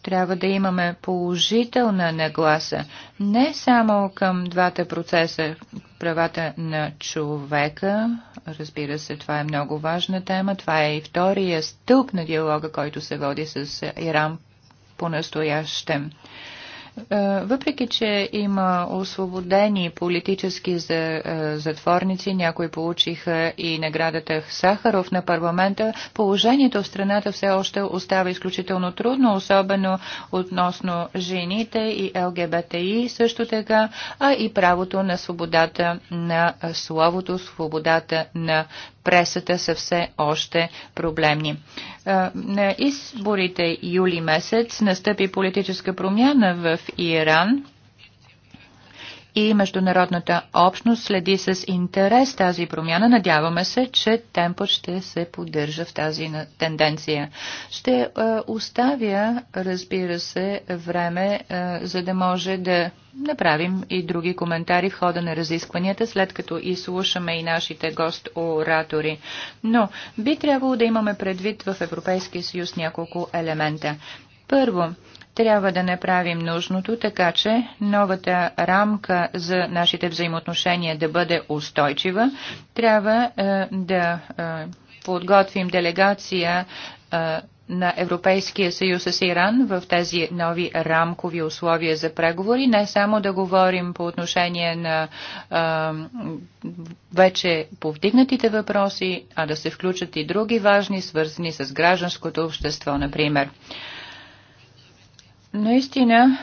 Speaker 4: трябва да имаме положителна нагласа не само към двата процеса, правата на човека. Разбира се, това е много важна тема. Това е и втория стълб на диалога, който се води с Иран по-настоящем. Е, въпреки, че има освободени политически е, затворници, някои получиха и наградата Сахаров на парламента, положението в страната все още остава изключително трудно, особено относно жените и ЛГБТИ също така, а и правото на свободата на словото, свободата на пресата са все още проблемни. Е, на изборите юли месец настъпи политическа промяна в Иран и международната общност следи с интерес тази промяна. Надяваме се, че темпът ще се поддържа в тази тенденция. Ще е, оставя, разбира се, време, е, за да може да направим и други коментари в хода на разискванията, след като изслушаме и нашите гост-оратори. Но би трябвало да имаме предвид в Европейския съюз няколко елемента. Първо, трябва да направим нужното, така че новата рамка за нашите взаимоотношения да бъде устойчива. Трябва е, да е, подготвим делегация е, на Европейския съюз с Иран в тези нови рамкови условия за преговори. Не само да говорим по отношение на е, вече повдигнатите въпроси, а да се включат и други важни, свързани с гражданското общество, например. Наистина,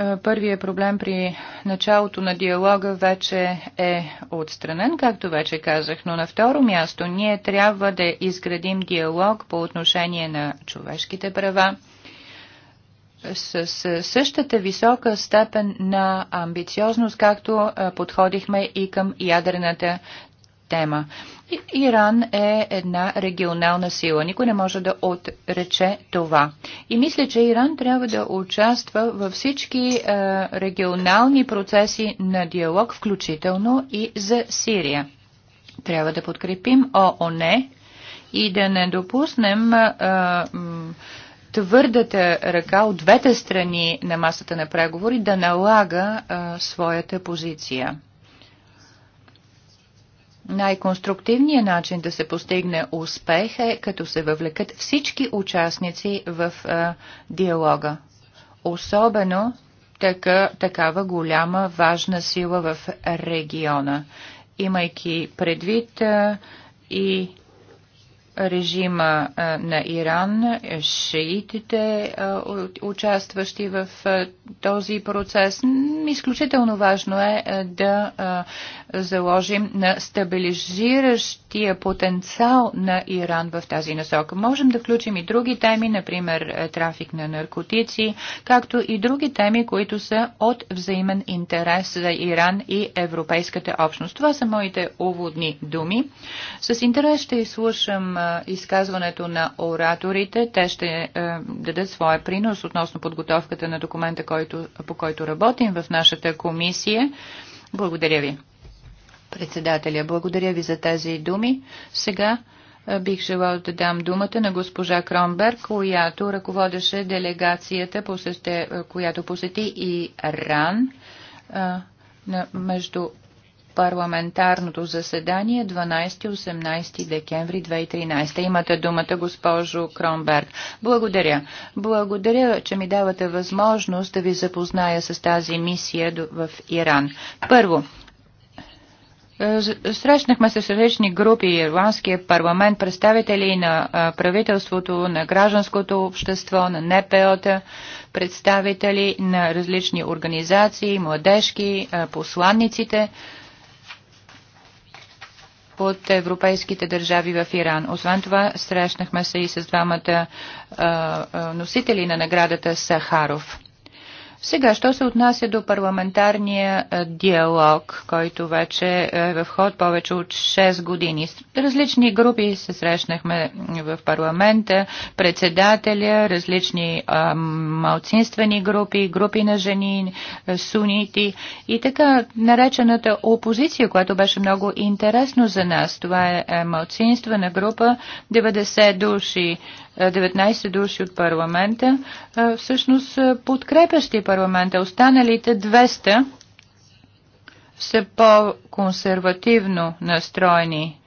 Speaker 4: е, първият проблем при началото на диалога вече е отстранен, както вече казах, но на второ място ние трябва да изградим диалог по отношение на човешките права с същата висока степен на амбициозност, както е, подходихме и към ядрената тема. Иран е една регионална сила. Никой не може да отрече това. И мисля, че Иран трябва да участва във всички е, регионални процеси на диалог, включително и за Сирия. Трябва да подкрепим ООН и да не допуснем. Е, твърдата ръка от двете страни на масата на преговори да налага е, своята позиция. Най-конструктивният начин да се постигне успех е като се въвлекат всички участници в а, диалога. Особено така, такава голяма важна сила в региона, имайки предвид а, и режима а, на Иран, шиитите, а, участващи в а, този процес. Изключително важно е да заложим на стабилизиращия потенциал на Иран в тази насока. Можем да включим и други теми, например е, трафик на наркотици, както и други теми, които са от взаимен интерес за Иран и Европейската общност. Това са моите уводни думи. С интерес ще изслушам е, изказването на ораторите. Те ще е, дадат своя принос относно подготовката на документа, който, по който работим в нашата комисия. Благодаря ви. Председателя, благодаря ви за тези думи. Сега бих желал да дам думата на госпожа Кромберг, която ръководеше делегацията, която посети и Иран между парламентарното заседание 12-18 декември 2013. Имате думата, госпожо Кромберг. Благодаря. Благодаря, че ми давате възможност да ви запозная с тази мисия в Иран. Първо, е, срещнахме се с различни групи, Ирландския парламент, представители на е, правителството, на гражданското общество, на НПО-та, представители на различни организации, младежки, е, посланниците от европейските държави в Иран. Освен това, срещнахме се и с двамата носители на наградата Сахаров. Сега, що се отнася до парламентарния е, диалог, който вече е в ход повече от 6 години. Различни групи се срещнахме в парламента, председателя, различни малцинствени групи, групи на жени, е, сунити и така наречената опозиция, която беше много интересно за нас. Това е, е малцинствена група, 90 души 19 души от парламента, всъщност подкрепящи парламента. Останалите 200 са по-консервативно настроени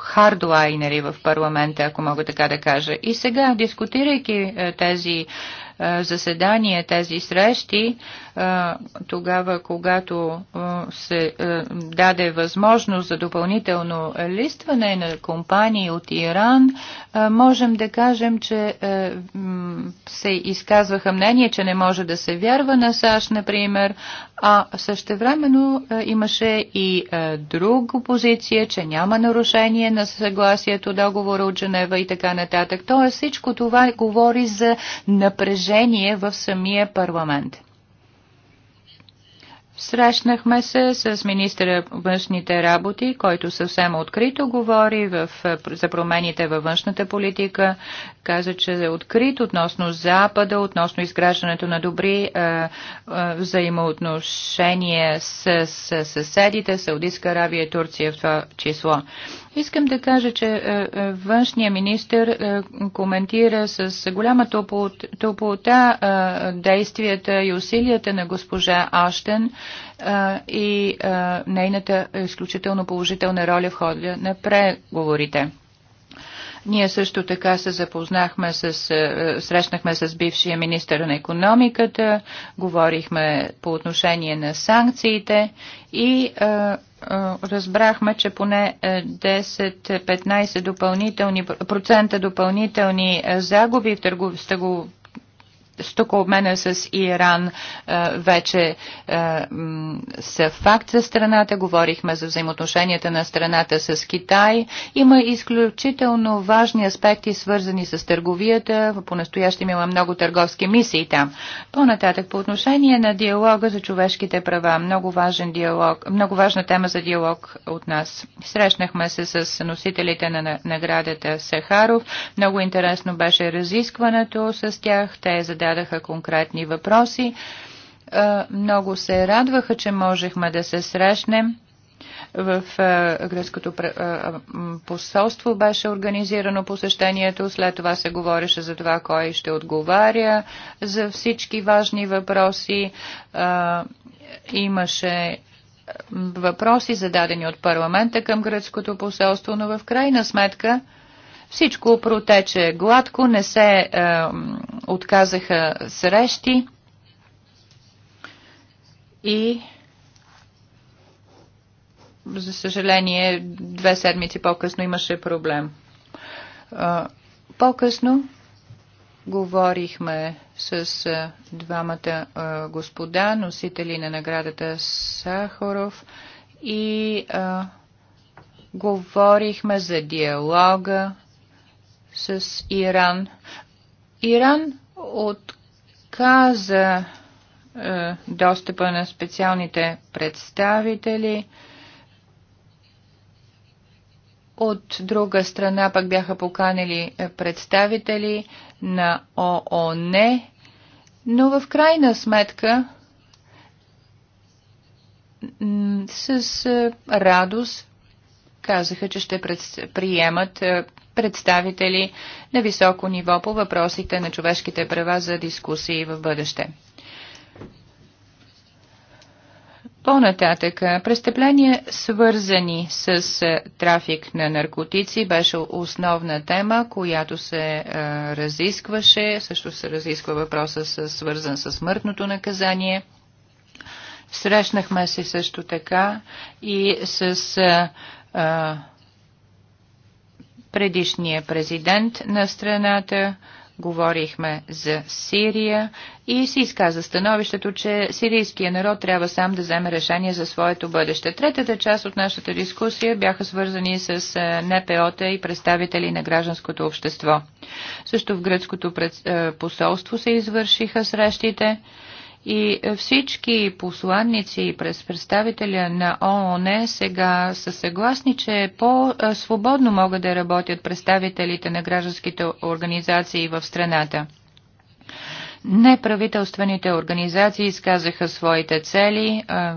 Speaker 4: хардлайнери в парламента, ако мога така да кажа. И сега, дискутирайки тези заседания, тези срещи, тогава, когато се даде възможност за допълнително листване на компании от Иран, можем да кажем, че се изказваха мнение, че не може да се вярва на САЩ, например, а същевременно имаше и друга позиция, че няма нарушение на съгласието, договора от Женева и така нататък. Тоест всичко това говори за напрежение в самия парламент. Срещнахме се с министра външните работи, който съвсем открито говори в, за промените във външната политика. Каза, че е открит относно Запада, относно изграждането на добри е, е, взаимоотношения с, с съседите, Саудитска Аравия и Турция в това число. Искам да кажа, че е, е, външния министр е, коментира с голяма топлота действията и усилията на госпожа Аштен и нейната изключително положителна роля в хода на преговорите. Ние също така се запознахме с, е, срещнахме с бившия министър на економиката, говорихме по отношение на санкциите и е, е, разбрахме, че поне 10-15 допълнителни, процента допълнителни загуби в търгов, стокообмена с Иран е, вече е, са факт за страната. Говорихме за взаимоотношенията на страната с Китай. Има изключително важни аспекти, свързани с търговията. По-настоящем има много търговски мисии там. По-нататък, по отношение на диалога за човешките права, много, важен диалог, много важна тема за диалог от нас. Срещнахме се с носителите на наградата Сахаров. Много интересно беше разискването с тях. Те е зададат зададаха конкретни въпроси. Е, много се радваха, че можехме да се срещнем в е, гръцкото е, посолство беше организирано посещението. След това се говореше за това кой ще отговаря за всички важни въпроси. Имаше въпроси зададени от парламента към гръцкото посолство, но в крайна сметка всичко протече гладко, не се е, отказаха срещи и за съжаление две седмици по-късно имаше проблем. Е, по-късно говорихме с е, двамата е, господа, носители на наградата Сахаров и а, говорихме за диалога, с Иран. Иран отказа е, достъпа на специалните представители. От друга страна пък бяха поканили е, представители на ООН, но в крайна сметка с е, радост казаха, че ще приемат е, представители на високо ниво по въпросите на човешките права за дискусии в бъдеще. По-нататък, престъпления свързани с е, трафик на наркотици беше основна тема, която се а, е, разискваше. Също се разисква въпроса с, свързан с смъртното наказание. Срещнахме се също така и с а, е, а, предишния президент на страната, говорихме за Сирия и си изказа становището, че сирийския народ трябва сам да вземе решение за своето бъдеще. Третата част от нашата дискусия бяха свързани с НПО-та и представители на гражданското общество. Също в гръцкото посолство се извършиха срещите и е, всички посланници през представителя на ООН сега са съгласни, че по-свободно могат да работят представителите на гражданските организации в страната. Неправителствените организации изказаха своите цели, е,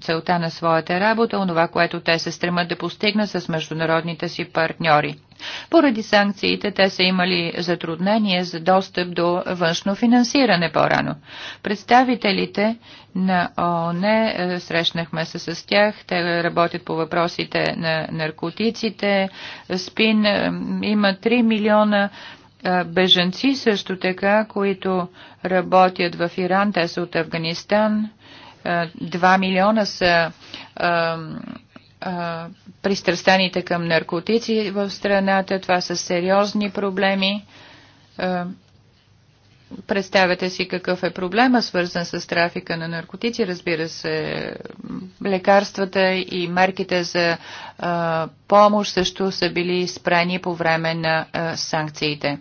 Speaker 4: целта на своята работа, онова, което те се стремат да постигнат с международните си партньори. Поради санкциите те са имали затруднение за достъп до външно финансиране по-рано. Представителите на ООН е, срещнахме се с тях. Те работят по въпросите на наркотиците, СПИН. Е, има 3 милиона е, беженци също така, които работят в Иран. Те са от Афганистан. 2 милиона са пристрастените пристрастаните към наркотици в страната. Това са сериозни проблеми. представете си какъв е проблема, свързан с трафика на наркотици. Разбира се, лекарствата и мерките за а, помощ също са били спрени по време на е, санкциите.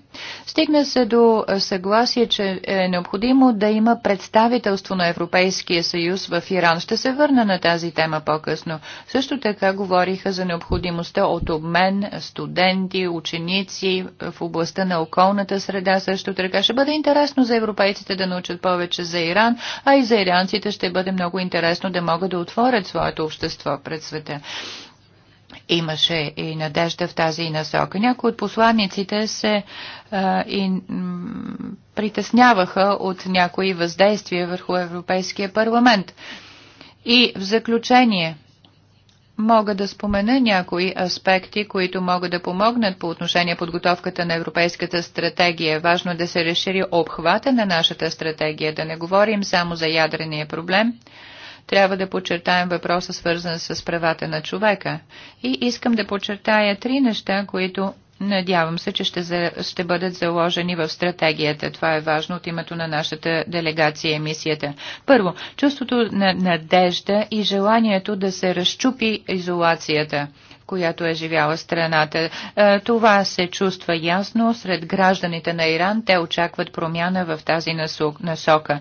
Speaker 4: Стигна се до е, съгласие, че е необходимо да има представителство на Европейския съюз в Иран. Ще се върна на тази тема по-късно. Също така говориха за необходимостта от обмен студенти, ученици в областта на околната среда. Също така ще бъде интересно за европейците да научат повече за Иран, а и за иранците ще бъде много интересно да могат да отворят своето общество пред света. Имаше и надежда в тази насока. Някои от посланниците се а, и, притесняваха от някои въздействия върху Европейския парламент. И в заключение мога да спомена някои аспекти, които могат да помогнат по отношение подготовката на европейската стратегия. Важно е да се разшири обхвата на нашата стратегия, да не говорим само за ядрения проблем, трябва да подчертаем въпроса, свързан с правата на човека. И искам да подчертая три неща, които Надявам се, че ще, за, ще бъдат заложени в стратегията. Това е важно от името на нашата делегация и мисията. Първо, чувството на надежда и желанието да се разчупи изолацията която е живяла страната. Е, това се чувства ясно сред гражданите на Иран. Те очакват промяна в тази насока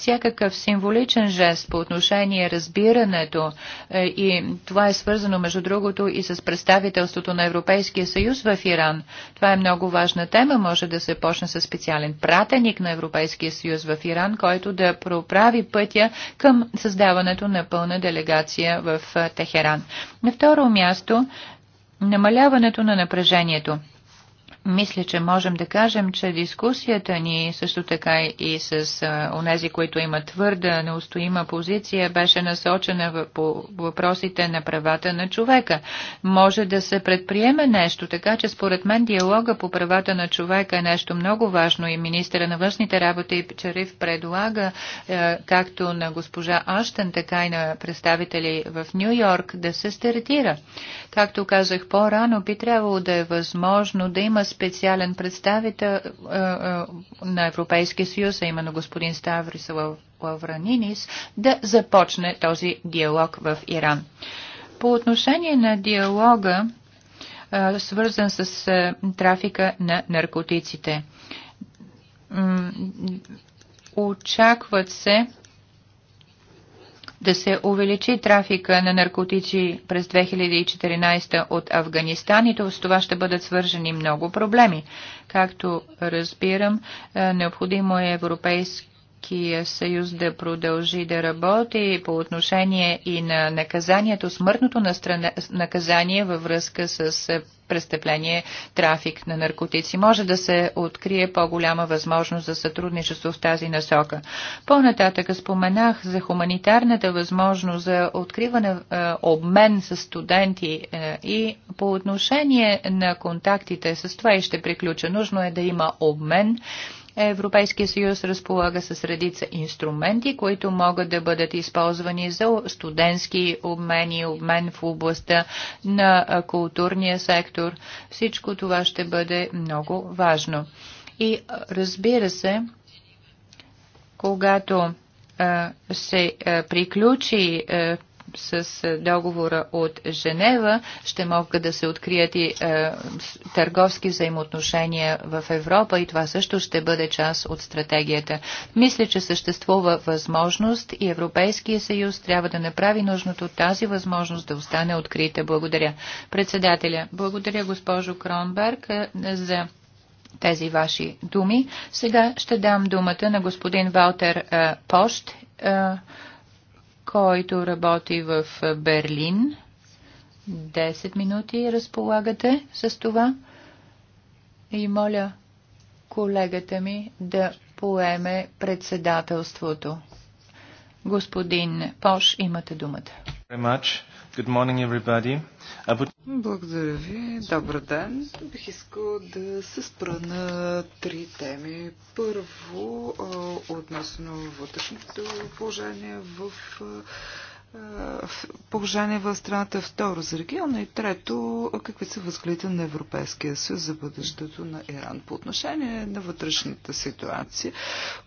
Speaker 4: всякакъв символичен жест по отношение разбирането е, и това е свързано между другото и с представителството на Европейския съюз в Иран. Това е много важна тема, може да се почне с специален пратеник на Европейския съюз в Иран, който да проправи пътя към създаването на пълна делегация в е, Техеран. На второ място намаляването на напрежението мисля, че можем да кажем, че дискусията ни също така и с а, онези, които имат твърда, неустоима позиция, беше насочена в, по въпросите на правата на човека. Може да се предприеме нещо, така че според мен диалога по правата на човека е нещо много важно и министъра на външните работи Чариф предлага, е, както на госпожа Аштен, така и на представители в Нью Йорк да се стартира. Както казах по-рано, би трябвало да е възможно да има специален представител е, е, на Европейския съюз, а именно господин Ставрис Лавранинис, да започне този диалог в Иран. По отношение на диалога, е, свързан с трафика на наркотиците, очакват се да се увеличи трафика на наркотици през 2014 от Афганистан и то с това ще бъдат свържени много проблеми. Както разбирам, е, необходимо е европейски Европейския съюз да продължи да работи по отношение и на наказанието, смъртното наказание във връзка с е, престъпление, трафик на наркотици. Може да се открие по-голяма възможност за сътрудничество в тази насока. По-нататък споменах за хуманитарната възможност за откриване е, обмен с студенти е, и по отношение на контактите с това и ще приключа. Нужно е да има обмен Европейския съюз разполага с редица инструменти, които могат да бъдат използвани за студентски обмени, обмен в областта на културния сектор. Всичко това ще бъде много важно. И разбира се, когато се приключи с договора от Женева ще могат да се открият и е, търговски взаимоотношения в Европа и това също ще бъде част от стратегията. Мисля, че съществува възможност и Европейския съюз трябва да направи нужното тази възможност да остане открита. Благодаря. Председателя, благодаря госпожо Кронберг е, за тези ваши думи. Сега ще дам думата на господин Валтер е, Пощ. Е, който работи в Берлин. 10 минути разполагате с това. И моля колегата ми да поеме председателството. Господин Пош, имате думата.
Speaker 3: Good morning, everybody. Would...
Speaker 2: Благодаря ви. Добър ден. Бих искал да се спра на три теми. Първо, относно вътрешното положение в положение в страната, второ за региона и трето какви са възгледите на Европейския съюз за бъдещето на Иран. По отношение на вътрешната ситуация,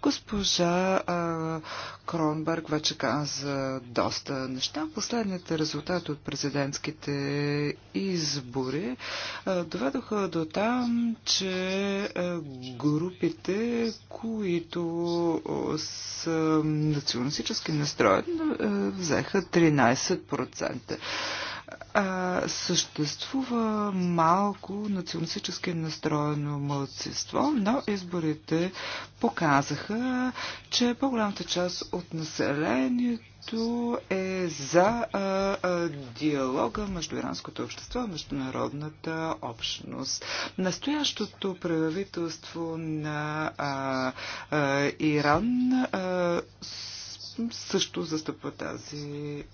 Speaker 2: госпожа а, Кронберг вече каза доста неща. Последните резултати от президентските избори а, доведоха до там, че а, групите, които са националистически настроени, взеха са 13%. А, съществува малко националистически настроено младсинство, но изборите показаха, че по-голямата част от населението е за а, а, диалога между иранското общество и международната общност. Настоящото правителство на а, а, Иран а, също застъпва тази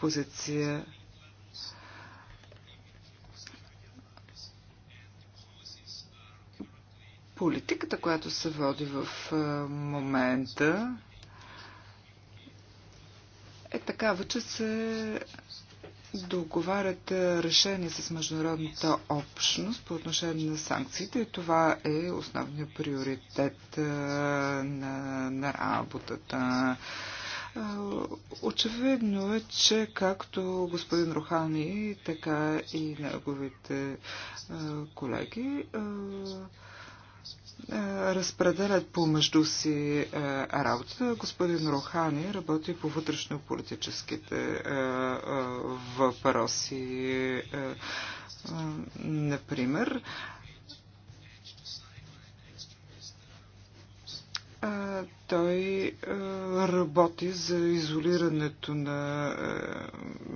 Speaker 2: позиция. Политиката, която се води в момента, е такава, че се договарят решение с международната общност по отношение на санкциите и това е основният приоритет на, на работата. Очевидно е, че както господин Рухани, така и неговите колеги е, разпределят помежду си е, работата, Господин Рохани работи по вътрешно-политическите е, въпроси, например. а, той а, работи за изолирането на а,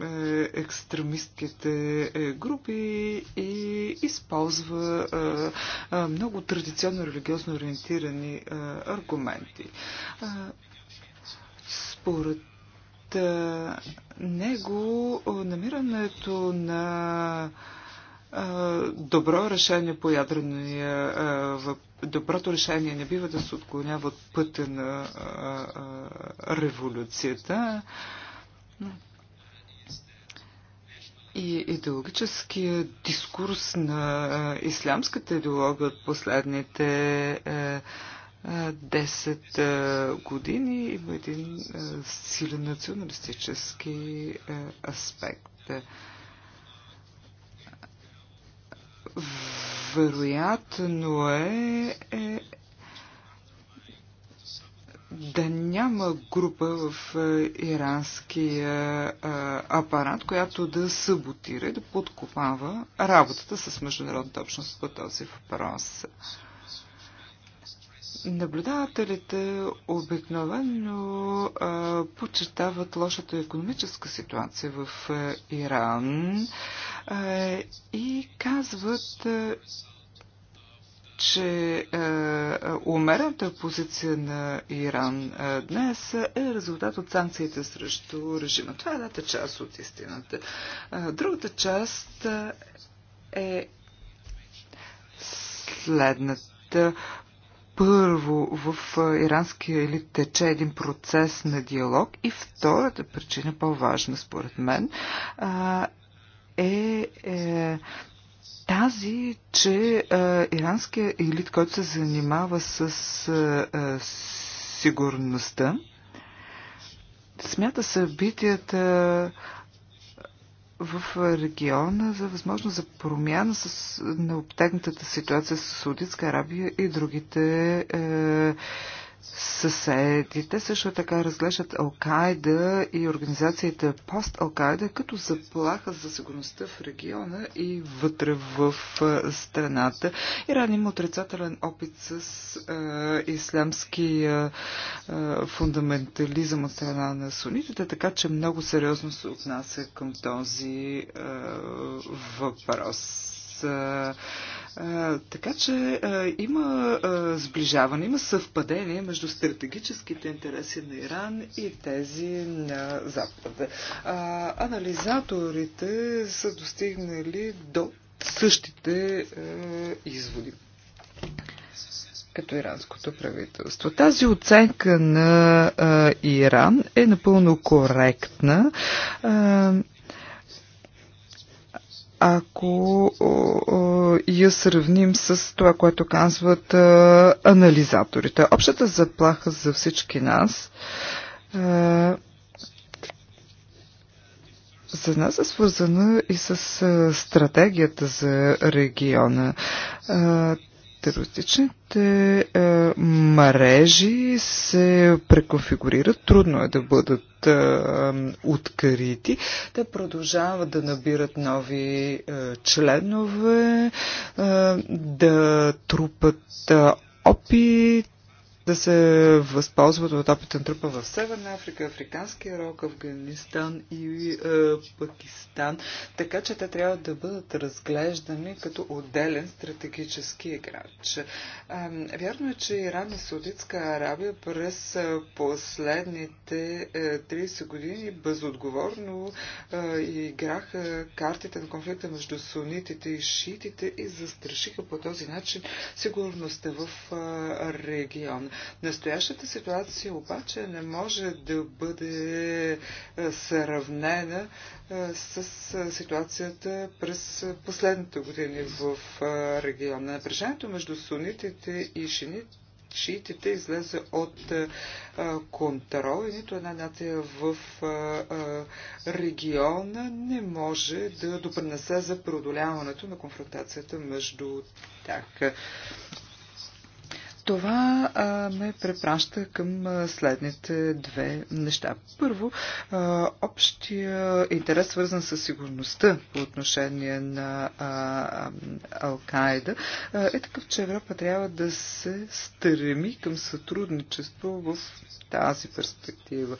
Speaker 2: е, екстремистките е, групи и използва а, а, много традиционно религиозно ориентирани а, аргументи. А, според а, него намирането на а, добро решение по ядрения въпрос доброто решение не бива да се отклонява от пътя на а, а, революцията. И идеологическия дискурс на а, ислямската идеология от последните а, е, 10 е, е, години има един силен националистически аспект вероятно е, е да няма група в е, иранския е, апарат, която да саботира и да подкопава работата с международната общност по този въпрос. Наблюдателите обикновено а, лошата економическа ситуация в Иран а, и казват, а, че умерената позиция на Иран днес е резултат от санкциите срещу режима. Това е едната част от истината. другата част е следната първо, в иранския елит тече един процес на диалог и втората причина, по-важна според мен, е, е тази, че е, иранския елит, който се занимава с е, сигурността, смята събитията в региона за възможност за промяна с необтегнатата ситуация с Саудитска Арабия и другите е, Съседите също така разглеждат Алкайда и организацията пост Алкайда като заплаха за сигурността в региона и вътре в страната. Иран има отрицателен опит с а, ислямски фундаментализъм от страна на сунитите, така че много сериозно се отнася към този въпрос така че има сближаване, има съвпадение между стратегическите интереси на Иран и тези на Запада. анализаторите са достигнали до същите изводи като иранското правителство. Тази оценка на а, Иран е напълно коректна. А, ако я сравним с това, което казват анализаторите. Общата заплаха за всички нас за нас е свързана и с стратегията за региона. Терористичните е, мрежи се преконфигурират, трудно е да бъдат е, открити. Те продължават да набират нови е, членове, е, да трупат е, опит да се възползват от опита на трупа в Северна Африка, Африканския рог, Афганистан и е, Пакистан. Така че те трябва да бъдат разглеждани като отделен стратегически играч. Е, вярно е, че Иран и Саудитска Арабия през е, последните 30 е, години безотговорно е, играха картите на конфликта между сунитите и шиитите и застрашиха по този начин сигурността в е, региона регион. Настоящата ситуация обаче не може да бъде е, сравнена е, с е, ситуацията през последните години в региона. Напрежението между сунитите и шините шиитите излезе от а, контрол и нито една нация в а, а, региона не може да допринесе за преодоляването на конфронтацията между тях. Това а, ме препраща към а, следните две неща. Първо, а, общия интерес, свързан с сигурността по отношение на Ал-Каида, е такъв, че Европа трябва да се стреми към сътрудничество в тази перспектива.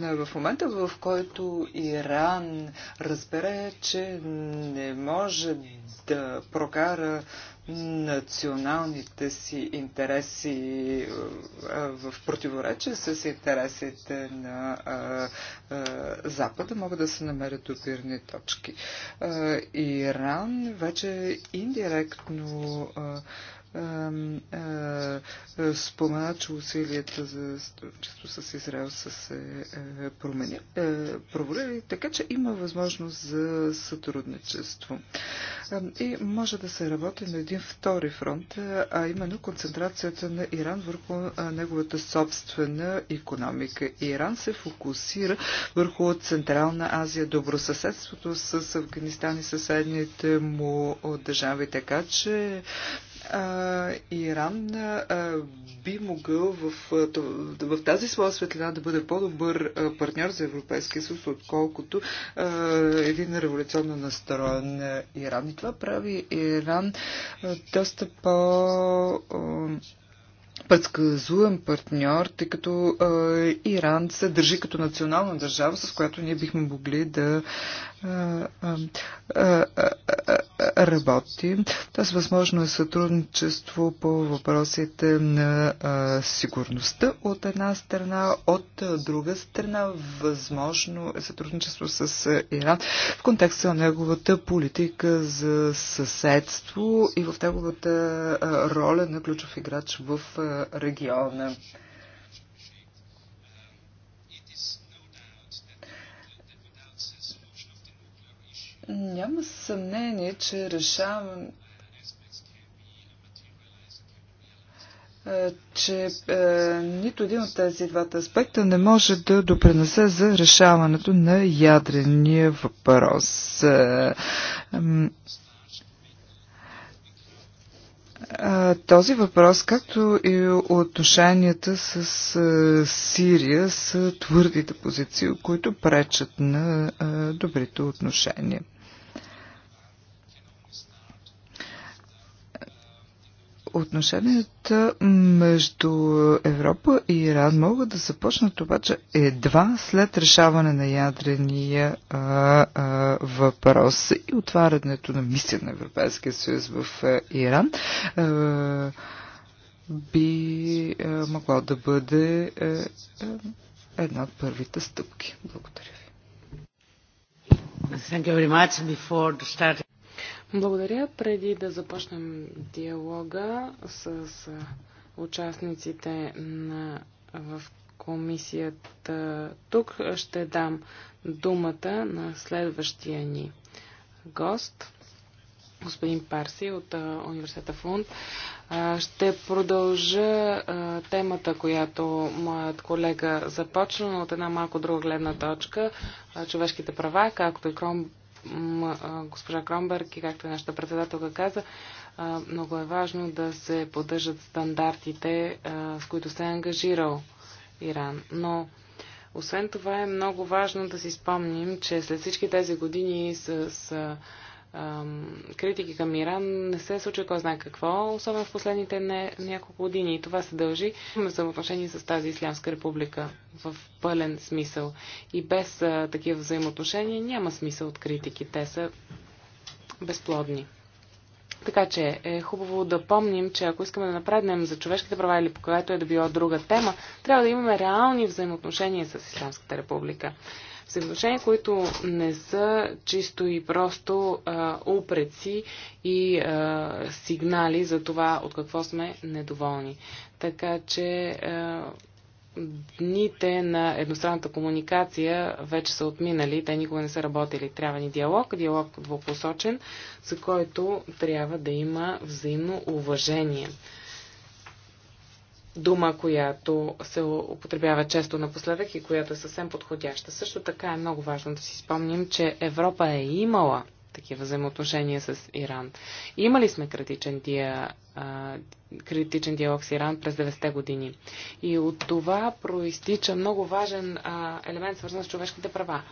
Speaker 2: В момента, в който Иран разбере, че не може да прокара националните си интереси в противоречие с интересите на Запада могат да се намерят опирни точки. Иран вече индиректно спомена, че усилията за сътрудничество с Израел са се променили, така че има възможност за сътрудничество. И може да се работи на един втори фронт, а именно концентрацията на Иран върху неговата собствена економика. Иран се фокусира върху Централна Азия, добросъседството с Афганистан и съседните му държави, така че Иран би могъл в, в тази своя светлина да бъде по-добър партньор за Европейския съюз, отколкото един революционно настроен Иран. И това прави Иран доста по- предсказуем партньор, тъй като а, Иран се държи като национална държава, с която ние бихме могли да а, а, работим. Тоест, възможно е сътрудничество по въпросите на сигурността от една страна, от друга страна, възможно е сътрудничество с Иран в контекста на неговата политика за съседство и в неговата роля на ключов играч в региона. Няма съмнение, че решавам, е, че е, нито един от тези двата аспекта не може да допренесе за решаването на ядрения въпрос. Е, е, този въпрос, както и отношенията с Сирия, са твърдите позиции, които пречат на добрите отношения. Отношенията между Европа и Иран могат да започнат обаче едва след решаване на ядрения а, а, въпрос и отварянето на мисия на Европейския съюз в е, Иран. А, би а, могло да бъде а, е, а, е, една от първите стъпки. Благодаря ви.
Speaker 5: Thank you very much before starting.
Speaker 6: Благодаря. Преди да започнем диалога с участниците на, в комисията тук, ще дам думата на следващия ни гост, господин Парси от университета Фунд. Ще продължа темата, която моят колега започна, от една малко друга гледна точка. Човешките права, както и госпожа Кромберг и както и нашата председателка каза, много е важно да се поддържат стандартите, с които се е ангажирал Иран. Но освен това е много важно да си спомним, че след всички тези години с, с критики към Иран не се случва кой знае какво, особено в последните не, няколко години. И това се дължи на взаимоотношение с тази Ислямска република в пълен смисъл. И без а, такива взаимоотношения няма смисъл от критики. Те са безплодни. Така че е хубаво да помним, че ако искаме да напреднем за човешките права или по която е да било друга тема, трябва да имаме реални взаимоотношения с Исламската република взаимоотношения, които не са чисто и просто а, упреци и а, сигнали за това от какво сме недоволни. Така че а, дните на едностранната комуникация вече са отминали, те никога не са работили. Трябва ни диалог, диалог двупосочен, за който трябва да има взаимно уважение дума, която се употребява често напоследък и която е съвсем подходяща. Също така е много важно да си спомним, че Европа е имала такива взаимоотношения с Иран. Имали сме критичен, диа, а, критичен диалог с Иран през 90-те години. И от това проистича много важен а, елемент, свързан с човешките права.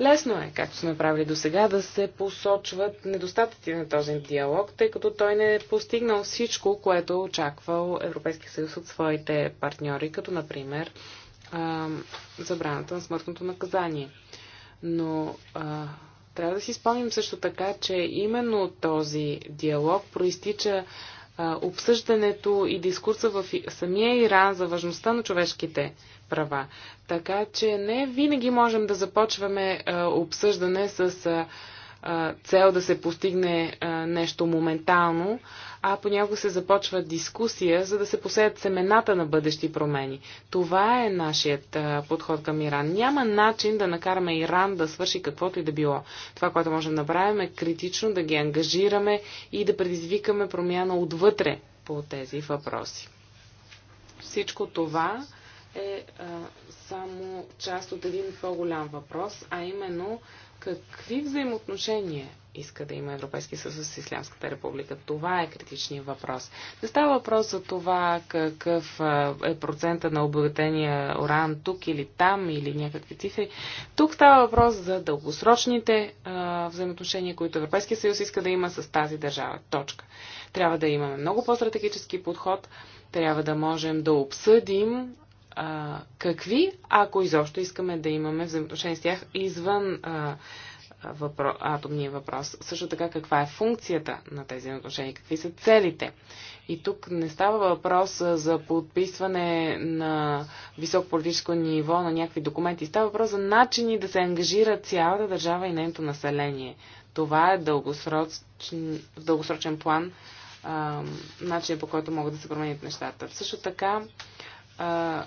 Speaker 6: Лесно е, както сме правили до сега, да се посочват недостатъци на този диалог, тъй като той не е постигнал всичко, което е очаквал Европейския съюз от своите партньори, като например забраната на смъртното наказание. Но а, трябва да си спомним също така, че именно този диалог проистича а, обсъждането и дискурса в самия Иран за важността на човешките права. Така че не винаги можем да започваме а, е, обсъждане с а, е, е, цел да се постигне а, нещо моментално, а понякога се започва дискусия, за да се посеят семената на бъдещи промени. Това е нашият а, подход към Иран. Няма начин да накараме Иран да свърши каквото и да било. Това, което можем да направим е критично да ги ангажираме и да предизвикаме промяна отвътре по тези въпроси. Всичко това е а, само част от един по-голям въпрос, а именно какви взаимоотношения иска да има Европейски съюз с Ислямската република. Това е критичният въпрос. Не става въпрос за това какъв е процента на обогатения уран тук или там или някакви цифри. Тук става въпрос за дългосрочните а, взаимоотношения, които Европейския съюз иска да има с тази държава. Точка. Трябва да имаме много по-стратегически подход, трябва да можем да обсъдим а, какви, ако изобщо искаме да имаме взаимоотношения с тях извън а, въпро... атомния въпрос. Също така, каква е функцията на тези отношения, какви са целите. И тук не става въпрос за подписване на високо политическо ниво на някакви документи. Става въпрос за начини да се ангажира цялата държава и нейното население. Това е дългосрочен, в дългосрочен план начинът по който могат да се променят нещата. Също така, а,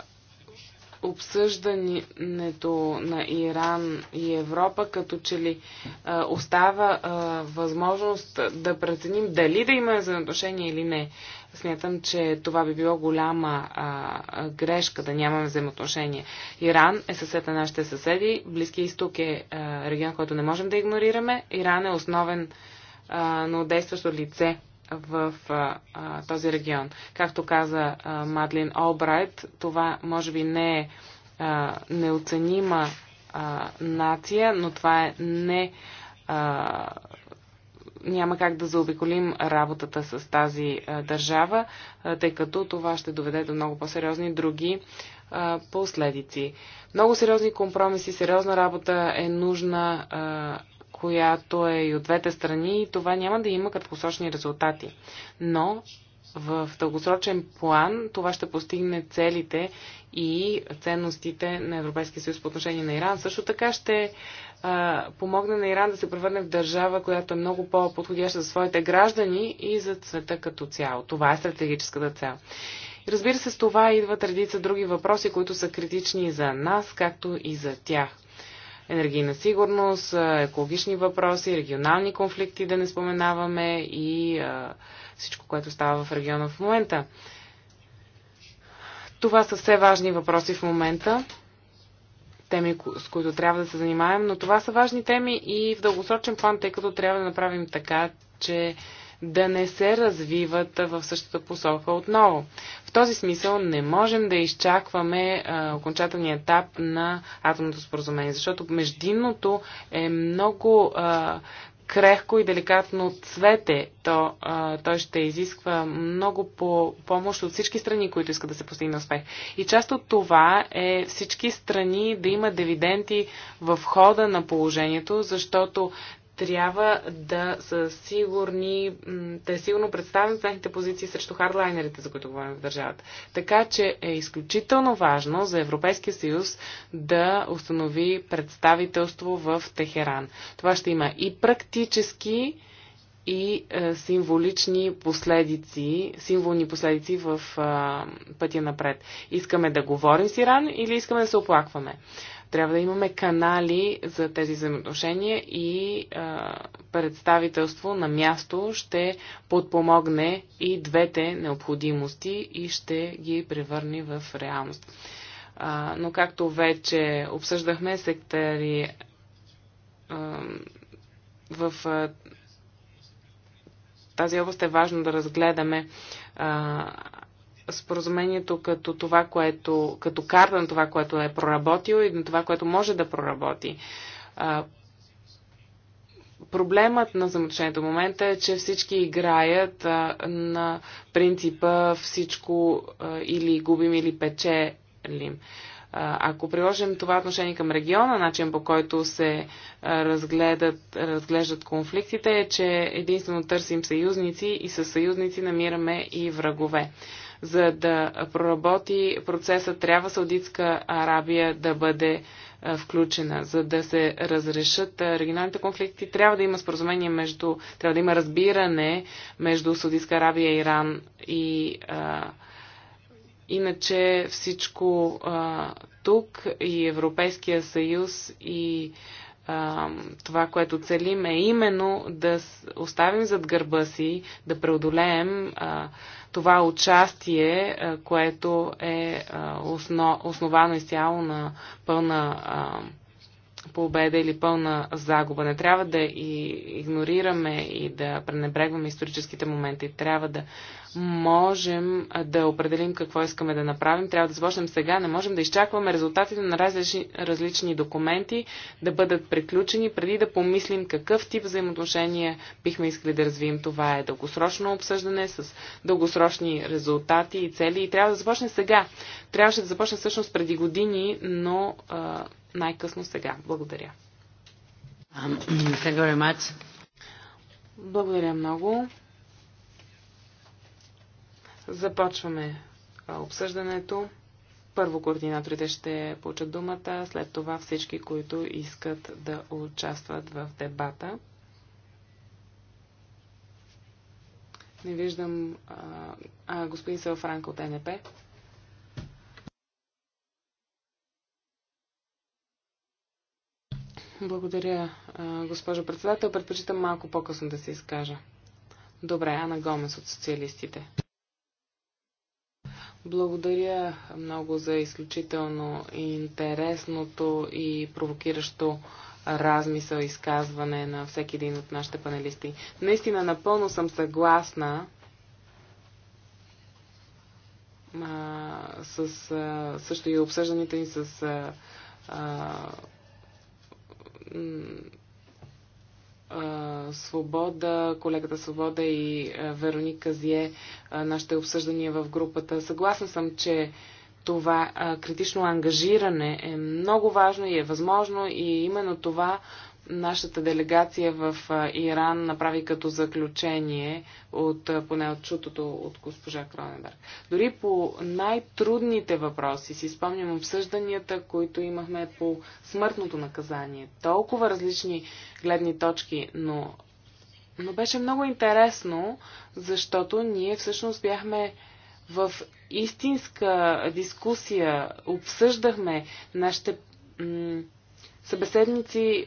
Speaker 6: обсъждането на Иран и Европа като че ли а, остава а, възможност да преценим дали да има взаимоотношения или не. Смятам, че това би било голяма а, а, грешка да нямаме взаимоотношения. Иран е съсед на нашите съседи. Близкия изток е а, регион, който не можем да игнорираме. Иран е основен, а, но действащо лице в а, а, този регион. Както каза а, Мадлин Олбрайт, това може би не е а, неоценима а, нация, но това е не. А, няма как да заобиколим работата с тази а, държава, а, тъй като това ще доведе до много по-сериозни други а, последици. Много сериозни компромиси, сериозна работа е нужна. А, която е и от двете страни и това няма да има краткосрочни резултати. Но в дългосрочен план това ще постигне целите и ценностите на Европейския съюз по отношение на Иран. Също така ще а, помогне на Иран да се превърне в държава, която е много по-подходяща за своите граждани и за света като цяло. Това е стратегическата цел. Разбира се, с това идват редица други въпроси, които са критични за нас, както и за тях енергийна сигурност, екологични въпроси, регионални конфликти да не споменаваме и всичко, което става в региона в момента. Това са все важни въпроси в момента, теми, с които трябва да се занимаем, но това са важни теми и в дългосрочен план, тъй като трябва да направим така, че да не се развиват в същата посока отново. В този смисъл не можем да изчакваме а, окончателния етап на атомното споразумение, защото междинното е много а, крехко и деликатно цвете, то а, той ще изисква много по помощ от всички страни, които искат да се постигне успех. И част от това е всички страни да имат дивиденти в хода на положението, защото трябва да са сигурни, да е сигурно представен техните позиции срещу хардлайнерите, за които говорим в държавата. Така че е изключително важно за Европейския съюз да установи представителство в Техеран. Това ще има и практически, и е, символични последици, символни последици в е, пътя напред. Искаме да говорим с Иран или искаме да се оплакваме? Трябва да имаме канали за тези взаимоотношения и а, представителство на място ще подпомогне и двете необходимости и ще ги превърне в реалност. А, но както вече обсъждахме, сектари а, в а, тази област е важно да разгледаме а, споразумението като това, което, като карта на това, което е проработил и на това, което може да проработи. А, проблемът на заключението в момента е, че всички играят а, на принципа всичко а, или губим или печелим. Ако приложим това отношение към региона, начин по който се разгледат, разглеждат конфликтите е, че единствено търсим съюзници и със съюзници намираме и врагове. За да проработи процеса, трябва Саудитска Арабия да бъде е, включена. За да се разрешат е, регионалните конфликти, трябва да има споразумение между, трябва да има разбиране между Саудитска Арабия, Иран и а, е, Иначе всичко а, тук и Европейския съюз и това, което целим е именно да оставим зад гърба си, да преодолеем а, това участие, е, което е основано изцяло на пълна победа или пълна загуба. Не трябва да и игнорираме и да пренебрегваме историческите моменти. Трябва да можем да определим какво искаме да направим. Трябва да започнем сега. Не можем да изчакваме резултатите на различни, различни документи да бъдат приключени преди да помислим какъв тип взаимоотношения бихме искали да развием. Това е дългосрочно обсъждане с дългосрочни резултати и цели и трябва да започне сега. Трябваше да започне всъщност преди години, но най-късно сега. Благодаря.
Speaker 5: Um,
Speaker 6: Благодаря много. Започваме обсъждането. Първо координаторите ще получат думата, след това всички, които искат да участват в дебата. Не виждам а, а, господин Селфранко от НП. Благодаря, госпожо председател. Предпочитам малко по-късно да се изкажа. Добре, Ана Гомес от социалистите. Благодаря много за изключително интересното и провокиращо размисъл, изказване на всеки един от нашите панелисти. Наистина, напълно съм съгласна а, с а, също и обсъжданите ни с а, а, Свобода, колегата Свобода и Вероника Зие, нашите обсъждания в групата. Съгласна съм, че това критично ангажиране е много важно и е възможно и именно това нашата делегация в Иран направи като заключение от поне от чутото от госпожа Кроненберг. Дори по най-трудните въпроси си спомням обсъжданията, които имахме по смъртното наказание. Толкова различни гледни точки, но, но беше много интересно, защото ние всъщност бяхме в истинска дискусия, обсъждахме нашите събеседници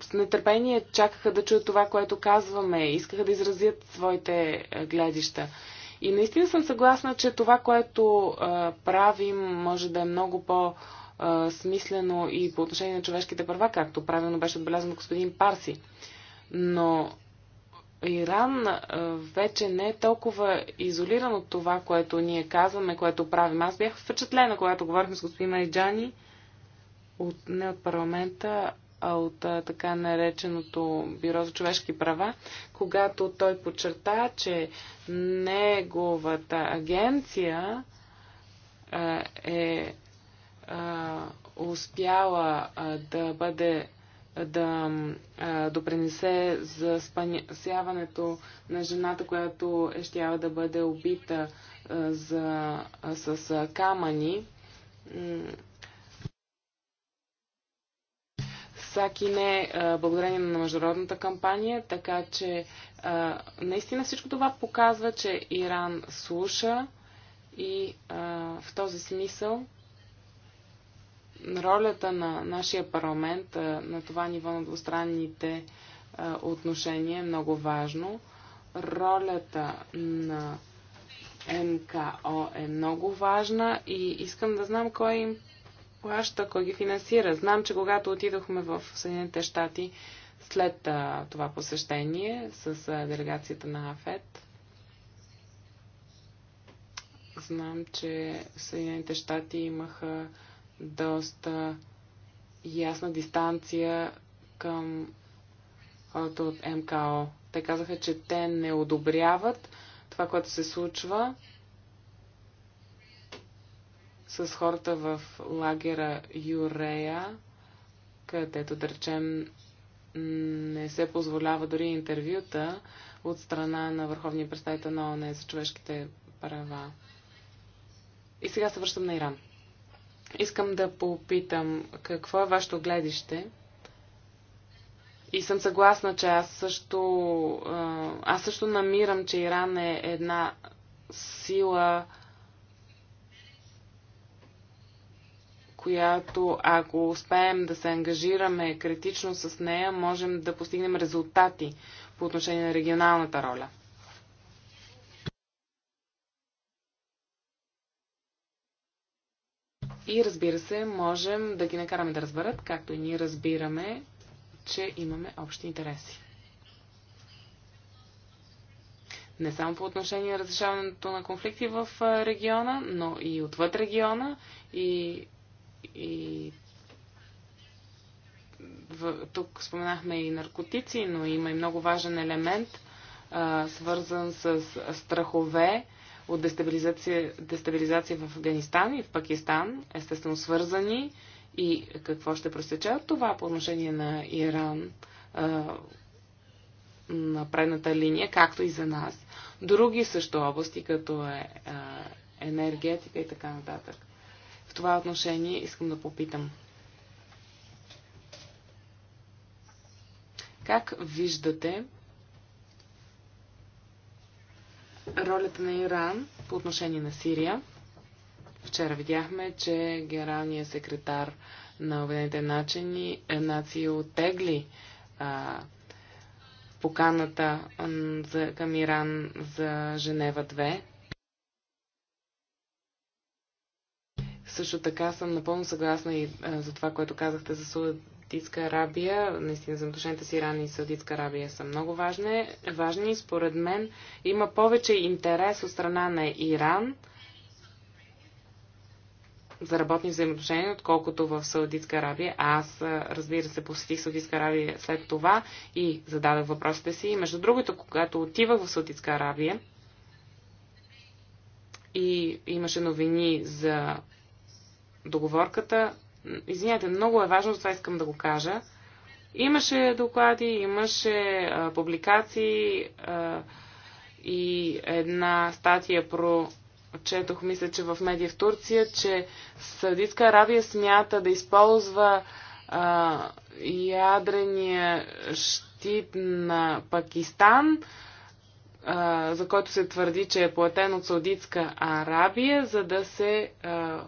Speaker 6: с нетърпение чакаха да чуят това, което казваме, искаха да изразят своите е, гледища. И наистина съм съгласна, че това, което а, е, правим, може да е много по- е, смислено и по отношение на човешките права, както правилно беше отбелязано господин Парси. Но Иран вече не е толкова изолиран от това, което ние казваме, което правим. Аз бях впечатлена, когато говорихме с господин Майджани от, не от парламента, от така нареченото Бюро за човешки права, когато той подчерта, че неговата агенция е успяла да бъде да допринесе за спасяването на жената, която е щяла да бъде убита за, с камъни Сакине, благодарение на международната кампания, така че наистина всичко това показва, че Иран слуша и в този смисъл ролята на нашия парламент на това ниво на двустранните отношения е много важно. Ролята на МКО е много важна и искам да знам кой е им плаща, кой ги финансира. Знам, че когато отидохме в Съединените щати след а, това посещение с а, делегацията на АФЕД, знам, че Съединените щати имаха доста ясна дистанция към хората от МКО. Те казаха, че те не одобряват това, което се случва с хората в лагера Юрея, където, да речем, не се позволява дори интервюта от страна на Върховния представител на ОНЕ за човешките права. И сега се връщам на Иран. Искам да попитам какво е вашето гледище. И съм съгласна, че аз също, аз също намирам, че Иран е една сила, която ако успеем да се ангажираме критично с нея, можем да постигнем резултати по отношение на регионалната роля. И разбира се, можем да ги накараме да разберат, както и ние разбираме, че имаме общи интереси. Не само по отношение на разрешаването на конфликти в региона, но и отвъд региона и и в, тук споменахме и наркотици, но има и много важен елемент, а, свързан с страхове от дестабилизация, дестабилизация в Афганистан и в Пакистан, естествено свързани и какво ще пресече от това по отношение на Иран а, на предната линия, както и за нас. Други също области, като е а, енергетика и така нататък това отношение искам да попитам. Как виждате ролята на Иран по отношение на Сирия? Вчера видяхме, че генералният секретар на Обединените начини, е, нации отегли а, поканата за, към Иран за Женева 2. Също така съм напълно съгласна и а, за това, което казахте за Саудитска Арабия. Наистина взаимоотношенията с Иран и Саудитска Арабия са много важни. важни. Според мен има повече интерес от страна на Иран за работни взаимоотношения, отколкото в Саудитска Арабия. Аз, разбира се, посетих Саудитска Арабия след това и зададах въпросите си. И между другото, когато отивах в Саудитска Арабия и имаше новини за договорката, извинете, много е важно, това искам да го кажа. Имаше доклади, имаше а, публикации а, и една статия про четох, мисля, че в медия в Турция, че Саудитска Арабия смята да използва а, ядрения щит на Пакистан, а, за който се твърди, че е платен от Саудитска Арабия, за да се а,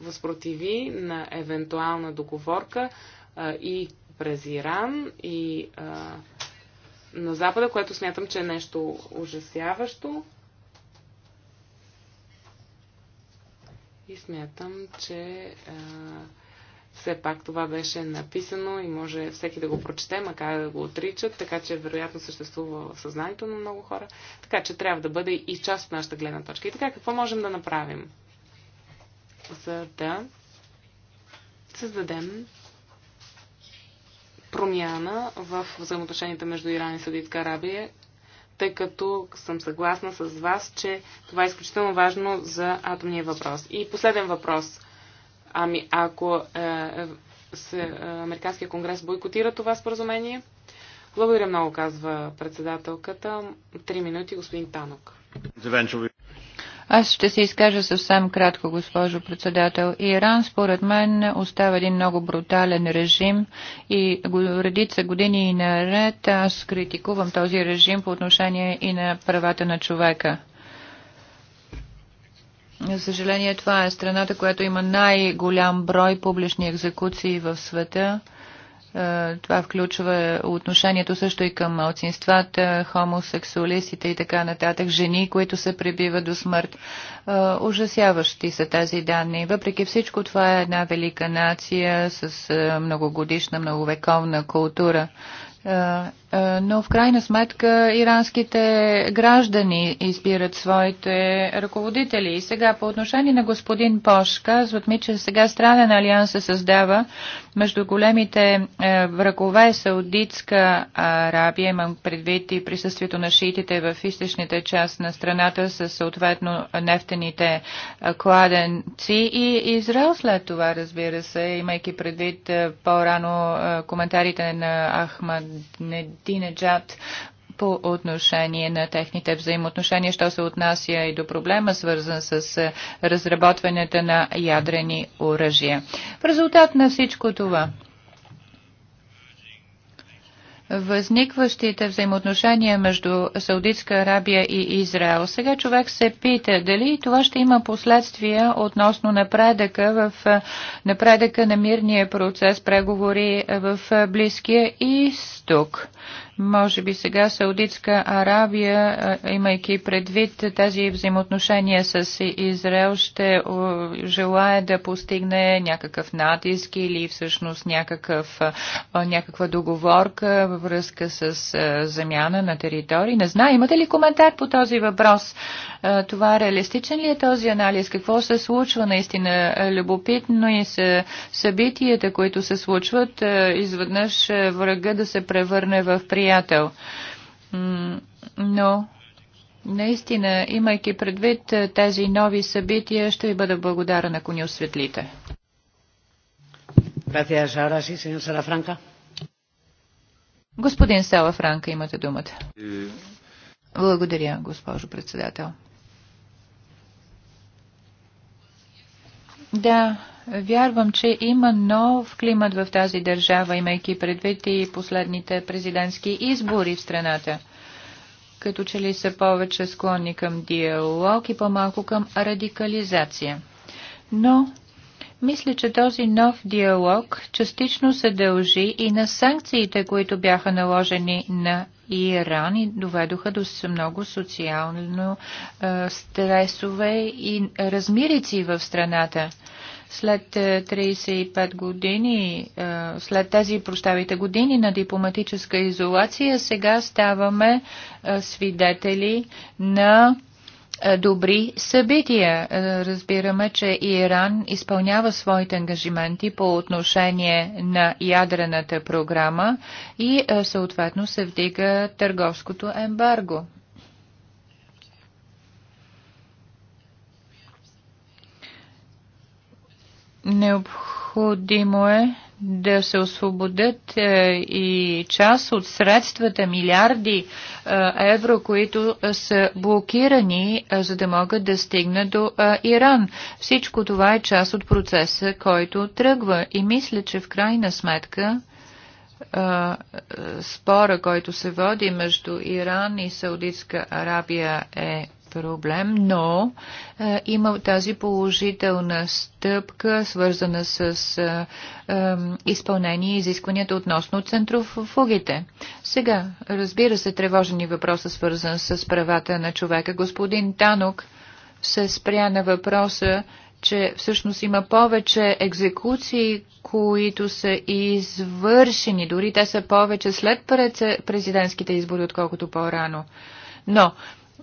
Speaker 6: възпротиви на евентуална договорка а, и през Иран, и а, на Запада, което смятам, че е нещо ужасяващо. И смятам, че а, все пак това беше написано и може всеки да го прочете, макар да го отричат, така че вероятно съществува в съзнанието на много хора. Така че трябва да бъде и част от нашата гледна точка. И така, какво можем да направим? за да създадем промяна в взаимоотношенията между Иран и Саудитска Арабия, тъй като съм съгласна с вас, че това е изключително важно за атомния въпрос. И последен въпрос. Ами ако е, е се, е, Американския конгрес бойкотира това споразумение? Благодаря много, казва председателката. Три минути, господин Танок.
Speaker 4: Аз ще се изкажа съвсем кратко, госпожо председател. Иран, според мен, остава един много брутален режим и редица години и наред аз критикувам този режим по отношение и на правата на човека. За съжаление, това е страната, която има най-голям брой публични екзекуции в света е, това включва отношението също и към малцинствата, хомосексуалистите и така нататък, жени, които се прибиват до смърт. Е, ужасяващи са тези данни. Въпреки всичко, това е една велика нация с е, многогодишна, многовековна култура е, но в крайна сметка иранските граждани избират своите ръководители. И сега по отношение на господин Пош, казват ми, че сега странен алианс се създава между големите е, врагове Саудитска Арабия, имам предвид и присъствието на шиитите в източните част на страната с съответно нефтените е, кладенци и Израел след това, разбира се, имайки предвид по-рано коментарите на Ахмад тинеджат по отношение на техните взаимоотношения, що се отнася и до проблема, свързан с е, разработването на ядрени оръжия. В резултат на всичко това, възникващите взаимоотношения между Саудитска Арабия и Израел. Сега човек се пита дали това ще има последствия относно напредъка в напредъка на мирния процес, преговори в Близкия изток. Може би сега Саудитска Аравия, е, имайки предвид тези взаимоотношения с Израел, ще е, желая да постигне някакъв натиск или всъщност някакъв, е, някаква договорка във връзка с замяна на територии. Не знам, имате ли коментар по този въпрос? Това реалистичен ли е този анализ? Какво се случва наистина? Любопитно и са събитията, които се случват, изведнъж врага да се превърне в приятел приятел. Но наистина, имайки предвид е, тези нови събития, ще ви бъда благодарен, ако ни осветлите. Господин Сала Франка, имате думата. Благодаря, госпожо председател. Да, Вярвам, че има нов климат в тази държава, имайки предвид и последните президентски избори в страната. Като че ли са повече склонни към диалог и по-малко към радикализация. Но мисля, че този нов диалог частично се дължи и на санкциите, които бяха наложени на Иран и доведоха до много социално е, стресове и размирици в страната след 35 е, години, е, след тези, прощавите години на дипломатическа изолация, сега ставаме е, свидетели на добри събития. Разбираме, че Иран изпълнява своите ангажименти по отношение на ядрената програма и съответно се вдига търговското ембарго. Необходимо е да се освободят е, и част от средствата, милиарди е, евро, които са блокирани, е, за да могат да стигнат до е, Иран. Всичко това е част от процеса, който тръгва. И мисля, че в крайна сметка е, спора, който се води между Иран и Саудитска Арабия е проблем, но е, има тази положителна стъпка, свързана с е, е, изпълнение и изискванията относно центрофугите. Сега, разбира се, тревожени въпроса, е свързан с правата на човека. Господин Танок се спря на въпроса, че всъщност има повече екзекуции, които са извършени. Дори те са повече след президентските избори, отколкото по-рано. Но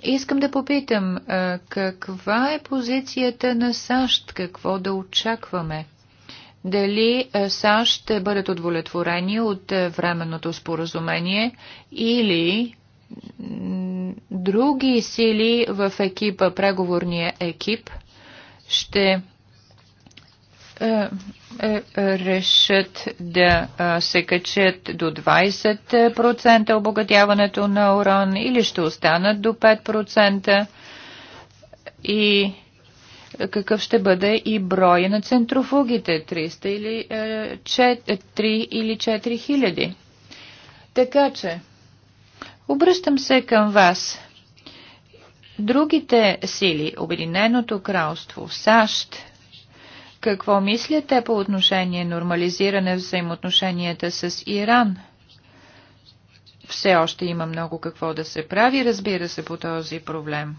Speaker 4: Искам да попитам, каква е позицията на САЩ? Какво да очакваме? Дали САЩ ще бъдат удовлетворени от временното споразумение или други сили в екипа, преговорния екип, ще е, решат да се качат до 20% обогатяването на уран или ще останат до 5% и какъв ще бъде и броя на центрофугите 300 или, 3 е, или 4 хиляди. Така че, обръщам се към вас. Другите сили, Обединеното кралство, САЩ, какво мислите по отношение нормализиране взаимоотношенията с Иран? Все още има много какво да се прави, разбира се, по този проблем.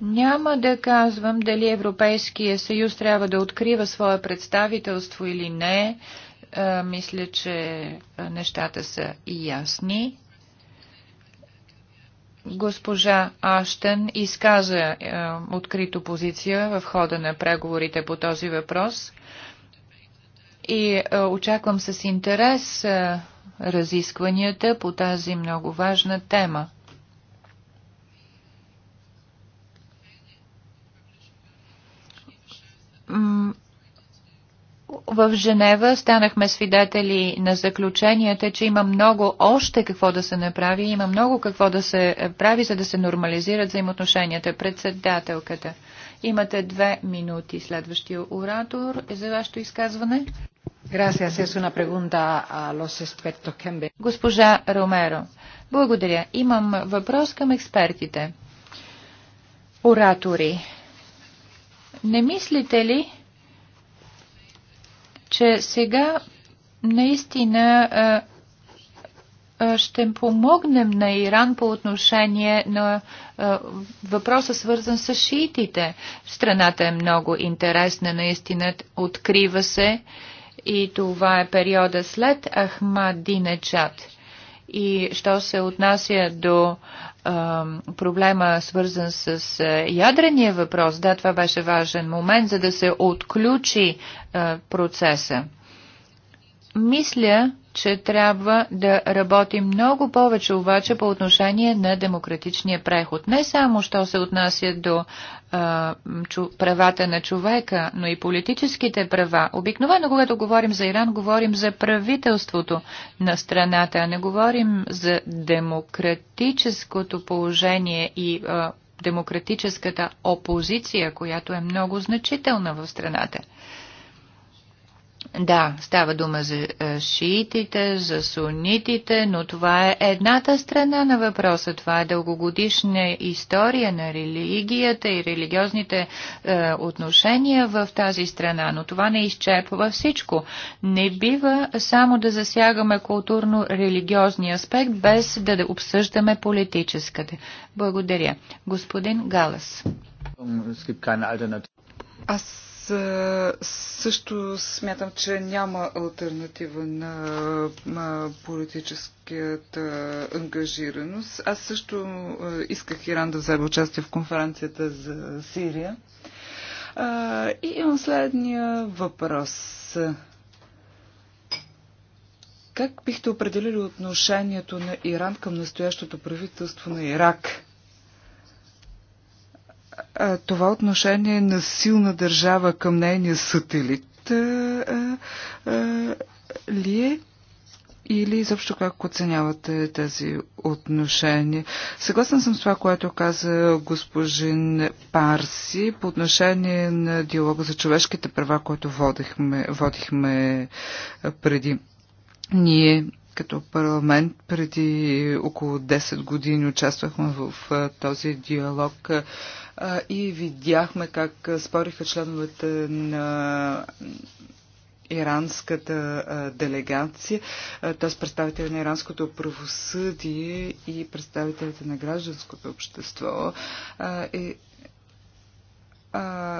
Speaker 4: Няма да казвам дали Европейския съюз трябва да открива свое представителство или не. Е, мисля, че е, нещата са и ясни. Госпожа Аштен изказа е, открито позиция в хода на преговорите по този въпрос и е, очаквам с интерес е, разискванията по тази много важна тема в Женева станахме свидетели на заключенията, че има много още какво да се направи, има много какво да се прави, за да се нормализират взаимоотношенията. Председателката, имате две минути. Следващия оратор е за вашето изказване. Госпожа Ромеро, благодаря. Имам въпрос към експертите. Оратори, не мислите ли, че сега наистина ще помогнем на Иран по отношение на въпроса свързан с шиитите. Страната е много интересна, наистина открива се и това е периода след Ахмадинечат. И що се отнася до а, проблема, свързан с ядрения въпрос, да, това беше важен момент, за да се отключи е, процеса. Мисля, че трябва да работим много повече обаче по отношение на демократичния преход. Не само, що се отнася до а, е, чу, правата на човека, но и политическите права. Обикновено, когато говорим за Иран, говорим за правителството на страната, а не говорим за демократическото положение и а, е, демократическата опозиция, която е много значителна в страната. Да, става дума за е, шиитите, за сунитите, но това е едната страна на въпроса. Това е дългогодишна история на религията и религиозните е, отношения в тази страна, но това не изчерпва всичко. Не бива само да засягаме културно-религиозния аспект, без да обсъждаме политическата. Благодаря. Господин Галас.
Speaker 3: Е,
Speaker 4: Аз е, също смятам,
Speaker 2: че няма альтернатива на политическият е, ангажираност. Аз също е, исках Иран да вземе участие в конференцията за Сирия. И имам следния въпрос. Как бихте определили отношението на Иран към настоящото правителство на Ирак? това отношение на силна държава към нейния сателит а, а, ли е? Или изобщо как оценявате тези отношения? Съгласен съм с това, което каза господин Парси по отношение на диалога за човешките права, който водихме, водихме преди. Ние като парламент преди около 10 години участвахме в този диалог и видяхме как спориха членовете на иранската делегация, т.е. представители на иранското правосъдие и представителите на гражданското общество.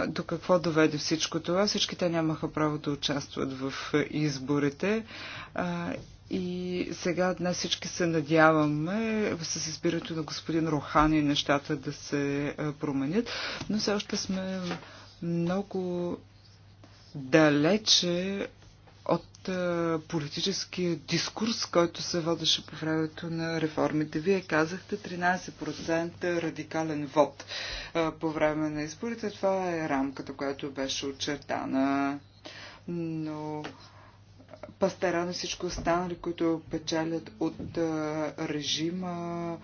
Speaker 2: до какво доведе всичко това? Всички те нямаха право да участват в изборите и сега днес всички се надяваме с избирането на господин Рохани нещата да се променят, но все още сме много далече от политическия дискурс, който се водеше по времето на реформите. Вие казахте 13% радикален вод по време на изборите. Това е рамката, която беше очертана. Но Пастера на всичко останали, които печалят от режима.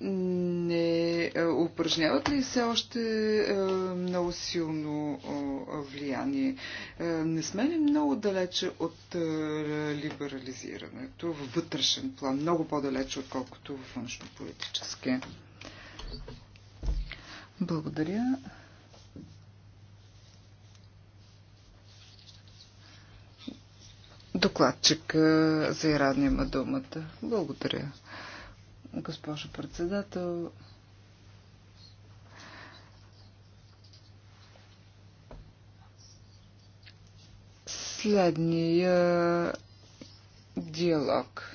Speaker 2: Не упражняват ли все още много силно влияние? Не сме ли много далече от либерализирането в вътрешен план? Много по-далече, отколкото в външно-политически. Благодаря. Докладчик за Иран има думата. Благодаря. Госпожо председател, следния диалог.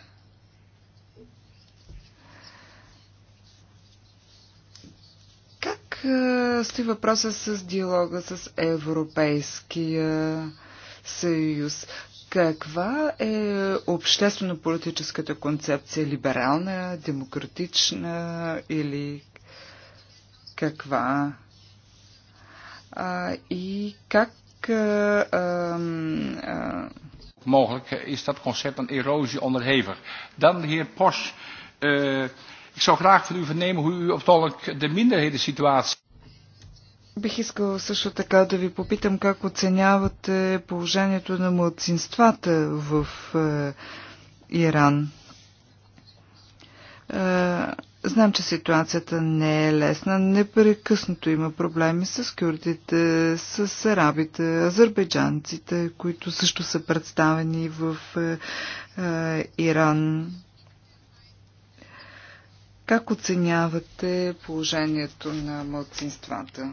Speaker 2: Как стои въпроса с диалога с Европейския съюз? Каква е обществено-политическата концепция? Либерална, демократична или каква? А, и как. А, Mogelijk is dat concept aan
Speaker 3: erosie onderhevig. Dan de heer Pos. uh, ik zou graag van u vernemen hoe u op de minderheden situatie.
Speaker 2: Бих искала също така да ви попитам как оценявате положението на младсинствата в е, Иран. Е, знам, че ситуацията не е лесна. Непрекъснато има проблеми с кюрдите, с арабите, азербайджанците, които също са представени в е, Иран. Как оценявате положението на младсинствата?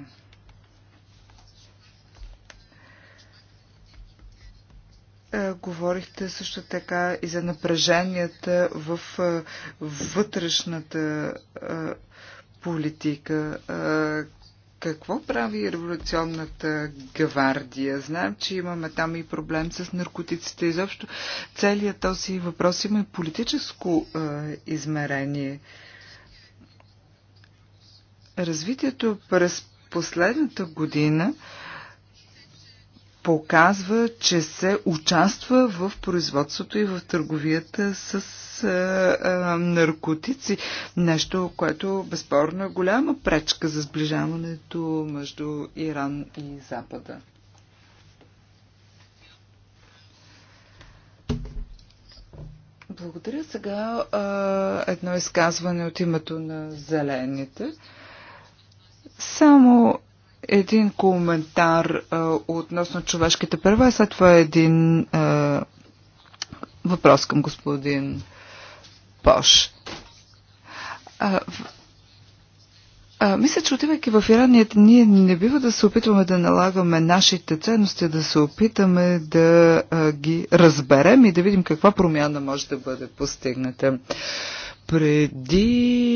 Speaker 2: Е, говорихте също така и за напреженията в е, вътрешната е, политика. Какво прави революционната гвардия? Знаем, че имаме там и проблем с наркотиците. Изобщо целият този въпрос има и политическо е, измерение. Развитието през последната година е, показва, че се участва в производството и в търговията с е, е, наркотици. Нещо, което безспорно е голяма пречка за сближаването между Иран и Запада. Благодаря. Сега е, едно изказване от името на зелените. Само един коментар а, е, относно човешките права а след това един а, е, въпрос към господин Пош. А, а, мисля, че отивайки в Иран, ние не бива да се опитваме да налагаме нашите ценности, да се опитаме да а, ги разберем и да видим каква промяна може да бъде постигната. Преди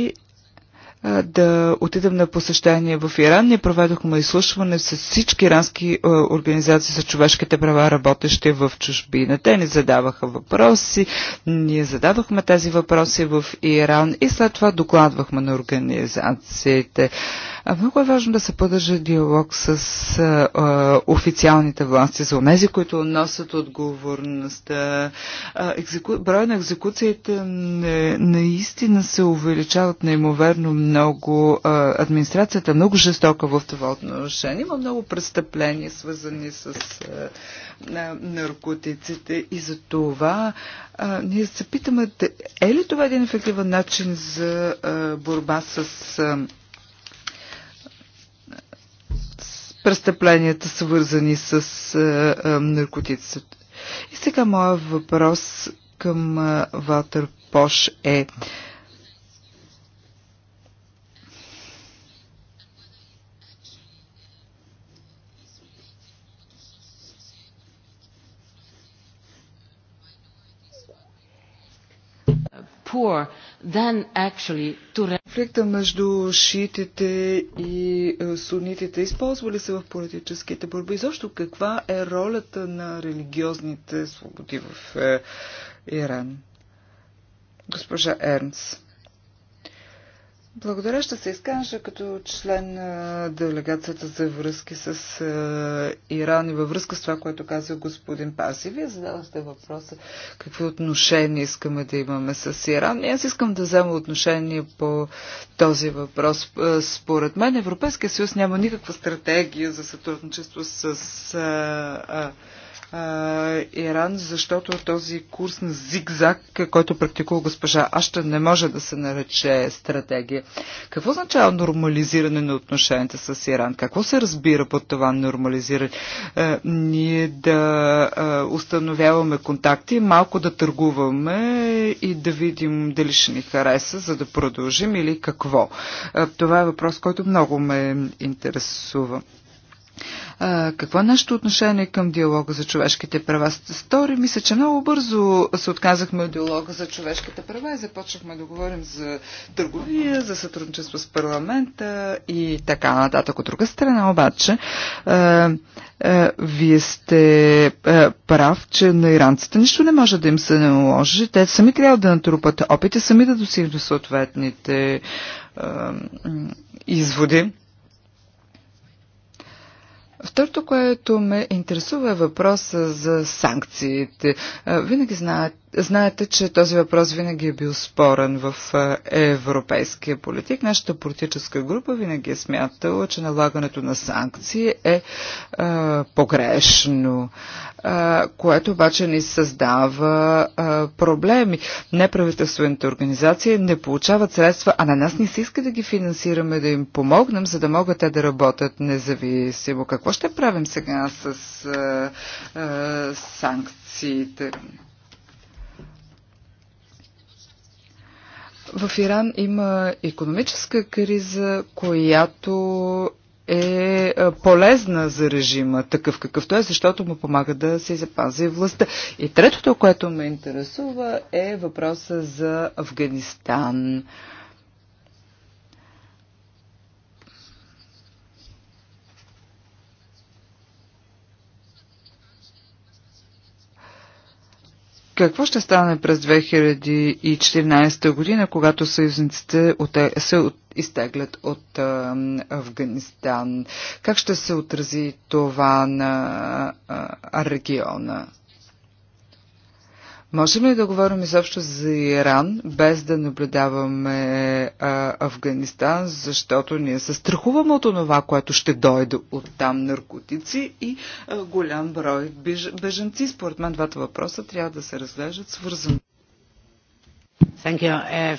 Speaker 2: да отидем на посещение в Иран. Ние проведохме изслушване с всички ирански организации за човешките права, работещи в чужбина. Те ни задаваха въпроси, ние задавахме тези въпроси в Иран и след това докладвахме на организациите. Много е важно да се поддържа диалог с а, а, официалните власти, за онези, които носят отговорността. екзеку... Броя на екзекуциите не, наистина се увеличават неимоверно много много администрацията е много жестока в това отношение. Има много престъпления, свързани с наркотиците и за това ние се питаме, е ли това един ефективен начин за борба с престъпленията, свързани с а, а, наркотиците. И сега моят въпрос към а, Валтер Пош е poor than actually to... Конфликта между шиитите и е, сунитите използвали се в политическите борби. Защо каква е ролята на религиозните свободи в е, Иран? Госпожа Ернс. Благодаря, ще се изкажа като член на делегацията за връзки с Иран и във връзка с това, което каза господин Паси. Вие задавахте въпроса какви отношения искаме да имаме с Иран. И аз искам да взема отношение по този въпрос. Според мен Европейския съюз няма никаква стратегия за сътрудничество с Иран, защото този курс на зигзаг, който практикува госпожа Аща, не може да се нарече стратегия. Какво означава нормализиране на отношенията с Иран? Какво се разбира под това нормализиране? Ние да установяваме контакти, малко да търгуваме и да видим дали ще ни хареса, за да продължим или какво. Това е въпрос, който много ме интересува какво е нашето отношение към диалога за човешките права? Стори мисля, че много бързо се отказахме от диалога за човешките права и започнахме да говорим за търговия, за сътрудничество с парламента и така нататък. От друга страна обаче, а, а, вие сте а, прав, че на иранците нищо не може да им се наложи. Те сами трябва да натрупат опит сами да достигнат съответните изводи. Второто, което ме интересува е въпроса за санкциите. Е, винаги знаят, Знаете, че този въпрос винаги е бил спорен в е, европейския политик. Нашата политическа група винаги е смятала, че налагането на санкции е, е погрешно, е, което обаче ни създава проблеми. Неправителствените организации не получават средства, а на нас не се иска да ги финансираме, да им помогнем, за да могат те да работят независимо. Какво ще правим сега с санкциите? В Иран има економическа криза, която е полезна за режима, такъв какъвто е, защото му помага да се запази властта. И третото, което ме интересува е въпроса за Афганистан. Какво ще стане през 2014 година, когато съюзниците се от, изтеглят от а, Афганистан? Как ще се отрази това на а, региона? Можем ли да говорим изобщо за Иран, без да наблюдаваме а, Афганистан, защото ние се страхуваме от това, което ще дойде от там наркотици и а, голям брой беж, бежанци? Според мен двата въпроса трябва да се разглеждат свързано.
Speaker 5: Е, е,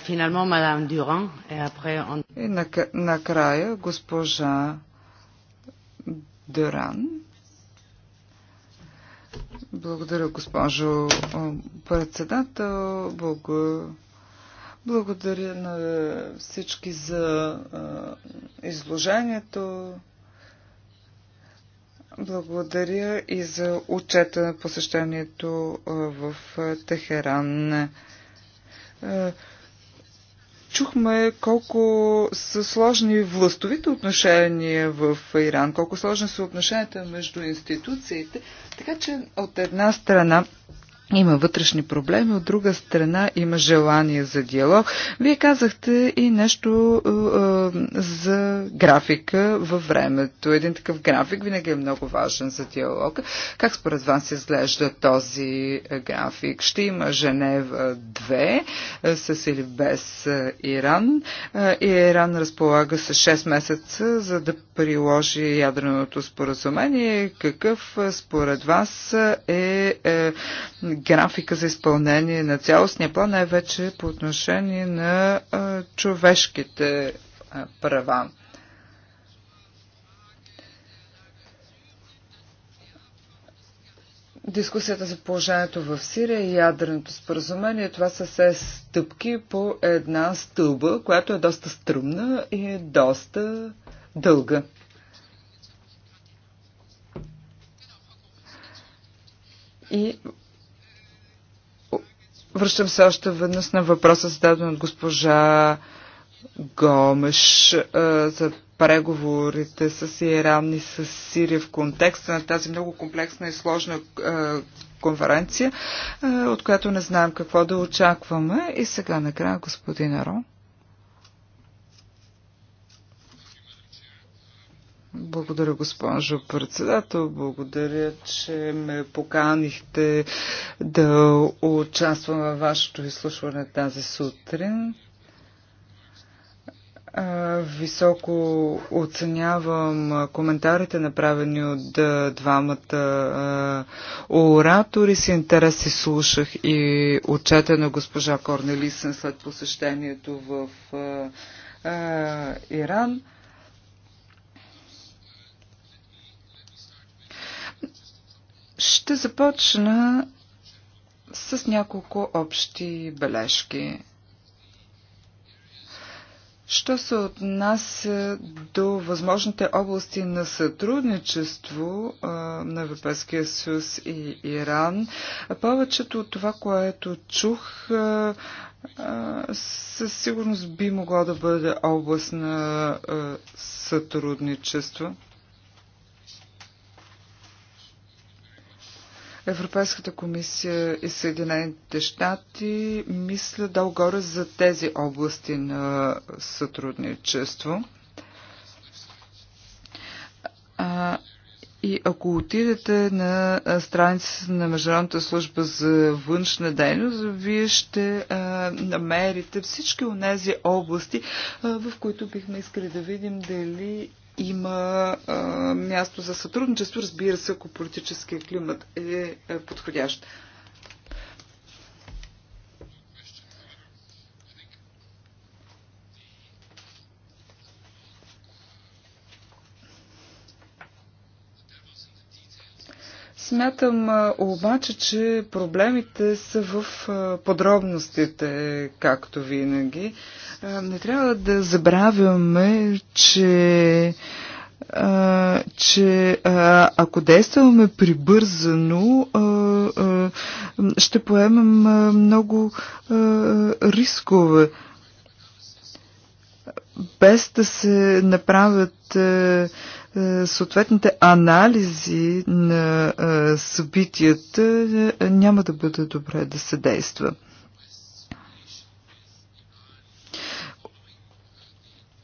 Speaker 5: и
Speaker 2: накрая госпожа Дюран. Благодаря, госпожо председател. Благодаря. Благодаря на всички за изложението. Благодаря и за отчета на посещението в Техеран. Чухме колко са сложни властовите отношения в Иран, колко сложни са отношенията между институциите. Така че от една страна има вътрешни проблеми, от друга страна има желание за диалог. Вие казахте и нещо е, е за графика във времето. Един такъв график винаги е много важен за диалог. Как според вас изглежда този график? Ще има Женева 2 е, с или без е, Иран. Е, Иран разполага с 6 месеца, за да приложи ядреното споразумение. Какъв е, според вас е, е графика за изпълнение на цялостния план, най-вече по отношение на а, човешките а, права. Дискусията за положението в Сирия и ядреното споразумение, това са все стъпки по една стълба, която е доста стръмна и е доста дълга. И Връщам се още веднъж на въпроса, зададен от госпожа Гомеш за преговорите с Иран и с Сирия в контекста на тази много комплексна и сложна конференция, от която не знаем какво да очакваме. И сега накрая господин Арон. Благодаря, госпожо председател. Благодаря, че ме поканихте да участвам във вашето изслушване тази сутрин. Високо оценявам коментарите, направени от двамата оратори. С интерес и слушах и отчета на госпожа Корнелисен след посещението в Иран. Ще започна с няколко общи бележки. Що се отнася до възможните области на сътрудничество а, на Европейския съюз и Иран, повечето от това, което чух, а, а, със сигурност би могло да бъде област на сътрудничество. Европейската комисия и Съединените щати мисля дългоре за тези области на сътрудничество. И ако отидете на страницата на Международната служба за външна дейност, вие ще а, намерите всички от тези области, а, в които бихме искали да видим дали има а, място за сътрудничество, разбира се, ако политическия климат е, е подходящ. Смятам обаче, че проблемите са в подробностите, както винаги. Не трябва да забравяме, че че ако действаме прибързано, ще поемем много рискове без да се направят е, е, съответните анализи на е, събитията, няма да бъде добре да се действа.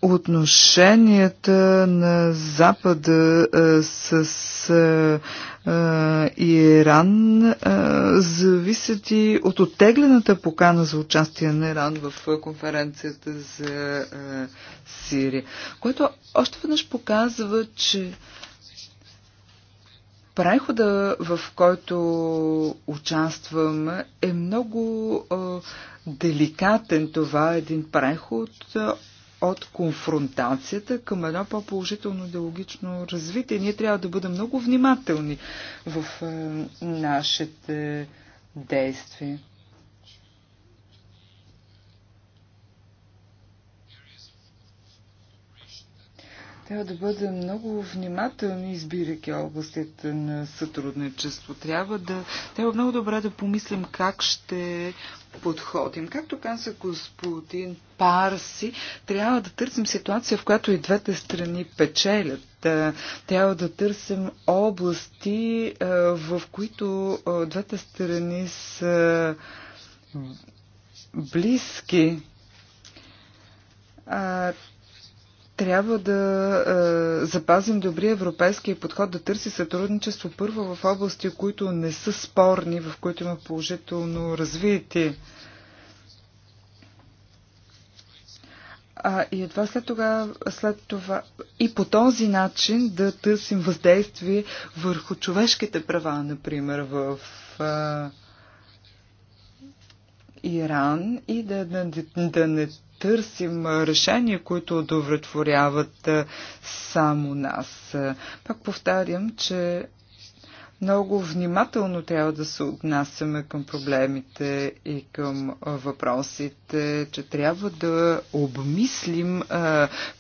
Speaker 2: отношенията на Запада с а, Иран а, зависят и от оттеглената покана за участие на Иран в конференцията за а, Сирия, което още веднъж показва, че прехода, в който участвам, е много а, деликатен. Това е един преход от конфронтацията към едно по-положително идеологично развитие. Ние трябва да бъдем много внимателни в е, нашите действия. Трябва да бъдем много внимателни, избирайки областите на сътрудничество. Трябва да, трябва много добре да помислим как ще подходим. Както каза господин Парси, трябва да търсим ситуация, в която и двете страни печелят. Трябва да търсим области, в които двете страни са близки трябва да е, запазим добрия европейския подход, да търси сътрудничество първо в области, които не са спорни, в които има положително развитие. А, и едва след това, след това и по този начин да търсим въздействие върху човешките права, например, в а, Иран и да, да, да не търсим решения, които удовлетворяват само нас. Пак повтарям, че много внимателно трябва да се отнасяме към проблемите и към въпросите, че трябва да обмислим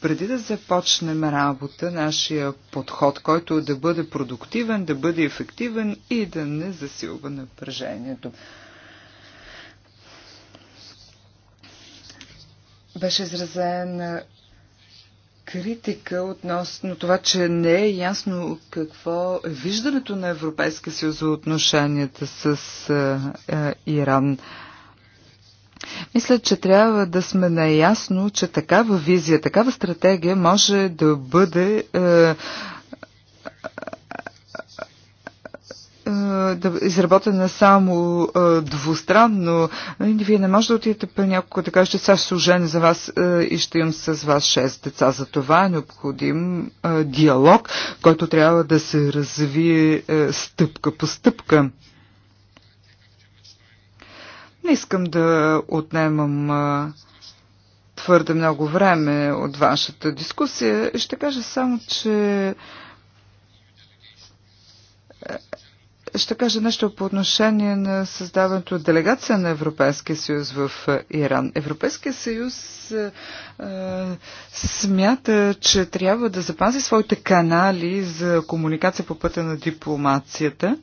Speaker 2: преди да започнем работа нашия подход, който да бъде продуктивен, да бъде ефективен и да не засилва напрежението. Беше изразена критика относно това, че не е ясно какво е виждането на Европейския съюз за отношенията с Иран. Мисля, че трябва да сме наясно, че такава визия, такава стратегия може да бъде е, да изработена само двустранно. Вие не можете да отидете при някого да кажете, сега ще се оженя за вас и ще имам с вас 6 деца. За това е необходим диалог, който трябва да се развие стъпка по стъпка. Не искам да отнемам твърде много време от вашата дискусия. Ще кажа само, че ще кажа нещо по отношение на създаването делегация на Европейския съюз в Иран. Европейския съюз е, е, смята, че трябва да запази своите канали за комуникация по пътя на дипломацията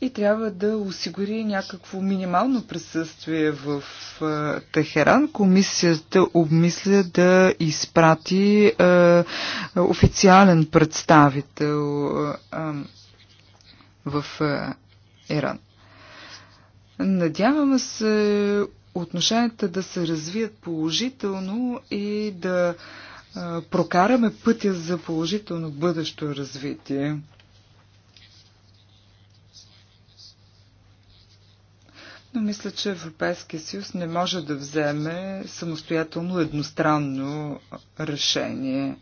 Speaker 2: и трябва да осигури някакво минимално присъствие в е, Техеран комисията обмисля да изпрати е, официален представител е, в Иран. Надяваме се отношенията да се развият положително и да прокараме пътя за положително бъдещо развитие. но мисля, че Европейския съюз не може да вземе самостоятелно едностранно решение.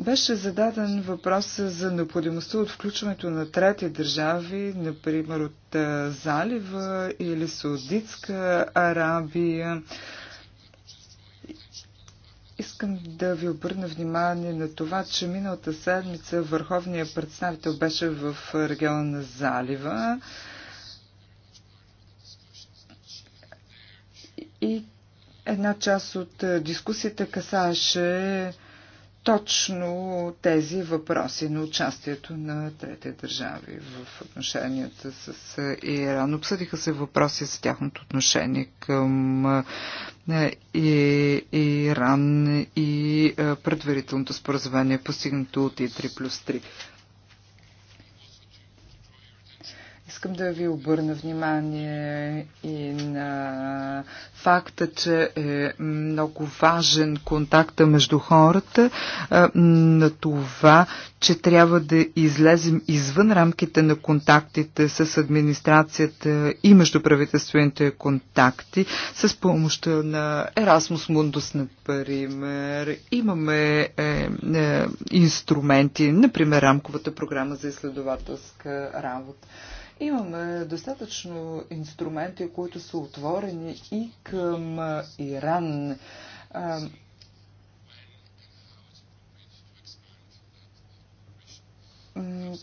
Speaker 2: Беше зададен въпрос за необходимостта от включването на трети държави, например от Залива или Саудитска Арабия. Искам да ви обърна внимание на това, че миналата седмица върховният представител беше в региона на залива и една част от дискусията касаеше точно тези въпроси на участието на трети държави в отношенията с Иран. Обсъдиха се въпроси за тяхното отношение към е, Иран и предварителното споразумение, постигнато от И3 плюс 3. Искам да ви обърна внимание и на факта, че е много важен контакта между хората, е, на това, че трябва да излезем извън рамките на контактите с администрацията и между правителствените контакти, с помощта на Erasmus Mundus, например. Имаме е, е, инструменти, например, рамковата програма за изследователска работа. Имаме достатъчно инструменти, които са отворени и към Иран.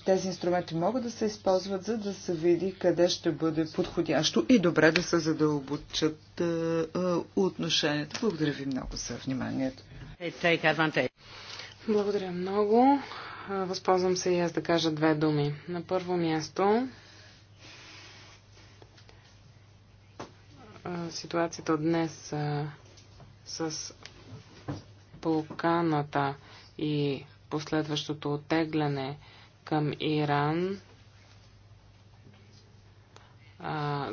Speaker 2: тези инструменти могат да се използват, за да се види къде ще бъде подходящо и добре да се задълбочат отношенията. Благодаря ви много за вниманието.
Speaker 6: Благодаря много. Възползвам се и аз да кажа две думи. На първо място ситуацията днес с полканата и последващото оттегляне към Иран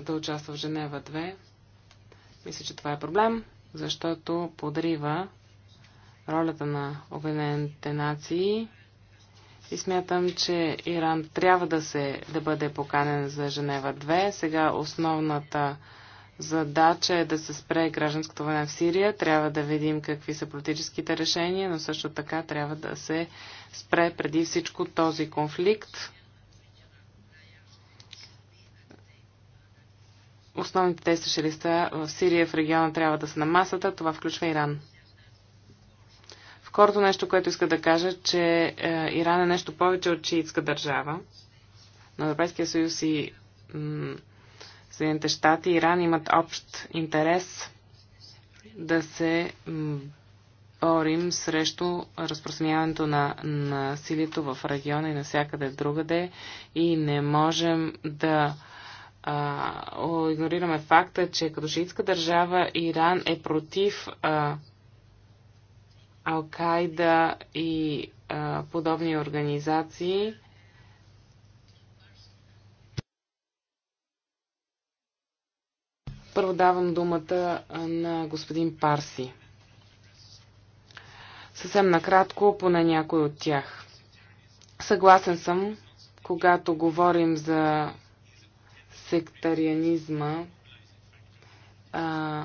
Speaker 6: да участва в Женева 2, мисля, че това е проблем, защото подрива ролята на Обединените нации и смятам, че Иран трябва да, се, да бъде поканен за Женева 2. Сега основната задача е да се спре гражданската война в Сирия. Трябва да видим какви са политическите решения, но също така трябва да се спре преди всичко този конфликт. Основните действащи листа в Сирия в региона трябва да са на масата. Това включва Иран. Второто нещо, което иска да кажа, че е, Иран е нещо повече от чиитска държава. Но Европейския съюз и Съединените щати и Иран имат общ интерес да се борим срещу разпространяването на насилието в региона и навсякъде другаде и не можем да а, игнорираме факта, че като шиитска държава Иран е против а, и а, подобни организации Първо давам думата на господин Парси. Съвсем накратко, поне някой от тях. Съгласен съм, когато говорим за сектарианизма, а,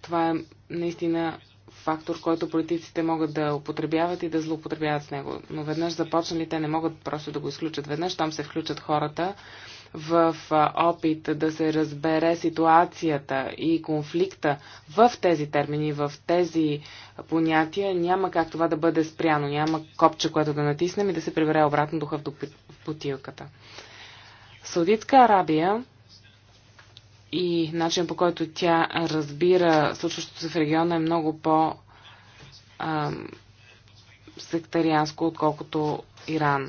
Speaker 6: това е наистина фактор, който политиците могат да употребяват и да злоупотребяват с него. Но веднъж започнали, те не могат просто да го изключат. Веднъж, Там се включат хората, в опит да се разбере ситуацията и конфликта в тези термини, в тези понятия, няма как това да бъде спряно. Няма копче, което да натиснем и да се прибере обратно духа в бутилката. Саудитска Арабия и начин по който тя разбира случващото се в региона е много по- сектарианско, отколкото Иран.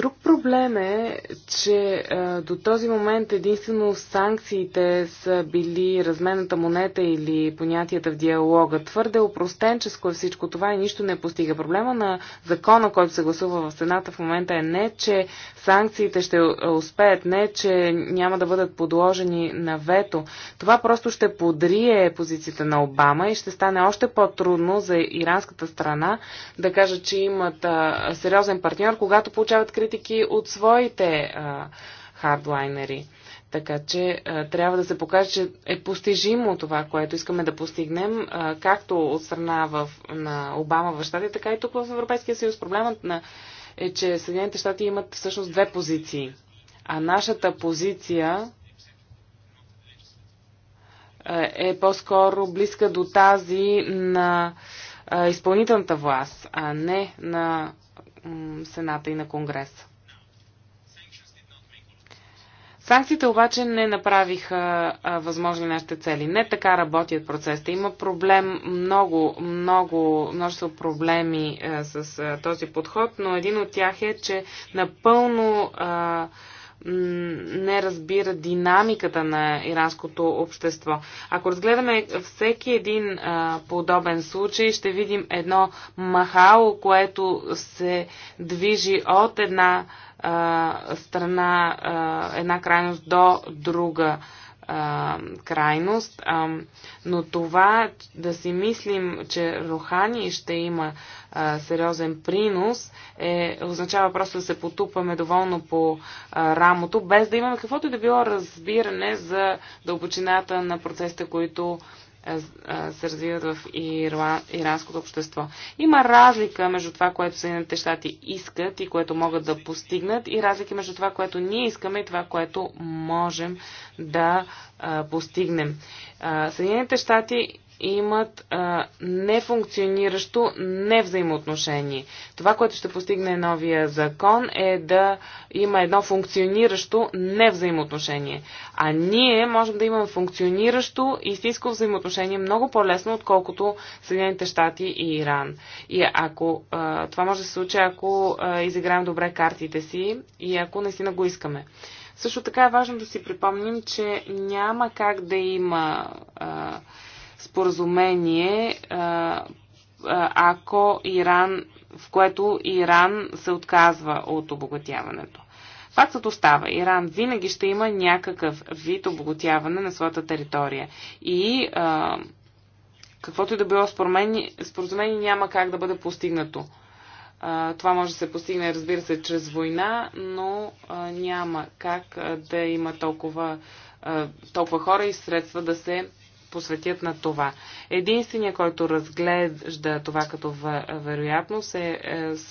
Speaker 6: Друг проблем е, че а, до този момент единствено санкциите са били размената монета или понятията в диалога. Твърде опростенческо е всичко това и нищо не постига. Проблема на закона, който се гласува в Сената в момента е не, че санкциите ще успеят, не, че няма да бъдат подложени на вето. Това просто ще подрие позицията на Обама и ще стане още по-трудно за иранската страна да каже, че имат а, сериозен партньор, когато получават критика критики от своите а, хардлайнери. Така че а, трябва да се покаже, че е постижимо това, което искаме да постигнем, а, както от страна в, на Обама в щати, така и тук в Европейския съюз. Проблемът на, е, че Съединените щати имат всъщност две позиции. А нашата позиция е по-скоро близка до тази на изпълнителната власт, а не на Сената и на Конгреса. Санкциите обаче не направиха възможни нашите цели. Не така работят процесите. Има проблем, много, много, множество проблеми с този подход, но един от тях е, че напълно а, не разбира динамиката на иранското общество. Ако разгледаме всеки един а, подобен случай, ще видим едно махало, което се движи от една а, страна, а, една крайност до друга. А, а, крайност, а, но това да си мислим, че Рохани ще има а, сериозен принос, е, означава просто да се потупаме доволно по а, рамото, без да имаме каквото и да било разбиране за дълбочината на процесите, които се развиват в иранското общество. Има разлика между това, което Съединените щати искат и което могат да постигнат и разлика между това, което ние искаме и това, което можем да постигнем. Съединените щати имат а, нефункциониращо невзаимоотношение. Това, което ще постигне новия закон е да има едно функциониращо невзаимоотношение. А ние можем да имаме функциониращо истинско взаимоотношение много по-лесно, отколкото Съединените щати и Иран. И ако а, това може да се случи, ако а, изиграем добре картите си и ако наистина го искаме. Също така е важно да си припомним, че няма как да има а, споразумение, ако Иран, в което Иран се отказва от обогатяването. Фактът остава. Иран винаги ще има някакъв вид обогатяване на своята територия. И а, каквото и да било споразумение, няма как да бъде постигнато. А, това може да се постигне, разбира се, чрез война, но а, няма как да има толкова, а, толкова хора и средства да се посветят на това. Единственият, който разглежда това като вероятност е,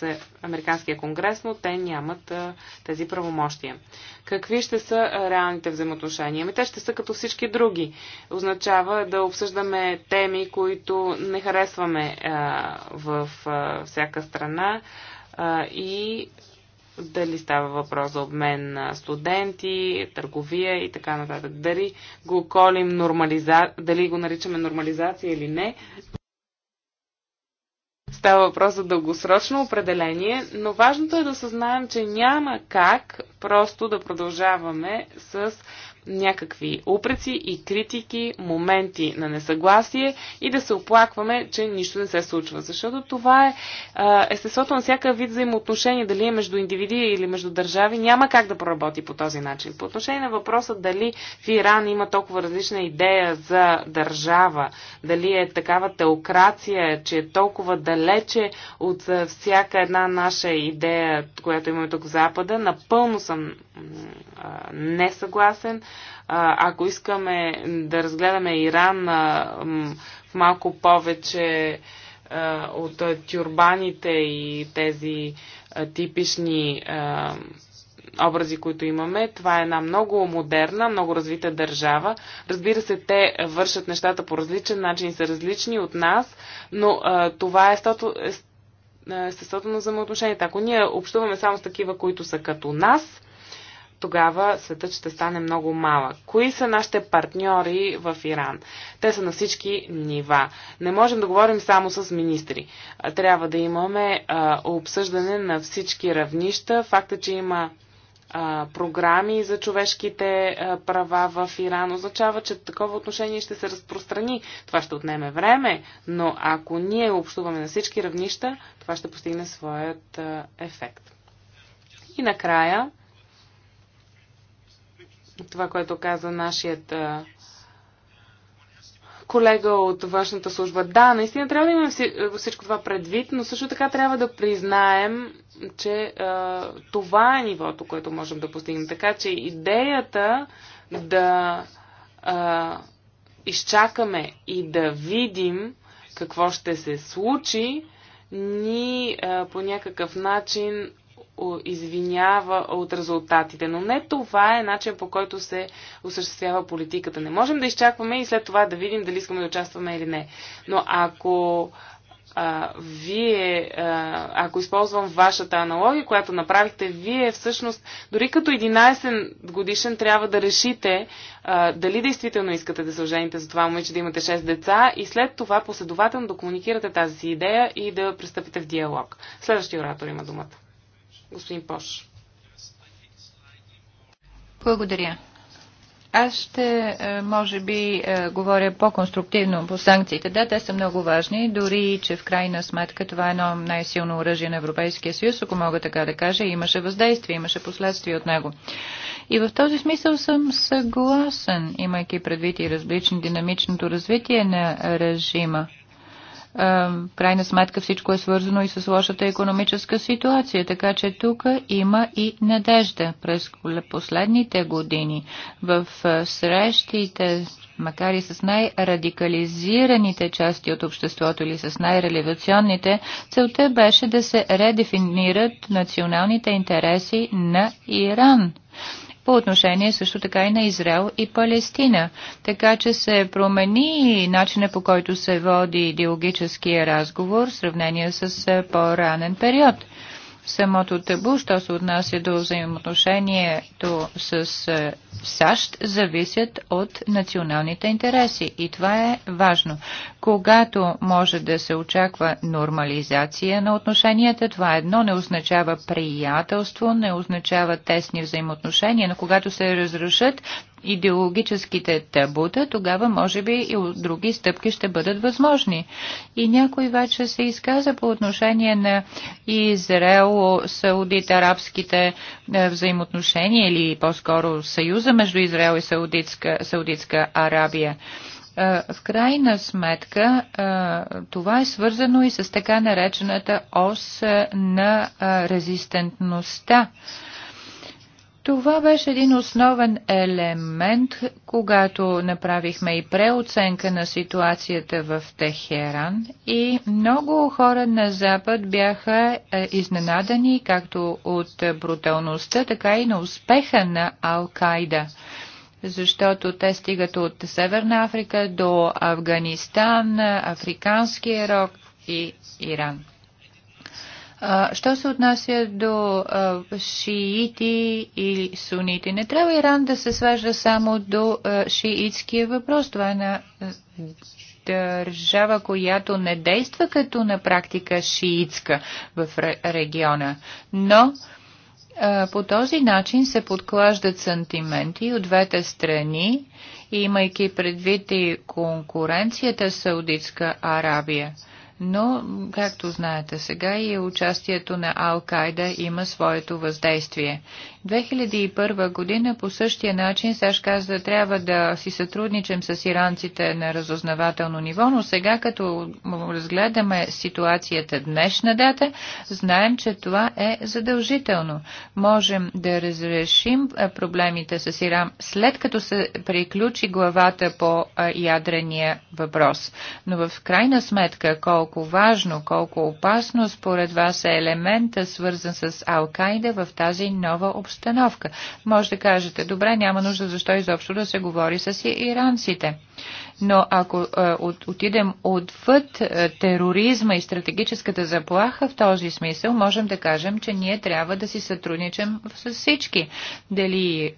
Speaker 6: е, Американския конгрес, но те нямат е, тези правомощия. Какви ще са е, реалните взаимоотношения? Ами те ще са като всички други. Означава да обсъждаме теми, които не харесваме е, в е, всяка страна е, и дали става въпрос за обмен на студенти, търговия и така нататък. Дали го колим нормализа... дали го наричаме нормализация или не. Става въпрос за дългосрочно определение, но важното е да съзнаем, че няма как просто да продължаваме с някакви упреци и критики, моменти на несъгласие и да се оплакваме, че нищо не се случва. Защото това е естеството на всяка вид взаимоотношение, дали е между индивиди или между държави, няма как да проработи по този начин. По отношение на въпроса дали в Иран има толкова различна идея за държава, дали е такава теокрация, че е толкова далече от всяка една наша идея, която имаме тук в Запада, напълно съм несъгласен. Ако искаме да разгледаме Иран в малко повече от тюрбаните и тези типични образи, които имаме. Това е една много модерна, много развита държава. Разбира се, те вършат нещата по различен начин са различни от нас, но а, това е, е, е на взаимоотношението. Ако ние общуваме само с такива, които са като нас, тогава светът ще стане много малък. Кои са нашите партньори в Иран? Те са на всички нива. Не можем да говорим само с министри. Трябва да имаме а, обсъждане на всички равнища. Факта, че има а, програми за човешките а, права в Иран означава, че такова отношение ще се разпространи. Това ще отнеме време, но ако ние общуваме на всички равнища, това ще постигне своят а, ефект. И накрая, това, което каза нашият колега от външната служба. Да, наистина трябва да имаме всичко това предвид, но също така трябва да признаем, че а, това е нивото, което можем да постигнем. Така че идеята да а, изчакаме и да видим какво ще се случи, ни а, по някакъв начин извинява от резултатите. Но не това е начин по който се осъществява политиката. Не можем да изчакваме и след това да видим дали искаме да участваме или не. Но ако а, вие, а, ако използвам вашата аналогия, която направихте, вие всъщност, дори като 11 годишен, трябва да решите а, дали действително искате да се ожените за това момиче, да имате 6 деца и след това последователно да комуникирате тази си идея и да пристъпите в диалог. Следващия оратор има думата. Господин Пош.
Speaker 4: Благодаря. Аз ще, е, може би, е, говоря по-конструктивно по санкциите. Да, те са много важни, дори че в крайна сметка това е едно най-силно оръжие на Европейския съюз, ако мога така да кажа. Имаше въздействие, имаше последствия от него. И в този смисъл съм съгласен, имайки предвид и различни динамичното развитие на режима в е, крайна сметка всичко е свързано и с лошата економическа ситуация, така че тук има и надежда през последните години в е, срещите, макар и с най-радикализираните части от обществото или с най-релевационните, целта беше да се редефинират националните интереси на Иран по отношение също така и на Израел и Палестина. Така че се промени начина по който се води идеологическия разговор в сравнение с е, по-ранен период самото табу, що се отнася до взаимоотношението с е, САЩ, зависят от националните интереси. И това е важно. Когато може да се очаква нормализация на отношенията, това едно не означава приятелство, не означава тесни взаимоотношения, но когато се разрушат, идеологическите табута, тогава може би и други стъпки ще бъдат възможни. И някой вече се изказа по отношение на Израел, Саудит, арабските е, взаимоотношения или по-скоро съюза между Израел и Саудитска, Саудитска Арабия е, в крайна сметка е, това е свързано и с така наречената ос на резистентността. Това беше един основен елемент, когато направихме и преоценка на ситуацията в Техеран и много хора на Запад бяха е, изненадани както от бруталността, така и на успеха на Ал-Кайда защото те стигат от Северна Африка до Афганистан, Африканския рок и Иран. Що се отнася до шиити или сунити, не трябва Иран да се свежда само до шиитския въпрос. Това е на държава, която не действа като на практика шиитска в региона. Но по този начин се подклаждат сантименти от двете страни, имайки предвид и конкуренцията Саудитска Арабия но, както знаете сега, и участието на Ал-Кайда има своето въздействие. 2001 година по същия начин САЩ казва, трябва да си сътрудничим с иранците на разузнавателно ниво, но сега като разгледаме ситуацията днешна дата, знаем, че това е задължително. Можем да разрешим проблемите с Иран след като се приключи главата по ядрения въпрос. Но в крайна сметка колко важно, колко опасно според вас е елемента свързан с Алкайда в тази нова обстановка? обстановка. Може да кажете, добре, няма нужда защо изобщо да се говори с иранците. Но ако е, от, отидем отвъд е, тероризма и стратегическата заплаха в този смисъл, можем да кажем, че ние трябва да си сътрудничим с всички. Дали е,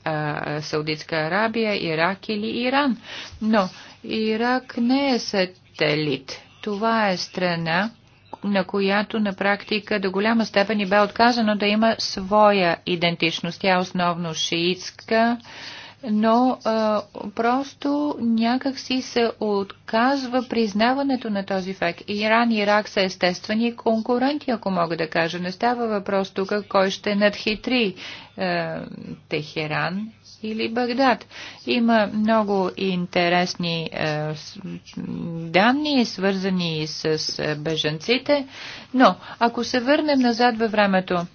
Speaker 4: Саудитска Арабия, Ирак или Иран. Но Ирак не е сателит. Това е страна, на която на практика до голяма степен и бе отказано да има своя идентичност. Тя е основно шиитска, но а, просто някак си се отказва признаването на този факт. Иран и Ирак са естествени конкуренти, ако мога да кажа. Не става въпрос тук кой ще надхитри а, е, Техеран или Багдад. Има много интересни е, данни, свързани с е, бежанците, но ако се върнем назад във времето,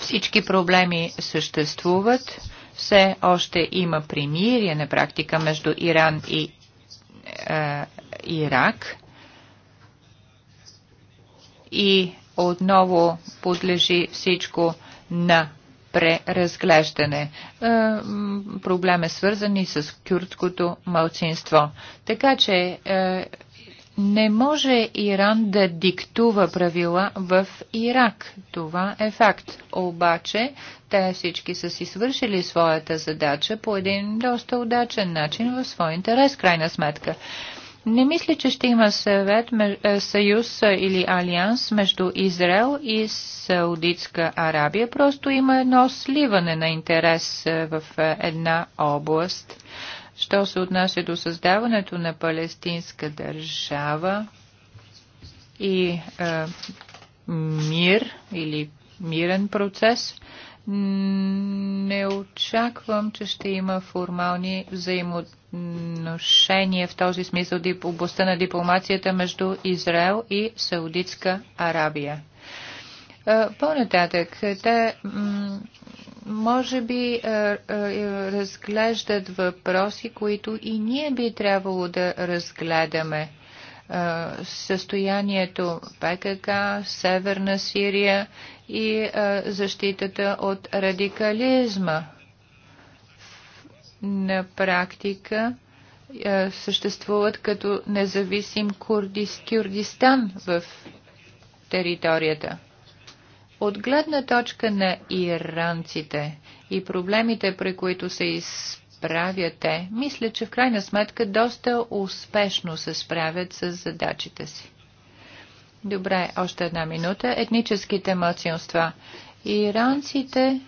Speaker 4: всички проблеми съществуват, все още има примирие на практика между Иран и е, Ирак и отново подлежи всичко на преразглеждане. Е, проблем е свързан и с кюрдското малцинство. Така че е, не може Иран да диктува правила в Ирак. Това е факт. Обаче, те всички са си свършили своята задача по един доста удачен начин в свой интерес, крайна сметка. Не мисля, че ще има съвет, е, съюз е, или алианс между Израел и Саудитска Арабия. Просто има едно сливане на интерес е, в една област. Що се отнася до създаването на палестинска държава и е, мир или мирен процес, е, не очаквам, че ще има формални взаимоотношения в този смисъл в областта на дипломацията между Израел и Саудитска Арабия. Е, по-нататък, те може би е, е, разглеждат въпроси, които и ние би трябвало да разгледаме състоянието ПКК, Северна Сирия и защитата от радикализма. На практика съществуват като независим Курдис, Кюрдистан в територията. От гледна точка на иранците и проблемите, при които се изпълняват, справяте. мисля, че в крайна сметка доста успешно се справят с задачите си. Добре, още една минута. Етническите мълцинства. Иранците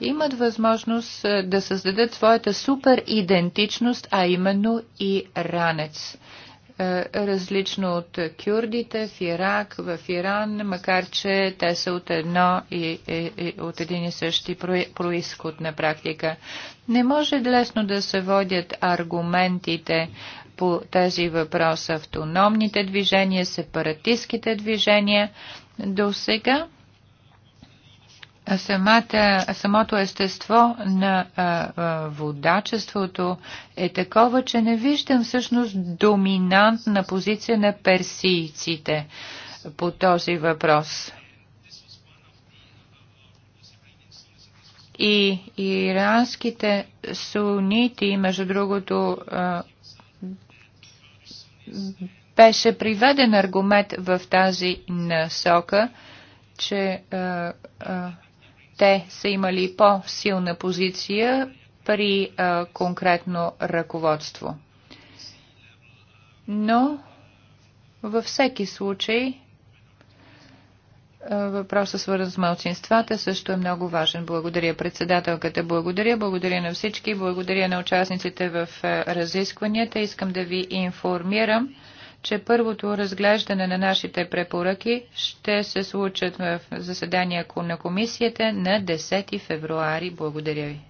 Speaker 4: имат възможност е, да създадат своята суперидентичност, а именно иранец. Е, различно от кюрдите в Ирак, в Иран, макар че те са от едно и, и, и от един и същи происход на практика. Не може лесно да се водят аргументите по тези въпроса автономните движения, сепаратистските движения. До сега самата, самото естество на а, а, водачеството е такова, че не виждам всъщност доминантна позиция на персийците по този въпрос. И иранските сунити, между другото, а, беше приведен аргумент в тази насока, че а, а, те са имали по-силна позиция при а, конкретно ръководство. Но във всеки случай въпросът свързан с малцинствата също е много важен. Благодаря председателката, благодаря, благодаря на всички, благодаря на участниците в разискванията. Искам да ви информирам, че първото разглеждане на нашите препоръки ще се случат в заседанието на комисията на 10 февруари. Благодаря ви.